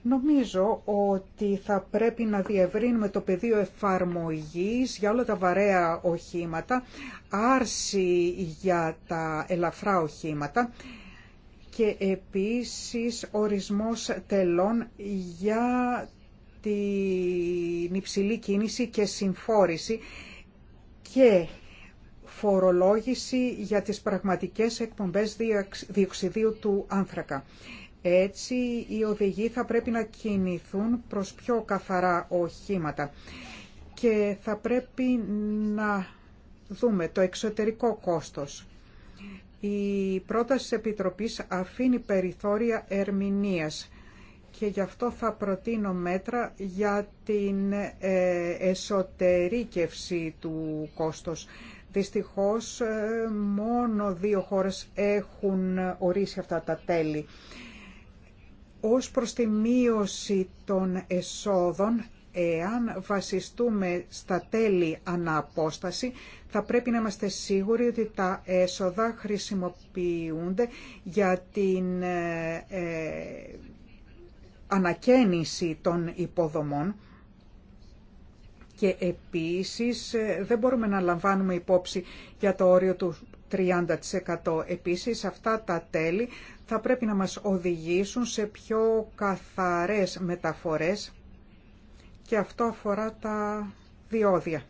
Νομίζω ότι θα πρέπει να διευρύνουμε το πεδίο εφαρμογής για όλα τα βαρέα οχήματα, άρση για τα ελαφρά οχήματα και επίσης ορισμός τελών για την υψηλή κίνηση και συμφόρηση και φορολόγηση για τις πραγματικές εκπομπές διοξιδίου του άνθρακα. Έτσι, οι οδηγοί θα πρέπει να κινηθούν προς πιο καθαρά οχήματα και θα πρέπει να δούμε το εξωτερικό κόστος. Η πρόταση της Επιτροπής αφήνει περιθώρια ερμηνείας και γι' αυτό θα προτείνω μέτρα για την ε, εσωτερήκευση του κόστος Δυστυχώς ε, μόνο δύο χώρες έχουν ορίσει αυτά τα τέλη. Ως προς τη μείωση των εσόδων, εάν βασιστούμε στα τέλη αναπόσταση, θα πρέπει να είμαστε σίγουροι ότι τα έσοδα χρησιμοποιούνται για την ε, ε ανακαίνιση των υποδομών και επίσης ε, δεν μπορούμε να λαμβάνουμε υπόψη για το όριο του 30%. Επίσης αυτά τα τέλη θα πρέπει να μας οδηγήσουν σε πιο καθαρές μεταφορές και αυτό αφορά τα διόδια.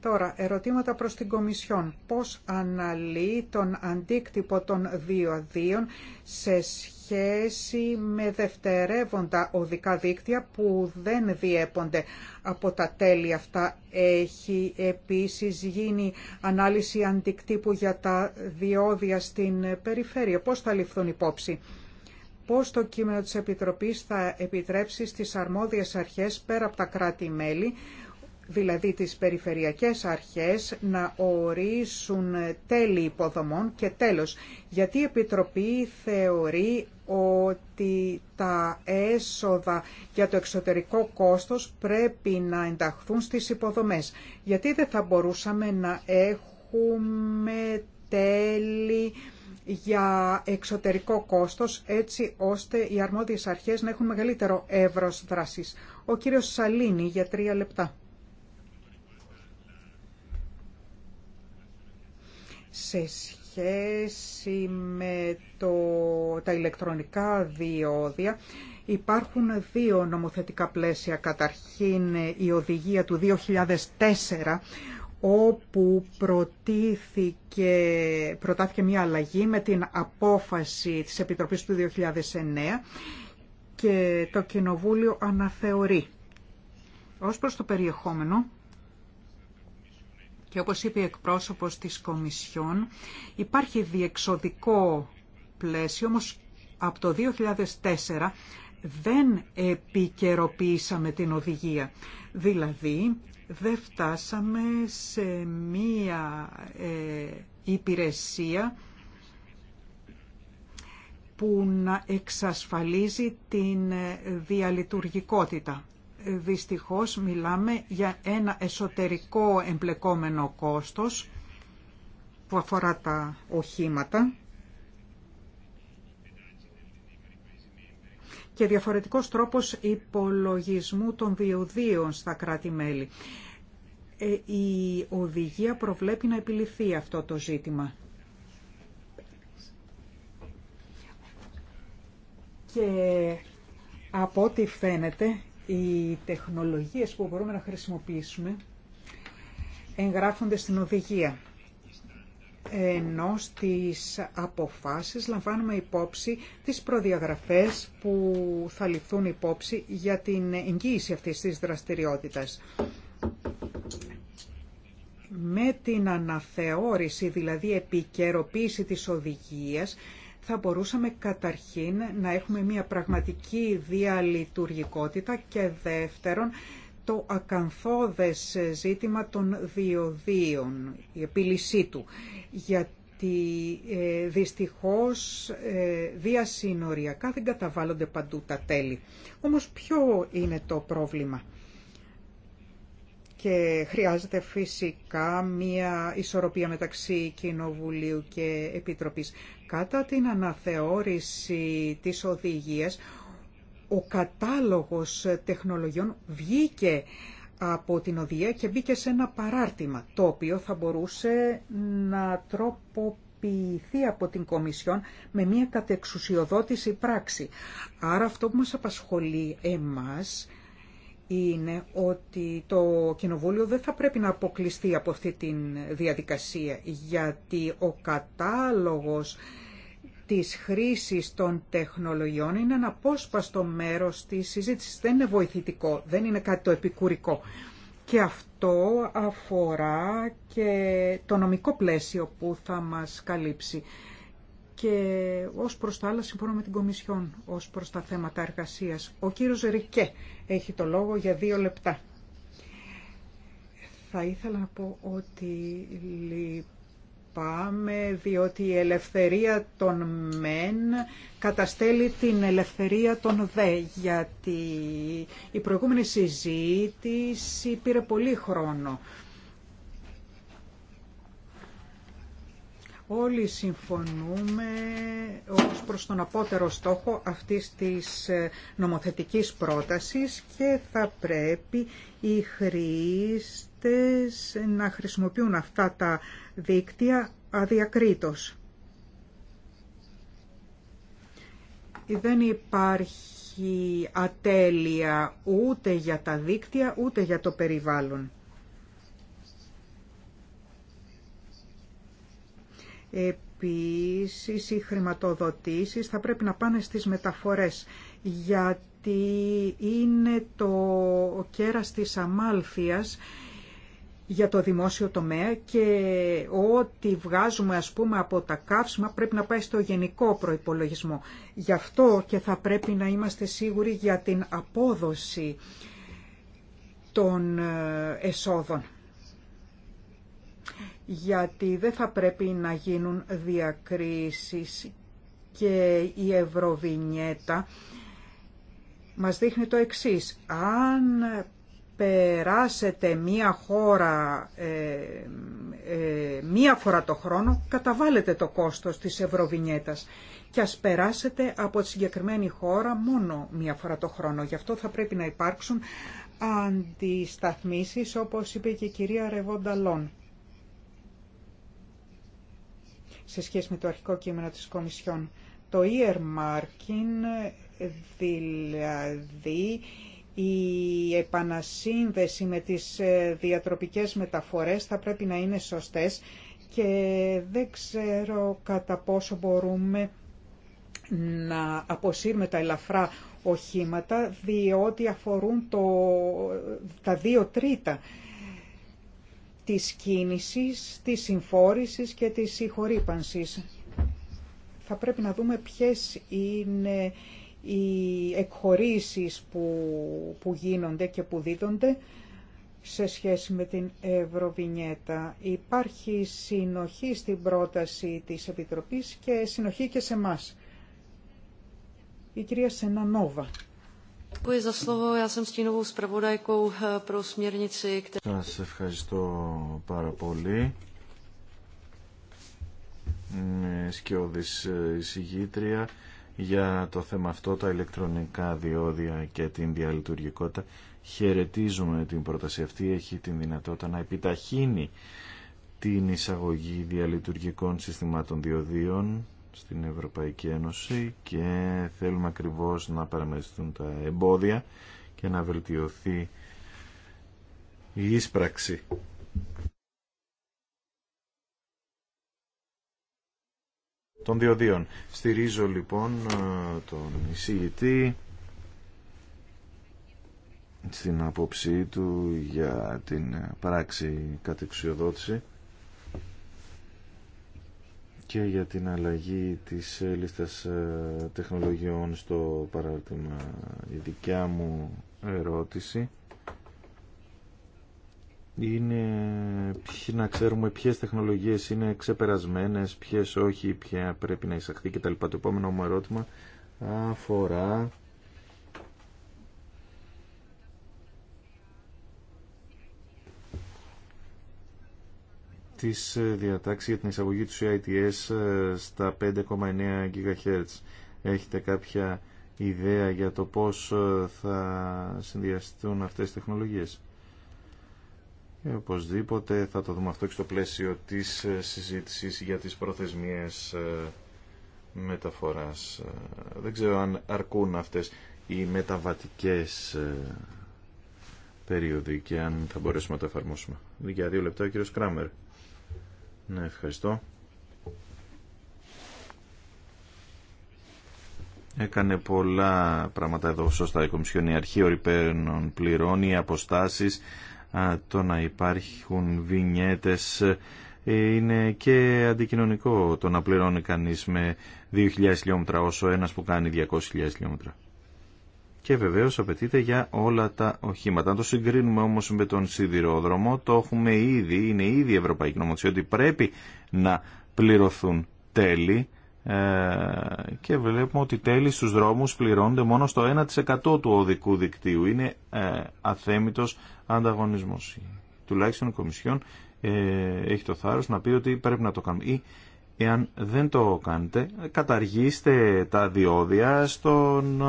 Τώρα, ερωτήματα προς την Κομισιόν. Πώς αναλύει τον αντίκτυπο των διοδίων σε σχέση με δευτερεύοντα οδικά δίκτυα που δεν διέπονται από τα τέλη αυτά. Έχει επίσης γίνει ανάλυση αντικτύπου για τα διόδια στην περιφέρεια. Πώς θα ληφθούν υπόψη πώς το κείμενο της Επιτροπής θα επιτρέψει στις αρμόδιες αρχές πέρα από τα κράτη-μέλη δηλαδή τις περιφερειακές αρχές, να ορίσουν τέλη υποδομών και τέλος. Γιατί η Επιτροπή θεωρεί ότι τα έσοδα για το εξωτερικό κόστος πρέπει να ενταχθούν στις υποδομές. Γιατί δεν θα μπορούσαμε να έχουμε τέλη για εξωτερικό κόστος έτσι ώστε οι αρμόδιες αρχές να έχουν μεγαλύτερο εύρος δράσης. Ο κύριος Σαλίνη για τρία λεπτά. σε σχέση με το, τα ηλεκτρονικά διόδια υπάρχουν δύο νομοθετικά πλαίσια. Καταρχήν η οδηγία του 2004 όπου προτίθηκε, προτάθηκε μια αλλαγή με την απόφαση της Επιτροπής του 2009 και το Κοινοβούλιο αναθεωρεί. Ως προς το περιεχόμενο, και όπως είπε η εκπρόσωπος της Κομισιόν, υπάρχει διεξοδικό πλαίσιο, όμως από το 2004 δεν επικαιροποιήσαμε την οδηγία. Δηλαδή, δεν φτάσαμε σε μία ε, υπηρεσία που να εξασφαλίζει την ε, διαλειτουργικότητα δυστυχώς μιλάμε για ένα εσωτερικό εμπλεκόμενο κόστος που αφορά τα οχήματα και διαφορετικός τρόπος υπολογισμού των διοδίων στα κράτη-μέλη. Ε, η οδηγία προβλέπει να επιληθεί αυτό το ζήτημα. Και από ό,τι φαίνεται οι τεχνολογίες που μπορούμε να χρησιμοποιήσουμε εγγράφονται στην οδηγία. Ενώ στις αποφάσεις λαμβάνουμε υπόψη τις προδιαγραφές που θα ληφθούν υπόψη για την εγγύηση αυτής της δραστηριότητας. Με την αναθεώρηση, δηλαδή επικαιροποίηση της οδηγίας, θα μπορούσαμε καταρχήν να έχουμε μια πραγματική διαλειτουργικότητα και δεύτερον το ακαθόδες ζήτημα των διοδίων, η επίλυσή του. Γιατί ε, δυστυχώς ε, διασυνοριακά δεν καταβάλλονται παντού τα τέλη. Όμως ποιο είναι το πρόβλημα και χρειάζεται φυσικά μία ισορροπία μεταξύ Κοινοβουλίου και Επιτροπής. Κατά την αναθεώρηση της οδηγίας, ο κατάλογος τεχνολογιών βγήκε από την οδηγία και μπήκε σε ένα παράρτημα, το οποίο θα μπορούσε να τροποποιηθεί από την Κομισιόν με μια κατεξουσιοδότηση πράξη. Άρα αυτό που μας απασχολεί εμάς είναι ότι το Κοινοβούλιο δεν θα πρέπει να αποκλειστεί από αυτή τη διαδικασία, γιατί ο κατάλογος της χρήσης των τεχνολογιών είναι ένα απόσπαστο μέρος της συζήτησης. Δεν είναι βοηθητικό, δεν είναι κάτι το επικουρικό. Και αυτό αφορά και το νομικό πλαίσιο που θα μας καλύψει και ως προς τα άλλα συμφωνώ με την Κομισιόν ως προς τα θέματα εργασίας. Ο κύριος Ρικέ έχει το λόγο για δύο λεπτά. Θα ήθελα να πω ότι λυπάμαι διότι η ελευθερία των μεν καταστέλει την ελευθερία των δε γιατί η προηγούμενη συζήτηση πήρε πολύ χρόνο Όλοι συμφωνούμε ως προς τον απότερο στόχο αυτής της ε, νομοθετικής πρότασης και θα πρέπει οι χρήστες να χρησιμοποιούν αυτά τα δίκτυα αδιακρίτως. Δεν υπάρχει ατέλεια ούτε για τα δίκτυα ούτε για το περιβάλλον. Επίσης, οι χρηματοδοτήσεις θα πρέπει να πάνε στις μεταφορές, γιατί είναι το κέρας της αμάλφιας για το δημόσιο τομέα και ό,τι βγάζουμε ας πούμε από τα καύσιμα πρέπει να πάει στο γενικό προϋπολογισμό. Γι' αυτό και θα πρέπει να είμαστε σίγουροι για την απόδοση των ε, εσόδων γιατί δεν θα πρέπει να γίνουν διακρίσεις και η Ευρωβινιέτα μας δείχνει το εξής. Αν περάσετε μία χώρα ε, ε, μία φορά το χρόνο, καταβάλλετε το κόστος της Ευρωβινιέτας και ας περάσετε από τη συγκεκριμένη χώρα μόνο μία φορά το χρόνο. Γι' αυτό θα πρέπει να υπάρξουν αντισταθμίσεις, όπως είπε και η κυρία Ρεβονταλόν. σε σχέση με το αρχικό κείμενο της Κομισιόν. Το earmarking, δηλαδή η επανασύνδεση με τις ε, διατροπικές μεταφορές θα πρέπει να είναι σωστές και δεν ξέρω κατά πόσο μπορούμε να αποσύρουμε τα ελαφρά οχήματα διότι αφορούν τα δύο τρίτα της κίνησης, της συμφόρησης και της συγχωρήπανσης. Θα πρέπει να δούμε ποιες είναι οι εκχωρήσεις που, που γίνονται και που δίδονται σε σχέση με την Ευρωβινιέτα. Υπάρχει συνοχή στην πρόταση της Επιτροπής και συνοχή και σε μας. Η κυρία Σενανόβα. Σας eh, ευχαριστώ πάρα πολύ. Σκιώδης ε, εισηγήτρια για το θέμα αυτό, τα ηλεκτρονικά διόδια και την διαλειτουργικότητα. Χαιρετίζουμε την πρόταση αυτή, έχει την δυνατότητα να επιταχύνει την εισαγωγή διαλειτουργικών συστημάτων διοδίων στην Ευρωπαϊκή Ένωση και θέλουμε ακριβώς να παραμεριστούν τα εμπόδια και να βελτιωθεί η ίσπραξη. των διοδίων. Στηρίζω λοιπόν τον εισηγητή στην απόψη του για την πράξη κατεξιοδότηση και για την αλλαγή της ε, λίστας ε, τεχνολογιών στο παράδειγμα. Η δικιά μου ερώτηση είναι να ξέρουμε ποιες τεχνολογίες είναι ξεπερασμένες, ποιες όχι, ποια πρέπει να εισαχθεί κτλ. Το επόμενο μου ερώτημα αφορά της ε, διατάξεις για την εισαγωγή του CITS ε, στα 5,9 GHz. Έχετε κάποια ιδέα για το πώς ε, θα συνδυαστούν αυτές τις τεχνολογίες. Και οπωσδήποτε θα το δούμε αυτό και στο πλαίσιο της συζήτησης για τις προθεσμίες μεταφοράς. Δεν ξέρω αν αρκούν αυτές οι μεταβατικές περίοδοι και αν θα μπορέσουμε να το εφαρμόσουμε. Για δύο λεπτά ο κύριος Κράμερ. Ναι, ευχαριστώ. Έκανε πολλά πράγματα εδώ σωστά η Κομισιόν, η αρχή ορυπαίνων πληρώνει, οι αποστάσεις, το να υπάρχουν βινιέτες ε, είναι και αντικοινωνικό το να πληρώνει κανείς με 2.000 χιλιόμετρα όσο ένας που κάνει 200.000 χιλιόμετρα και βεβαίως απαιτείται για όλα τα οχήματα. Αν το συγκρίνουμε όμως με τον σιδηρόδρομο, το έχουμε ήδη, είναι ήδη η Ευρωπαϊκή Νομοθεσία ότι πρέπει να πληρωθούν τέλη ε, και βλέπουμε ότι τέλη στους δρόμους πληρώνονται μόνο στο 1% του οδικού δικτύου. Είναι ε, αθέμητος ανταγωνισμός. Τουλάχιστον η Κομισιόν ε, έχει το θάρρος να πει ότι πρέπει να το κάνουμε. Ή Εάν δεν το κάνετε, καταργήστε τα διόδια στον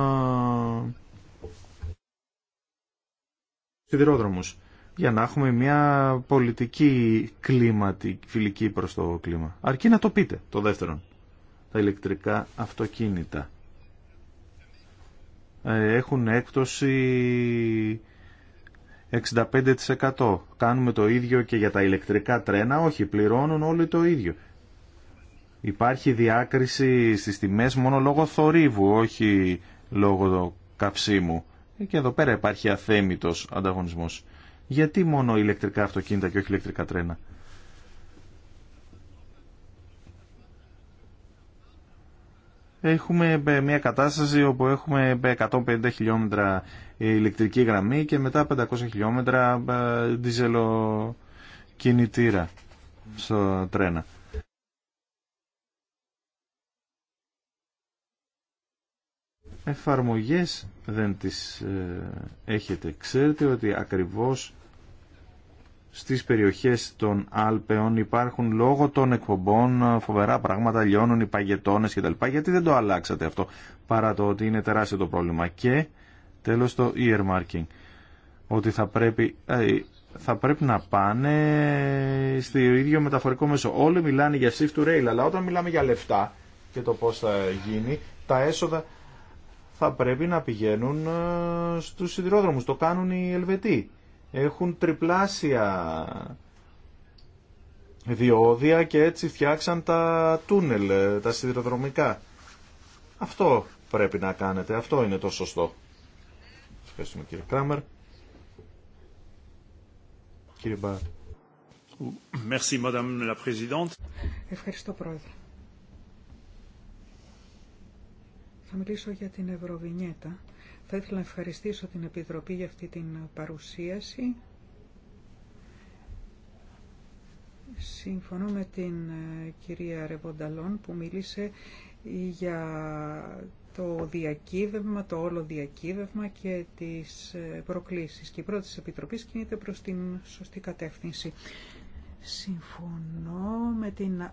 σιδηρόδρομους για να έχουμε μια πολιτική κλίματη, φιλική προς το κλίμα. Αρκεί να το πείτε, το δεύτερο. Τα ηλεκτρικά αυτοκίνητα ε, έχουν έκπτωση 65%. Κάνουμε το ίδιο και για τα ηλεκτρικά τρένα. Όχι, πληρώνουν όλοι το ίδιο υπάρχει διάκριση στις τιμές μόνο λόγω θορύβου, όχι λόγω καυσίμου. Και εδώ πέρα υπάρχει αθέμητος ανταγωνισμός. Γιατί μόνο ηλεκτρικά αυτοκίνητα και όχι ηλεκτρικά τρένα. Έχουμε ε, μια κατάσταση όπου έχουμε 150 ε, χιλιόμετρα ηλεκτρική γραμμή και μετά 500 χιλιόμετρα ε, κινητήρα στο τρένα. εφαρμογές δεν τις ε, έχετε. Ξέρετε ότι ακριβώς στις περιοχές των Άλπαιων υπάρχουν λόγω των εκπομπών ε, φοβερά πράγματα, λιώνουν οι παγετώνες κτλ. Γιατί δεν το αλλάξατε αυτό παρά το ότι είναι τεράστιο το πρόβλημα. Και τέλος το earmarking. Ότι θα πρέπει, ε, θα πρέπει να πάνε στο ίδιο μεταφορικό μέσο. Όλοι μιλάνε για shift to rail, αλλά όταν μιλάμε για λεφτά και το πώς θα γίνει, τα έσοδα θα πρέπει να πηγαίνουν ε, στους σιδηρόδρομους. Το κάνουν οι Ελβετοί. Έχουν τριπλάσια διόδια και έτσι φτιάξαν τα τούνελ, ε, τα σιδηροδρομικά. Αυτό πρέπει να κάνετε. Αυτό είναι το σωστό. Ευχαριστούμε κύριε Κράμερ. Κύριε Μπάρ. Ευχαριστώ, Πρόεδρε. Θα μιλήσω για την Ευρωβινιέτα. Θα ήθελα να ευχαριστήσω την Επιτροπή για αυτή την παρουσίαση. Συμφωνώ με την ε, κυρία Ρεβονταλόν που μίλησε για το διακύβευμα, το όλο διακύβευμα και τις ε, προκλήσεις. Και η πρώτη της Επιτροπής κινείται προς την σωστή κατεύθυνση. Συμφωνώ με την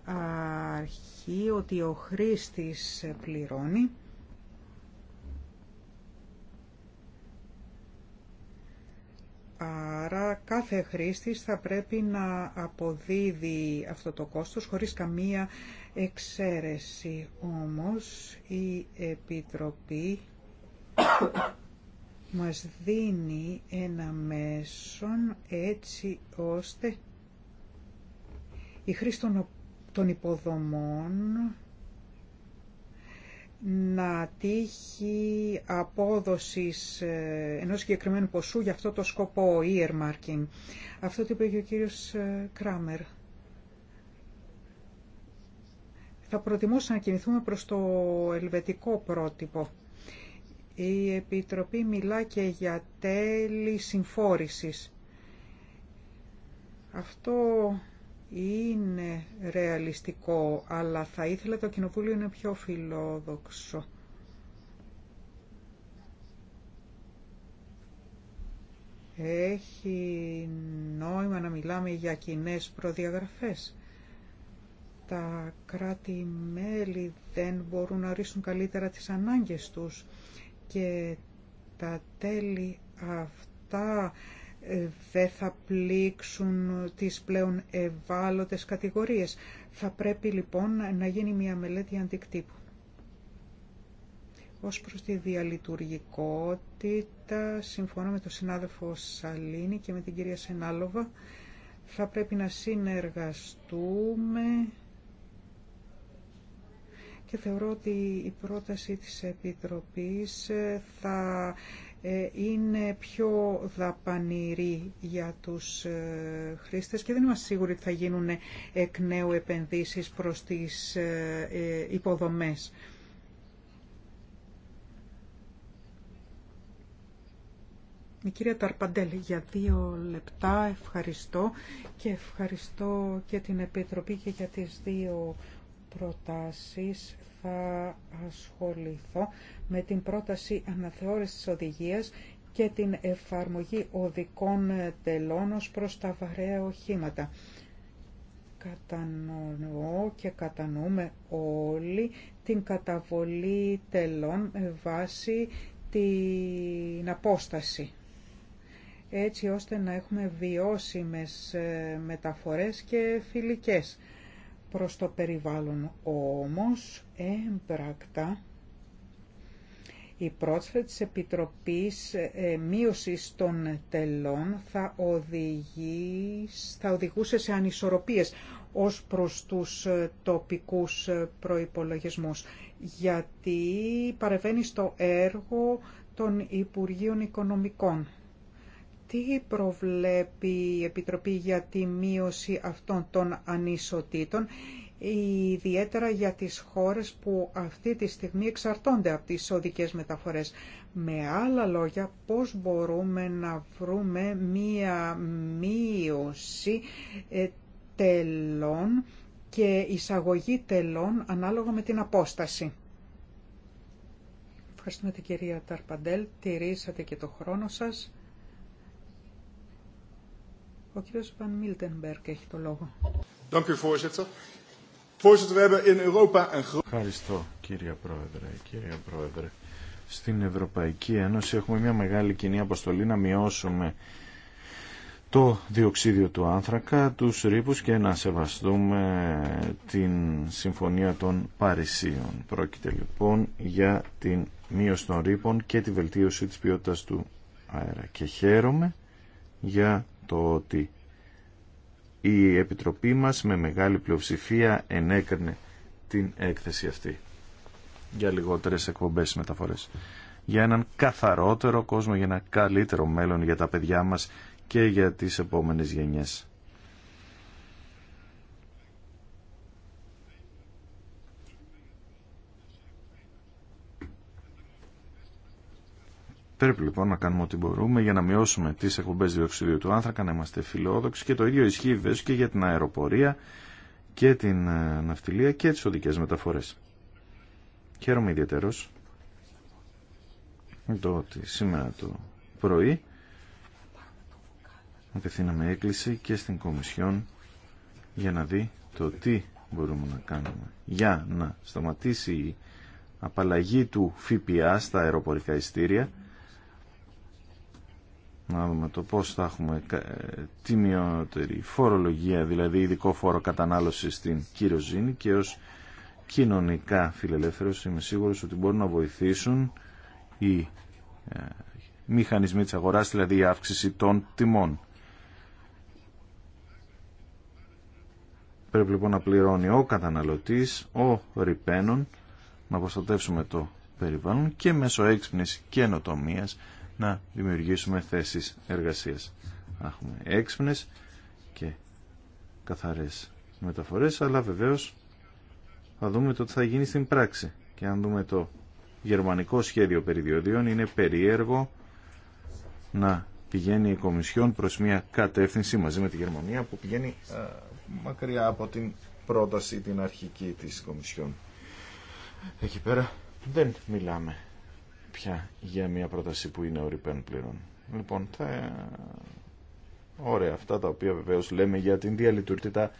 αρχή ότι ο χρήστης πληρώνει Άρα κάθε χρήστης θα πρέπει να αποδίδει αυτό το κόστος χωρίς καμία εξαίρεση. Όμως η Επιτροπή μας δίνει ένα μέσον έτσι ώστε η χρήση των υποδομών να τύχει απόδοσης ε, ενός συγκεκριμένου ποσού για αυτό το σκοπό earmarking. Αυτό το είπε και ο κύριος ε, Κράμερ. Θα προτιμούσα να κινηθούμε προς το ελβετικό πρότυπο. Η Επιτροπή μιλά και για τέλη συμφόρησης. Αυτό είναι ρεαλιστικό, αλλά θα ήθελα το Κοινοβούλιο είναι πιο φιλόδοξο. Έχει νόημα να μιλάμε για κοινέ προδιαγραφές. Τα κράτη-μέλη δεν μπορούν να ορίσουν καλύτερα τις ανάγκες τους και τα τέλη αυτά ε, δεν θα πλήξουν τις πλέον ευάλωτες κατηγορίες. Θα πρέπει λοιπόν να γίνει μια μελέτη αντικτύπου. Ως προς τη διαλειτουργικότητα, συμφωνώ με τον συνάδελφο Σαλίνη και με την κυρία Σενάλοβα, θα πρέπει να συνεργαστούμε και θεωρώ ότι η πρόταση της Επιτροπής ε, θα ε, είναι πιο δαπανηρή για τους ε, χρήστες και δεν είμαστε σίγουροι ότι θα γίνουν εκ νέου επενδύσεις προς τις ε, υποδομές. Η κυρία Ταρπαντέλη, για δύο λεπτά ευχαριστώ και ευχαριστώ και την Επιτροπή και για τις δύο προτάσεις θα ασχοληθώ με την πρόταση αναθεώρησης της οδηγίας και την εφαρμογή οδικών τελών ως προς τα βαρέα οχήματα. Κατανοώ και κατανοούμε όλοι την καταβολή τελών με βάση την απόσταση έτσι ώστε να έχουμε βιώσιμες ε, μεταφορές και φιλικές προς το περιβάλλον. Όμως, έμπρακτα, η πρόσφατη της Επιτροπής ε, Μείωσης των Τελών θα, οδηγεί, θα οδηγούσε σε ανισορροπίες ως προς τους ε, τοπικούς ε, προϋπολογισμούς, γιατί παρεβαίνει στο έργο των Υπουργείων Οικονομικών τι προβλέπει η Επιτροπή για τη μείωση αυτών των ανισοτήτων, ιδιαίτερα για τις χώρες που αυτή τη στιγμή εξαρτώνται από τις οδικές μεταφορές. Με άλλα λόγια, πώς μπορούμε να βρούμε μία μείωση ε, τελών και εισαγωγή τελών ανάλογα με την απόσταση. Ευχαριστούμε την κυρία Ταρπαντέλ, τηρήσατε και το χρόνο σας. Ο κύριος Βαν έχει το λόγο. Ευχαριστώ κύριε Πρόεδρε. Κύριε Πρόεδρε, στην Ευρωπαϊκή Ένωση έχουμε μια μεγάλη κοινή αποστολή να μειώσουμε το διοξίδιο του άνθρακα, τους ρήπους και να σεβαστούμε την Συμφωνία των Παρισίων. Πρόκειται λοιπόν για την μείωση των ρήπων και τη βελτίωση της ποιότητας του αέρα. Και χαίρομαι για το ότι η Επιτροπή μας με μεγάλη πλειοψηφία ενέκρινε την έκθεση αυτή για λιγότερες εκπομπές μεταφορές για έναν καθαρότερο κόσμο, για ένα καλύτερο μέλλον για τα παιδιά μας και για τις επόμενες γενιές. Πρέπει λοιπόν να κάνουμε ό,τι μπορούμε για να μειώσουμε τις εκπομπέ διοξιδίου του άνθρακα, να είμαστε φιλόδοξοι και το ίδιο ισχύει βέβαια και για την αεροπορία και την ε, ναυτιλία και τι οδικές μεταφορέ. Χαίρομαι Με το ότι σήμερα το πρωί απευθύναμε έκκληση και στην Κομισιόν για να δει το τι μπορούμε να κάνουμε για να σταματήσει η απαλλαγή του ΦΠΑ στα αεροπορικά ειστήρια να δούμε το πώς θα έχουμε ε, τιμιότερη φορολογία, δηλαδή ειδικό φόρο κατανάλωσης στην κυροζήνη και ως κοινωνικά φιλελεύθερος είμαι σίγουρος ότι μπορούν να βοηθήσουν οι ε, μηχανισμοί της αγοράς, δηλαδή η αύξηση των τιμών. Πρέπει λοιπόν να πληρώνει ο καταναλωτής, ο ρηπαίνων, να προστατεύσουμε το περιβάλλον και μέσω έξυπνης καινοτομίας να δημιουργήσουμε θέσεις εργασίας. Έχουμε έξυπνες και καθαρές μεταφορές, αλλά βεβαίως θα δούμε το τι θα γίνει στην πράξη. Και αν δούμε το γερμανικό σχέδιο περιδιοδίων, είναι περίεργο να πηγαίνει η Κομισιόν προς μια κατεύθυνση μαζί με τη Γερμανία που πηγαίνει ε, μακριά από την πρόταση την αρχική της Κομισιόν. Εκεί πέρα δεν μιλάμε πια για μια πρόταση που είναι ορυπέν πλήρων. Λοιπόν, θα... ωραία αυτά τα οποία βεβαίως λέμε για την διαλειτουργήτα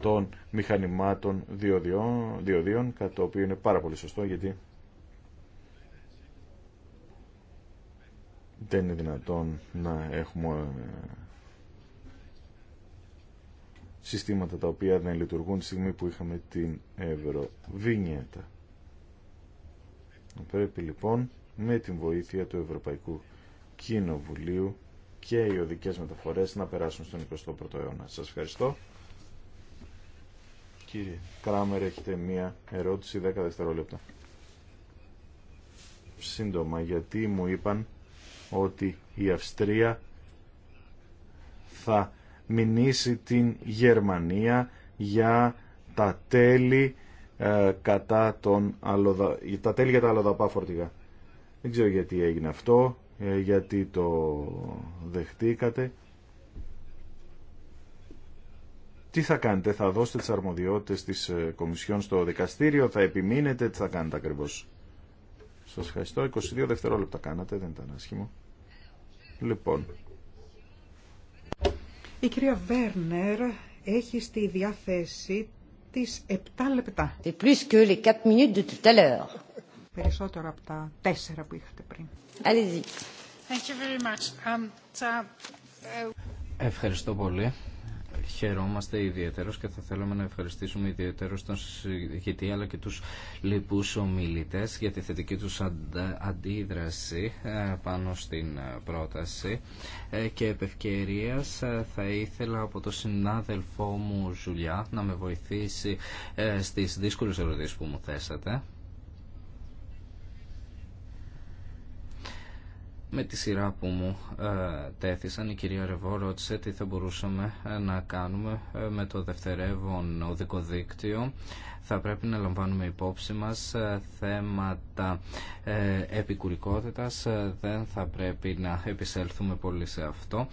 των μηχανημάτων διοδίων, διοδίων κατά το οποίο είναι πάρα πολύ σωστό γιατί δεν είναι δυνατόν να έχουμε ε, συστήματα τα οποία δεν λειτουργούν τη στιγμή που είχαμε την Ευρωβινιέτα. Πρέπει λοιπόν με την βοήθεια του Ευρωπαϊκού Κοινοβουλίου και οι οδικές μεταφορές να περάσουν στον 21ο αιώνα. Σας ευχαριστώ. Κύριε Κράμερ, έχετε μία ερώτηση 10 δευτερόλεπτα. Σύντομα, γιατί μου είπαν ότι η Αυστρία θα μηνύσει την Γερμανία για τα τέλη ε, κατά τον τα τέλη για τα αλλοδαπά φορτηγά. Δεν ξέρω γιατί έγινε αυτό, ε, γιατί το δεχτήκατε. Τι θα κάνετε, θα δώσετε τις αρμοδιότητες της ε, Κομισιόν στο δικαστήριο, θα επιμείνετε, τι θα κάνετε ακριβώς. Σας ευχαριστώ, 22 δευτερόλεπτα κάνατε, δεν ήταν άσχημο. Λοιπόν. Η κυρία Βέρνερ έχει στη διάθεσή της 7 λεπτά. plus 4 minutes de tout à περισσότερο από τα τέσσερα που είχατε πριν. Um, uh, Ευχαριστώ πολύ. Χαιρόμαστε ιδιαίτερος και θα θέλαμε να ευχαριστήσουμε ιδιαίτερος τον συζητητή αλλά και τους λοιπούς ομιλητές για τη θετική τους αντίδραση ε, πάνω στην ε, πρόταση ε, και επευκαιρίας θα ήθελα από τον συνάδελφό μου Ζουλιά να με βοηθήσει στις δύσκολες ερωτήσεις που μου θέσατε. με τη σειρά που μου ε, τέθησαν, η κυρία Ρεβό ρώτησε τι θα μπορούσαμε ε, να κάνουμε ε, με το δευτερεύον οδικό δίκτυο. Θα πρέπει να λαμβάνουμε υπόψη μας θέματα επικουρικότητας. Δεν θα πρέπει να επισέλθουμε πολύ σε αυτό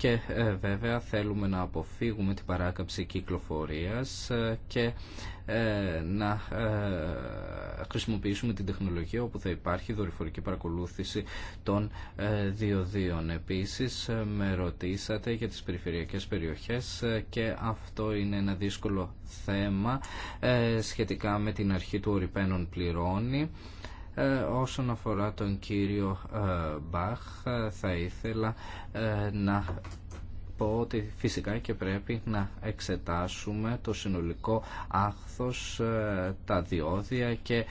και ε, βέβαια θέλουμε να αποφύγουμε την παράκαψη κυκλοφορίας και ε, να ε, χρησιμοποιήσουμε την τεχνολογία όπου θα υπάρχει δορυφορική παρακολούθηση των διοδίων. Επίσης με ρωτήσατε για τις περιφερειακές περιοχές και αυτό είναι ένα δύσκολο θέμα σχετικά με την αρχή του ορυπαίνων πληρώνει ε, όσον αφορά τον κύριο ε, Μπαχ ε, θα ήθελα να πω ότι φυσικά και πρέπει να εξετάσουμε το συνολικό άχθος, τα διόδια και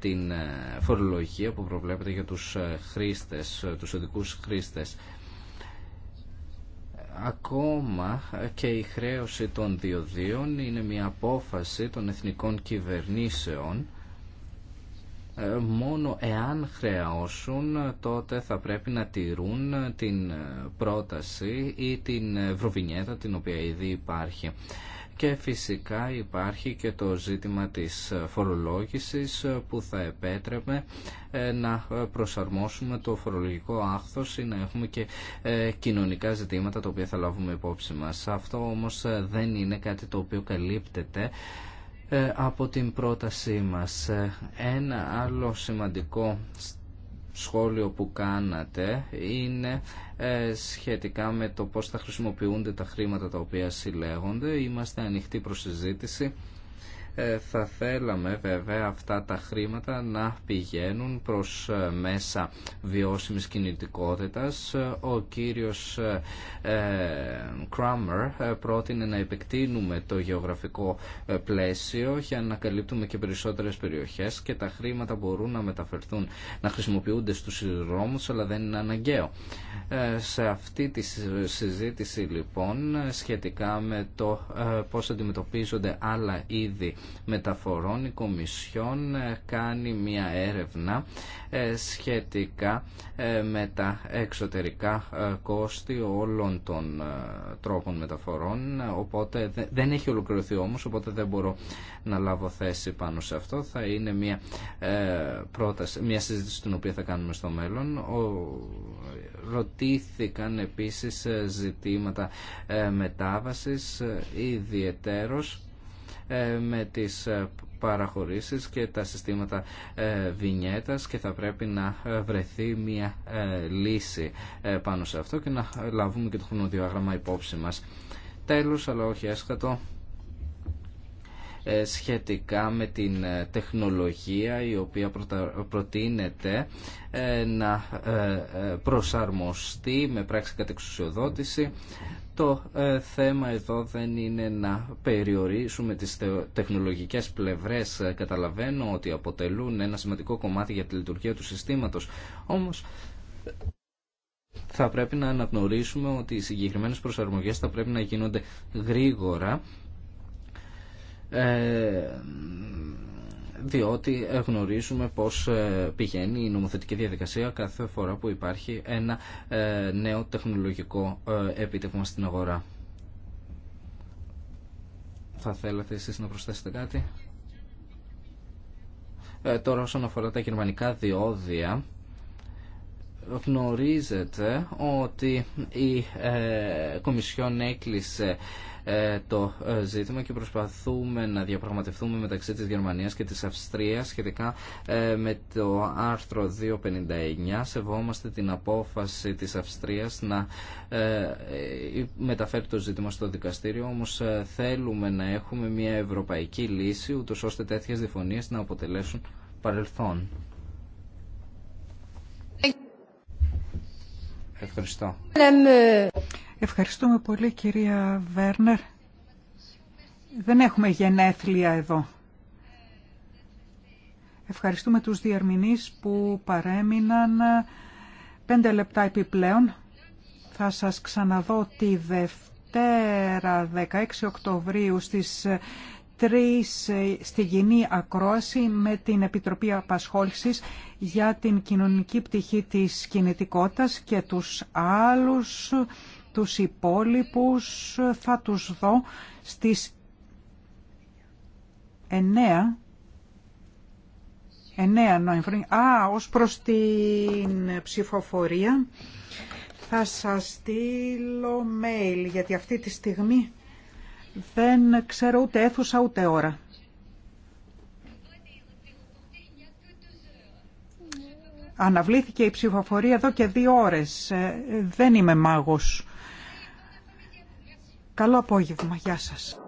την φορολογία που προβλέπεται για τους χρήστες, τους ειδικούς χρήστες. Ακόμα και η χρέωση των διοδίων είναι μια απόφαση των εθνικών κυβερνήσεων ε, μόνο εάν χρεώσουν τότε θα πρέπει να τηρούν την ε, πρόταση ή την ευρωβινιέτα την οποία ήδη υπάρχει. Και φυσικά υπάρχει και το ζήτημα της ε, φορολόγησης που θα επέτρεπε να προσαρμόσουμε το φορολογικό άχθος ή να έχουμε και κοινωνικά ζητήματα τα οποία θα λάβουμε υπόψη μας. Αυτό όμως δεν είναι κάτι το οποίο καλύπτεται ε, από την πρότασή μας. Ε, ένα άλλο σημαντικό σχόλιο που κάνατε είναι ε, σχετικά με το πώς θα χρησιμοποιούνται τα χρήματα τα οποία συλλέγονται. Είμαστε ανοιχτοί προς συζήτηση ε, θα θέλαμε βέβαια αυτά τα χρήματα να πηγαίνουν προς ε, μέσα βιώσιμης κινητικότητας. Ο κύριος Κράμερ ε, πρότεινε να επεκτείνουμε το γεωγραφικό πλαίσιο για να καλύπτουμε και περισσότερες περιοχές και τα χρήματα μπορούν να μεταφερθούν, να χρησιμοποιούνται στους δρόμους αλλά δεν είναι αναγκαίο. Σε αυτή τη συζήτηση λοιπόν σχετικά με το πώς αντιμετωπίζονται άλλα είδη Μεταφορών η Κομισιόν ε, κάνει μια έρευνα ε, σχετικά ε, με τα εξωτερικά κόστη όλων των τρόπων μεταφορών οπότε δεν έχει ολοκληρωθεί όμως οπότε δεν μπορώ να λάβω θέση πάνω σε αυτό θα είναι μια, πρόταση, μια συζήτηση την οποία θα κάνουμε στο μέλλον ρωτήθηκαν επίσης ζητήματα μετάβασης ιδιαιτέρως ε, με τις ε, παραχωρήσεις και τα συστήματα ε, βινιέτας και θα πρέπει να βρεθεί μια λύση πάνω σε αυτό και να λάβουμε και το χρονοδιάγραμμα υπόψη μας. Τέλος, αλλά όχι έσκατο, σχετικά με την τεχνολογία η οποία προτείνεται να προσαρμοστεί με πράξη κατεξουσιοδότηση το ε, θέμα εδώ δεν είναι να περιορίσουμε τις τεχνολογικές πλευρές. Ε, καταλαβαίνω ότι αποτελούν ένα σημαντικό κομμάτι για τη λειτουργία του συστήματος. Όμως θα πρέπει να αναγνωρίσουμε ότι οι συγκεκριμένες προσαρμογές θα πρέπει να γίνονται γρήγορα. Ε, διότι γνωρίζουμε πώς ε, πηγαίνει η νομοθετική διαδικασία κάθε φορά που υπάρχει ένα ε, νέο τεχνολογικό ε, επίτευγμα στην αγορά. Θα θέλατε εσείς να προσθέσετε κάτι. τώρα όσον αφορά τα γερμανικά διόδια, γνωρίζετε ότι η ε, Κομισιόν έκλεισε ε, το ε, ζήτημα και προσπαθούμε να διαπραγματευτούμε μεταξύ της Γερμανίας και της Αυστρίας σχετικά ε, με το άρθρο 259. Σεβόμαστε την απόφαση της Αυστρίας να μεταφέρει το ζήτημα στο δικαστήριο, όμως θέλουμε να έχουμε μια ευρωπαϊκή λύση, ούτως ώστε τέτοιες διφωνίες να αποτελέσουν παρελθόν. Ευχαριστώ. Ευχαριστούμε πολύ κυρία Βέρνερ. Δεν έχουμε γενέθλια εδώ. Ευχαριστούμε τους διερμηνείς που παρέμειναν ε, πέντε λεπτά επιπλέον. Θα σας ξαναδώ τη Δευτέρα 16 Οκτωβρίου στις ε, τρεις ε, στη γενή ακρόαση με την Επιτροπή Απασχόλησης για την κοινωνική πτυχή της κινητικότητας και τους άλλους, τους υπόλοιπους θα τους δω στις 9 9 Νοεμβρίου. Α, ως προς την ψηφοφορία θα σας στείλω mail γιατί αυτή τη στιγμή δεν ξέρω ούτε αίθουσα ούτε ώρα. Αναβλήθηκε η ψηφοφορία εδώ και δύο ώρες. Ε, δεν είμαι μάγος. Καλό απόγευμα. Γεια σας.